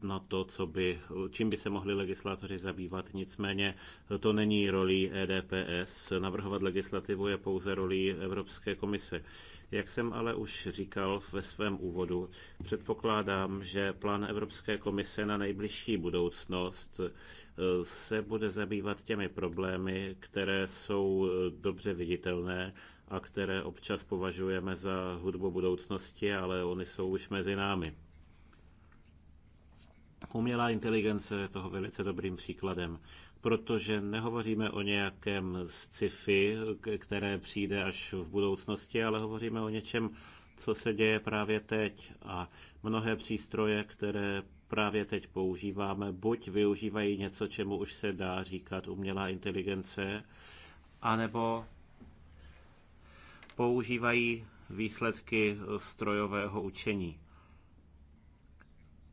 na to, co by, čím by se mohli legislátoři zabývat. Nicméně to není rolí EDPS. Navrhovat legislativu je pouze rolí Evropské komise. Jak jsem ale už říkal ve svém úvodu, předpokládám, že plán Evropské komise na nejbližší budoucnost eh, se bude zabývat těmi problémy, které jsou eh, dobře viditelné a které občas považujeme za hudbu budoucnosti, ale oni jsou už mezi námi. Umělá inteligence je toho velice dobrým příkladem, protože nehovoříme o nějakém sci-fi, které přijde až v budoucnosti, ale hovoříme o něčem, co se děje právě teď. A mnohé přístroje, které právě teď používáme, buď využívají něco, čemu už se dá říkat umělá inteligence, anebo používají výsledky strojového učení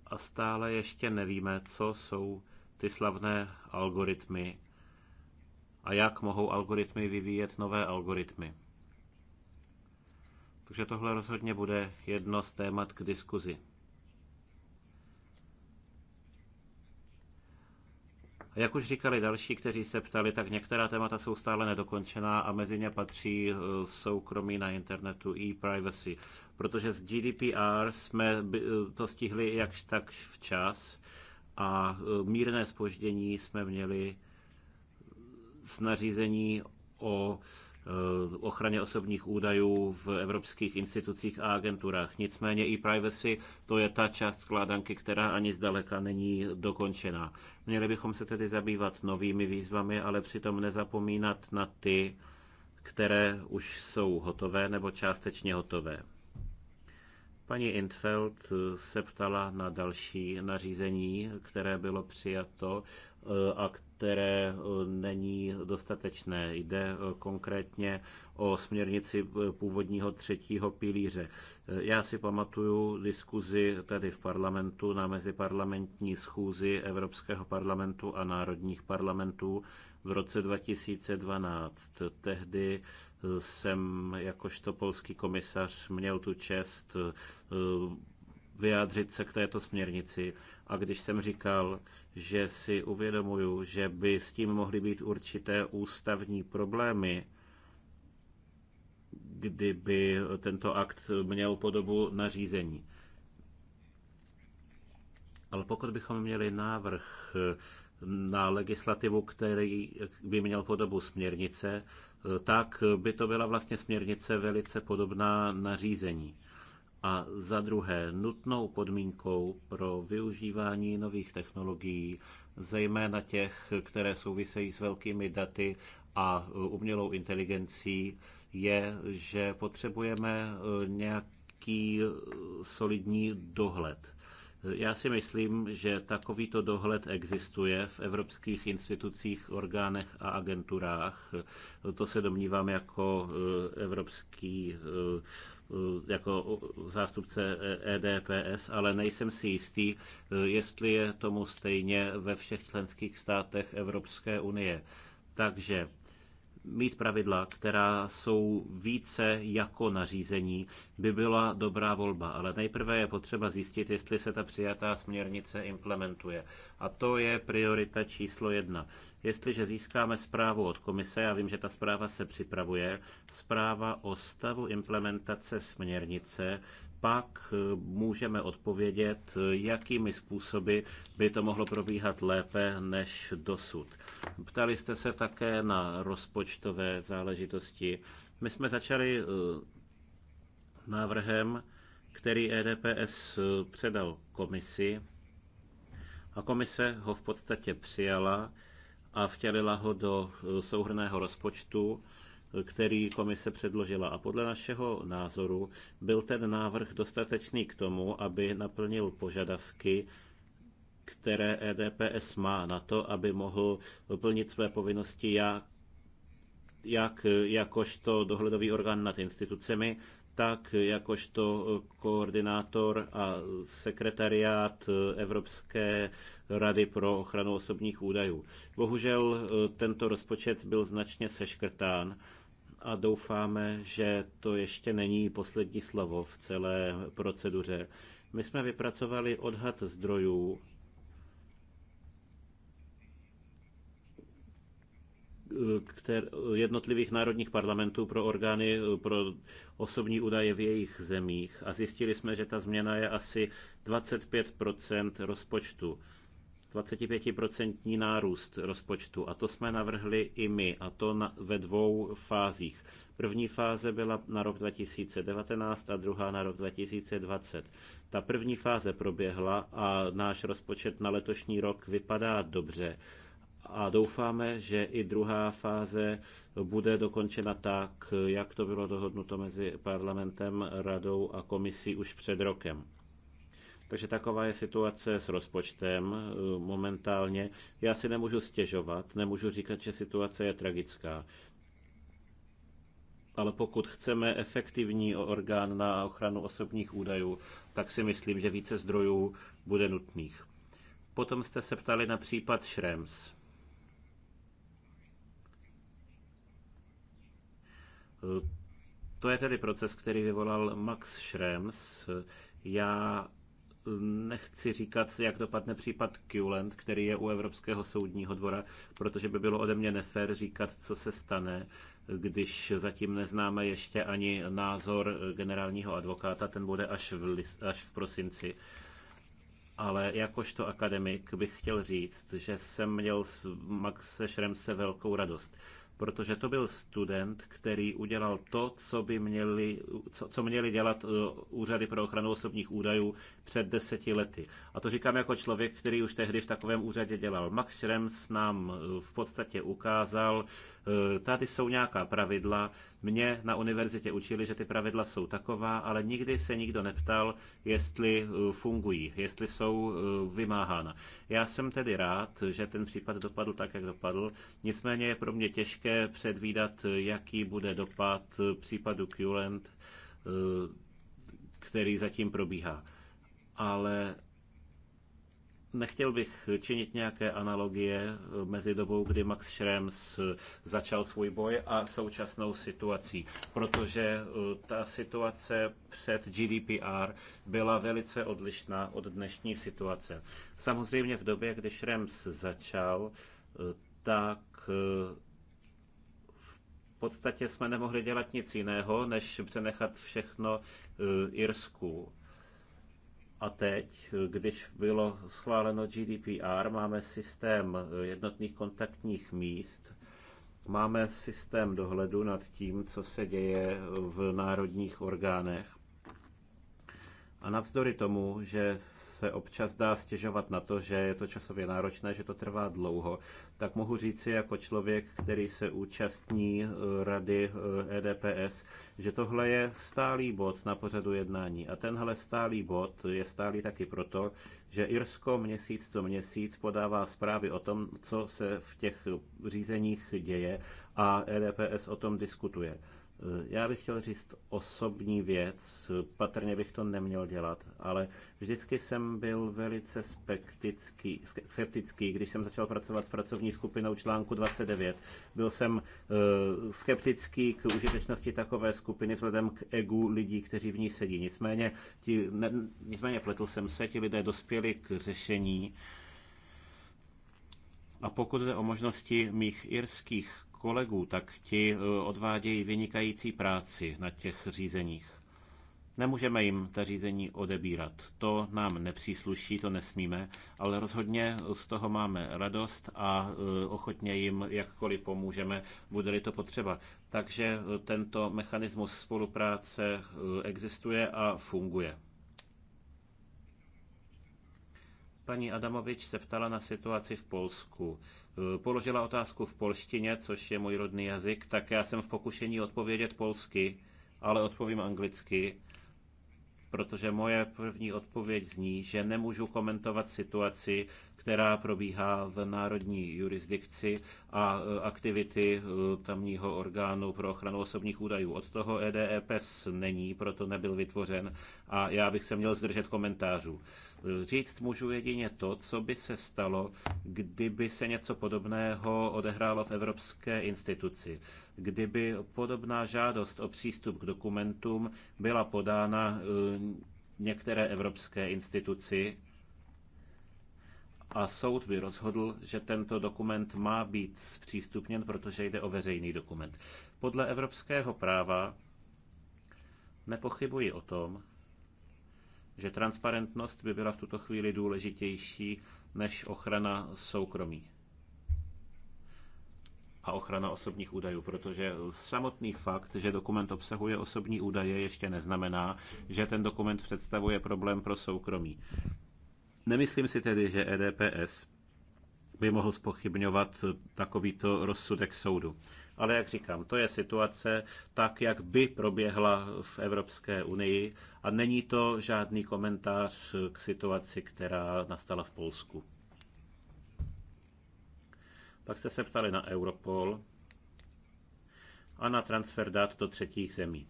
a stále ještě nevíme, co jsou ty slavné algoritmy a jak mohou algoritmy vyvíjet nové algoritmy. Takže tohle rozhodně bude jedno z témat k diskuzi. Jak už říkali další, kteří se ptali, tak některá témata jsou stále nedokončená a mezi ně patří e, soukromí na internetu, e-privacy, protože z GDPR jsme e, to stihli jakž tak včas a e, mírné spoždění jsme měli s nařízení o Eh, ochraně osobních údajů v evropských institucích a agenturách. Nicméně i privacy to je ta část skládanky, která ani zdaleka není dokončená. Měli bychom se tedy zabývat novými výzvami, ale přitom nezapomínat na ty, které už jsou hotové nebo částečně hotové. Paní Intfeld se ptala na další nařízení, které bylo přijato eh, a které eh, není dostatečné. Jde eh, konkrétně o směrnici eh, původního třetího pilíře. Já si pamatuju diskuzi tady v parlamentu na meziparlamentní schůzi Evropského parlamentu a národních parlamentů v roce 2012. Tehdy jsem jakožto polský komisař měl tu čest vyjádřit se k této směrnici a když jsem říkal, že si uvědomuju, že by s tím mohly být určité ústavní problémy, kdyby tento akt měl podobu nařízení. Ale pokud bychom měli návrh na legislativu, který by měl podobu směrnice, tak by to byla vlastně směrnice velice podobná nařízení a za druhé nutnou podmínkou pro využívání nových technologií, zejména těch, které souvisejí s velkými daty a e, umělou inteligencí, je, že potřebujeme e, nějaký e, solidní dohled. Já si myslím, že takovýto dohled existuje v evropských institucích, orgánech a agenturách. To se domnívám jako evropský Eh, jako eh, zástupce EDPS, eh, e ale nejsem si jistý, jestli je tomu stejně ve všech členských státech Evropské unie. Takže mít pravidla, která jsou více jako nařízení, by byla dobrá volba. Ale nejprve je potřeba zjistit, jestli se ta přijatá směrnice implementuje. A to je priorita číslo jedna. Jestliže získáme zprávu od komise, já vím, že ta zpráva se připravuje, zpráva o stavu implementace směrnice, pak eh, můžeme odpovědět, eh, jakými způsoby by to mohlo probíhat lépe než dosud. Ptali jste se také na rozpočtové záležitosti. My jsme začali eh, návrhem, který EDPS předal komisi a komise ho v podstatě přijala a vtělila ho do souhrného rozpočtu který komise předložila. A podle našeho názoru byl ten návrh dostatečný k tomu, aby naplnil požadavky, které EDPS má na to, aby mohl plnit své povinnosti jak, jak jakožto dohledový orgán nad institucemi, tak jakožto eh, koordinátor a sekretariát eh, Evropské rady pro ochranu osobních údajů. Bohužel eh, tento rozpočet byl značně seškrtán a doufáme, že to ještě není poslední slovo v celé proceduře. My jsme vypracovali odhad zdrojů Eh, kter, jednotlivých národních parlamentů pro orgány eh, pro osobní údaje v jejich zemích a zjistili jsme, že ta změna je asi 25 rozpočtu. 25% nárůst rozpočtu. A to jsme navrhli i my, a to na, ve dvou fázích. První fáze byla na rok 2019 a druhá na rok 2020. Ta první fáze proběhla a náš rozpočet na letošní rok vypadá dobře a doufáme, že i druhá fáze bude dokončena tak, jak to bylo dohodnuto mezi parlamentem, radou a komisí už před rokem. Takže taková je situace s rozpočtem eh, momentálně. Já si nemůžu stěžovat, nemůžu říkat, že situace je tragická. Ale pokud chceme efektivní orgán na ochranu osobních údajů, tak si myslím, že více zdrojů bude nutných. Potom jste se ptali na případ Šrems. Eh, to je tedy proces, který vyvolal Max Schrems. Já eh, nechci říkat, jak dopadne případ Qland, který je u Evropského soudního dvora, protože by bylo ode mě nefér říkat, co se stane, když zatím neznáme ještě ani názor eh, generálního advokáta, ten bude až v, list, až v prosinci. Ale jakožto akademik bych chtěl říct, že jsem měl s Maxe Šremse velkou radost protože to byl student, který udělal to, co, by měli, co, co měli dělat eh, úřady pro ochranu osobních údajů před deseti lety. A to říkám jako člověk, který už tehdy v takovém úřadě dělal. Max Schrems nám eh, v podstatě ukázal, eh, tady jsou nějaká pravidla, mě na univerzitě učili, že ty pravidla jsou taková, ale nikdy se nikdo neptal, jestli eh, fungují, jestli jsou eh, vymáhána. Já jsem tedy rád, že ten případ dopadl tak, jak dopadl. Nicméně je pro mě těžké předvídat, jaký bude dopad eh, případu Qland, který zatím probíhá. Ale Nechtěl bych činit nějaké analogie mezi dobou, kdy Max Schrems začal svůj boj a současnou situací, protože eh, ta situace před GDPR byla velice odlišná od dnešní situace. Samozřejmě v době, kdy Schrems začal, eh, tak eh, v podstatě jsme nemohli dělat nic jiného, než přenechat všechno Irsku a teď, když bylo schváleno GDPR, máme systém jednotných kontaktních míst, máme systém dohledu nad tím, co se děje v národních orgánech a navzdory tomu, že se občas dá stěžovat na to, že je to časově náročné, že to trvá dlouho, tak mohu říci jako člověk, který se účastní e, rady EDPS, e že tohle je stálý bod na pořadu jednání. A tenhle stálý bod je stálý taky proto, že Irsko měsíc co měsíc podává zprávy o tom, co se v těch řízeních děje a EDPS o tom diskutuje. Eh, já bych chtěl říct osobní věc, patrně bych to neměl dělat, ale vždycky jsem byl velice skeptický, skeptický když jsem začal pracovat s pracovní skupinou článku 29. Byl jsem eh, skeptický k užitečnosti takové skupiny vzhledem k egu lidí, kteří v ní sedí. Nicméně, ti, ne, nicméně pletl jsem se, ti lidé dospěli k řešení, a pokud jde o možnosti mých irských kolegů, tak ti eh, odvádějí vynikající práci na těch řízeních. Nemůžeme jim ta řízení odebírat. To nám nepřísluší, to nesmíme, ale rozhodně z toho máme radost a eh, ochotně jim jakkoliv pomůžeme, bude-li to potřeba. Takže eh, tento mechanismus spolupráce existuje a funguje. Paní Adamovič se ptala na situaci v Polsku. Eh, položila otázku v polštině, což je můj rodný jazyk, tak já jsem v pokušení odpovědět polsky, ale odpovím anglicky, protože moje první odpověď zní, že nemůžu komentovat situaci, která probíhá v národní jurisdikci a eh, aktivity eh, tamního orgánu pro ochranu osobních údajů. Od toho EDEPES není, proto nebyl vytvořen a já bych se měl zdržet komentářů. Říct můžu jedině to, co by se stalo, kdyby se něco podobného odehrálo v Evropské instituci. Kdyby podobná žádost o přístup k dokumentům byla podána eh, některé evropské instituci a soud by rozhodl, že tento dokument má být zpřístupněn, protože jde o veřejný dokument. Podle evropského práva nepochybuji o tom, že transparentnost by byla v tuto chvíli důležitější než ochrana soukromí a ochrana osobních údajů, protože samotný fakt, že dokument obsahuje osobní údaje, ještě neznamená, že ten dokument představuje problém pro soukromí. Nemyslím si tedy, že EDPS by mohl spochybňovat takovýto rozsudek soudu. Ale jak říkám, to je situace tak, jak by proběhla v Evropské unii a není to žádný komentář k situaci, která nastala v Polsku. Pak jste se ptali na Europol a na transfer dat do třetích zemí.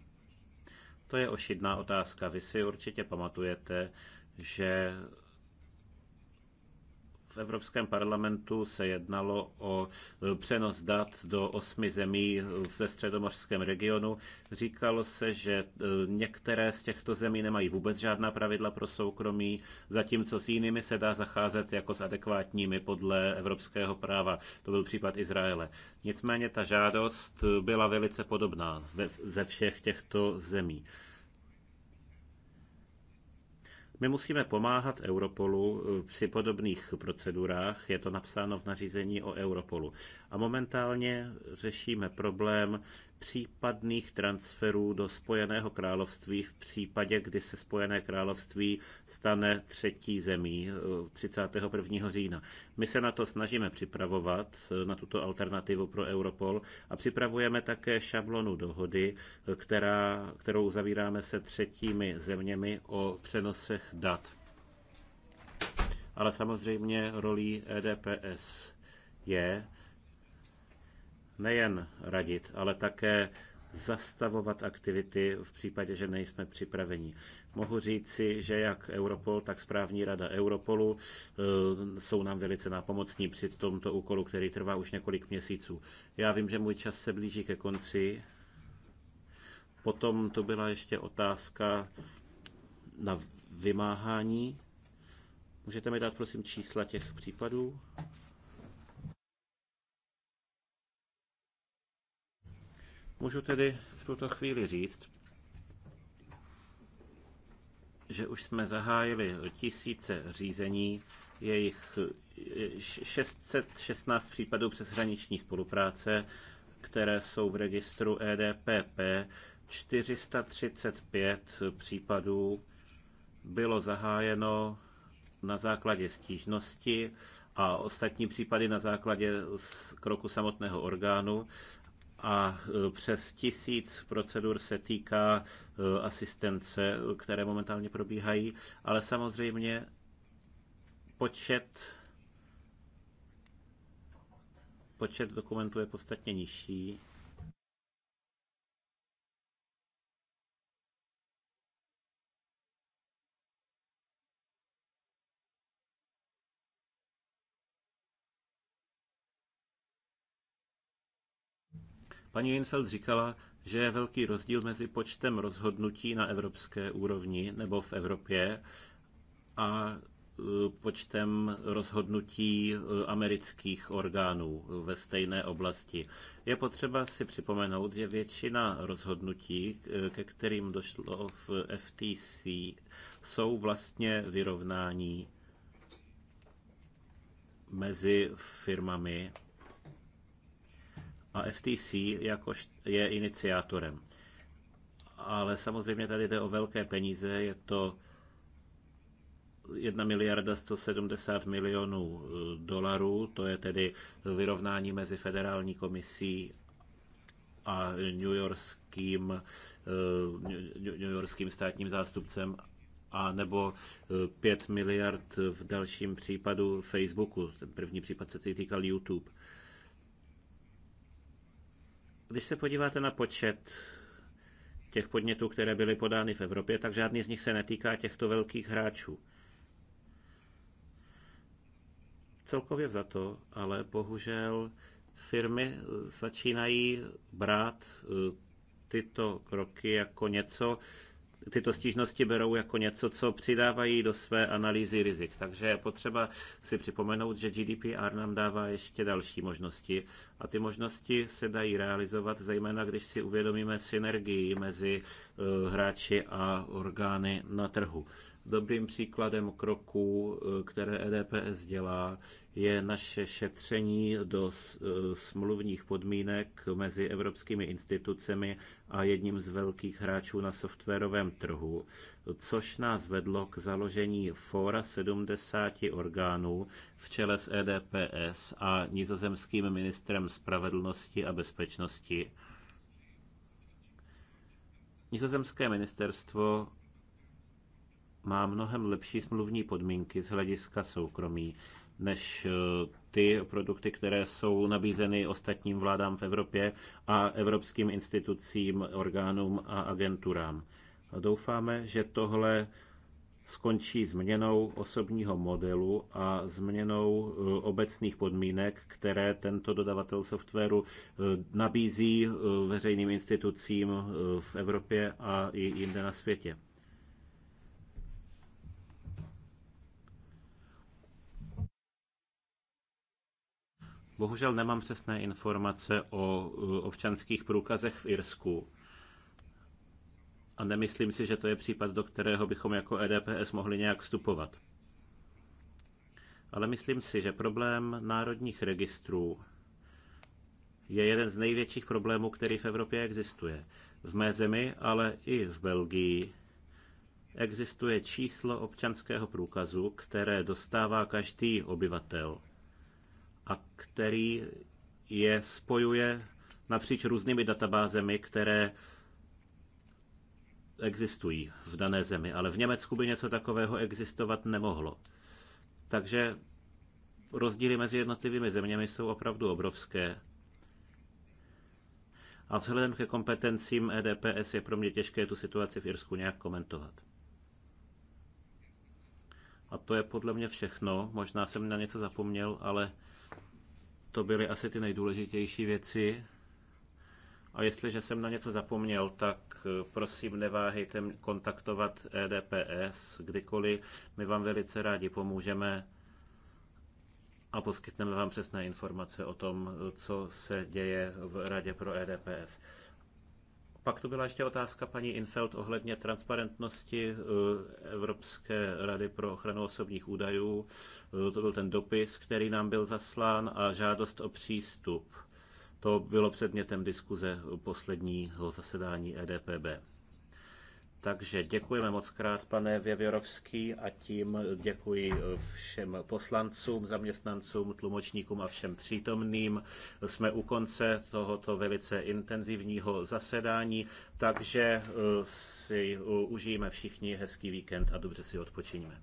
To je ošidná otázka. Vy si určitě pamatujete, že Evropském parlamentu se jednalo o e, přenos dat do osmi zemí ve středomořském regionu. Říkalo se, že e, některé z těchto zemí nemají vůbec žádná pravidla pro soukromí, zatímco s jinými se dá zacházet jako s adekvátními podle evropského práva. To byl případ Izraele. Nicméně ta žádost byla velice podobná ze všech těchto zemí. My musíme pomáhat Europolu eh, při podobných procedurách, je to napsáno v nařízení o Europolu. A momentálně řešíme problém, případných transferů do Spojeného království v případě, kdy se Spojené království stane třetí zemí 31. Eh, října. My se na to snažíme připravovat, eh, na tuto alternativu pro Europol a připravujeme také šablonu dohody, eh, která, kterou zavíráme se třetími zeměmi o přenosech dat. Ale samozřejmě rolí EDPS je, nejen radit, ale také zastavovat aktivity v případě, že nejsme připraveni. Mohu říci, že jak Europol, tak správní rada Europolu eh, jsou nám velice nápomocní při tomto úkolu, který trvá už několik měsíců. Já vím, že můj čas se blíží ke konci. Potom to byla ještě otázka na vymáhání. Můžete mi dát prosím čísla těch případů? Můžu tedy v tuto chvíli říct, že už jsme zahájili tisíce řízení, jejich 616 případů přeshraniční spolupráce, které jsou v registru EDPP, 435 případů bylo zahájeno na základě stížnosti a ostatní případy na základě kroku samotného orgánu a e, přes tisíc procedur se týká e, asistence, které momentálně probíhají, ale samozřejmě počet počet dokumentů je podstatně nižší. Paní Infeld říkala, že je velký rozdíl mezi počtem rozhodnutí na evropské úrovni nebo v Evropě a e, počtem rozhodnutí e, amerických orgánů ve stejné oblasti. Je potřeba si připomenout, že většina rozhodnutí, e, ke kterým došlo v FTC, jsou vlastně vyrovnání mezi firmami a FTC jakož je iniciátorem. Ale samozřejmě tady jde o velké peníze, je to 1 miliarda 170 milionů eh, dolarů, to je tedy vyrovnání mezi federální komisí a New Yorkským, eh, New Yorkským státním zástupcem a nebo 5 eh, miliard v dalším případu Facebooku. Ten první případ se týkal YouTube. Když se podíváte na počet těch podnětů, které byly podány v Evropě, tak žádný z nich se netýká těchto velkých hráčů. Celkově za to, ale bohužel firmy začínají brát eh, tyto kroky jako něco, tyto stížnosti berou jako něco, co přidávají do své analýzy rizik. Takže je potřeba si připomenout, že GDPR nám dává ještě další možnosti a ty možnosti se dají realizovat, zejména když si uvědomíme synergii mezi eh, hráči a orgány na trhu. Dobrým příkladem kroků, eh, které EDPS dělá, je naše šetření do eh, smluvních podmínek mezi evropskými institucemi a jedním z velkých hráčů na softwarovém trhu, což nás vedlo k založení Fóra 70 orgánů v čele s EDPS a nizozemským ministrem spravedlnosti a bezpečnosti. Nizozemské ministerstvo má mnohem lepší smluvní podmínky z hlediska soukromí než eh, ty produkty, které jsou nabízeny ostatním vládám v Evropě a evropským institucím, orgánům a agenturám. A doufáme, že tohle skončí změnou osobního modelu a změnou eh, obecných podmínek, které tento dodavatel softwaru eh, nabízí veřejným institucím v Evropě a i jinde na světě. Bohužel nemám přesné informace o e, občanských průkazech v Irsku. A nemyslím si, že to je případ, do kterého bychom jako EDPS mohli nějak vstupovat. Ale myslím si, že problém národních registrů je jeden z největších problémů, který v Evropě existuje. V mé zemi, ale i v Belgii existuje číslo občanského průkazu, které dostává každý obyvatel a který je spojuje napříč různými databázemi, které existují v dané zemi, ale v Německu by něco takového existovat nemohlo. Takže rozdíly mezi jednotlivými zeměmi jsou opravdu obrovské. A vzhledem ke kompetencím EDPS je pro mě těžké tu situaci v Irsku nějak komentovat. A to je podle mě všechno. Možná jsem na něco zapomněl, ale to byly asi ty nejdůležitější věci. A jestliže jsem na něco zapomněl, tak eh, prosím neváhejte kontaktovat EDPS kdykoliv. My vám velice rádi pomůžeme a poskytneme vám přesné informace o tom, eh, co se děje v Radě pro EDPS. Pak tu byla ještě otázka paní Infeld ohledně transparentnosti eh, Evropské rady pro ochranu osobních údajů. Eh, to byl ten dopis, který nám byl zaslán a žádost o přístup. To bylo předmětem diskuze posledního zasedání EDPB. Takže děkujeme moc krát, pane Věvěrovský, a tím děkuji všem poslancům, zaměstnancům, tlumočníkům a všem přítomným. Jsme u konce tohoto velice intenzivního zasedání, takže eh, si eh, užijeme všichni hezký víkend a dobře si odpočiníme.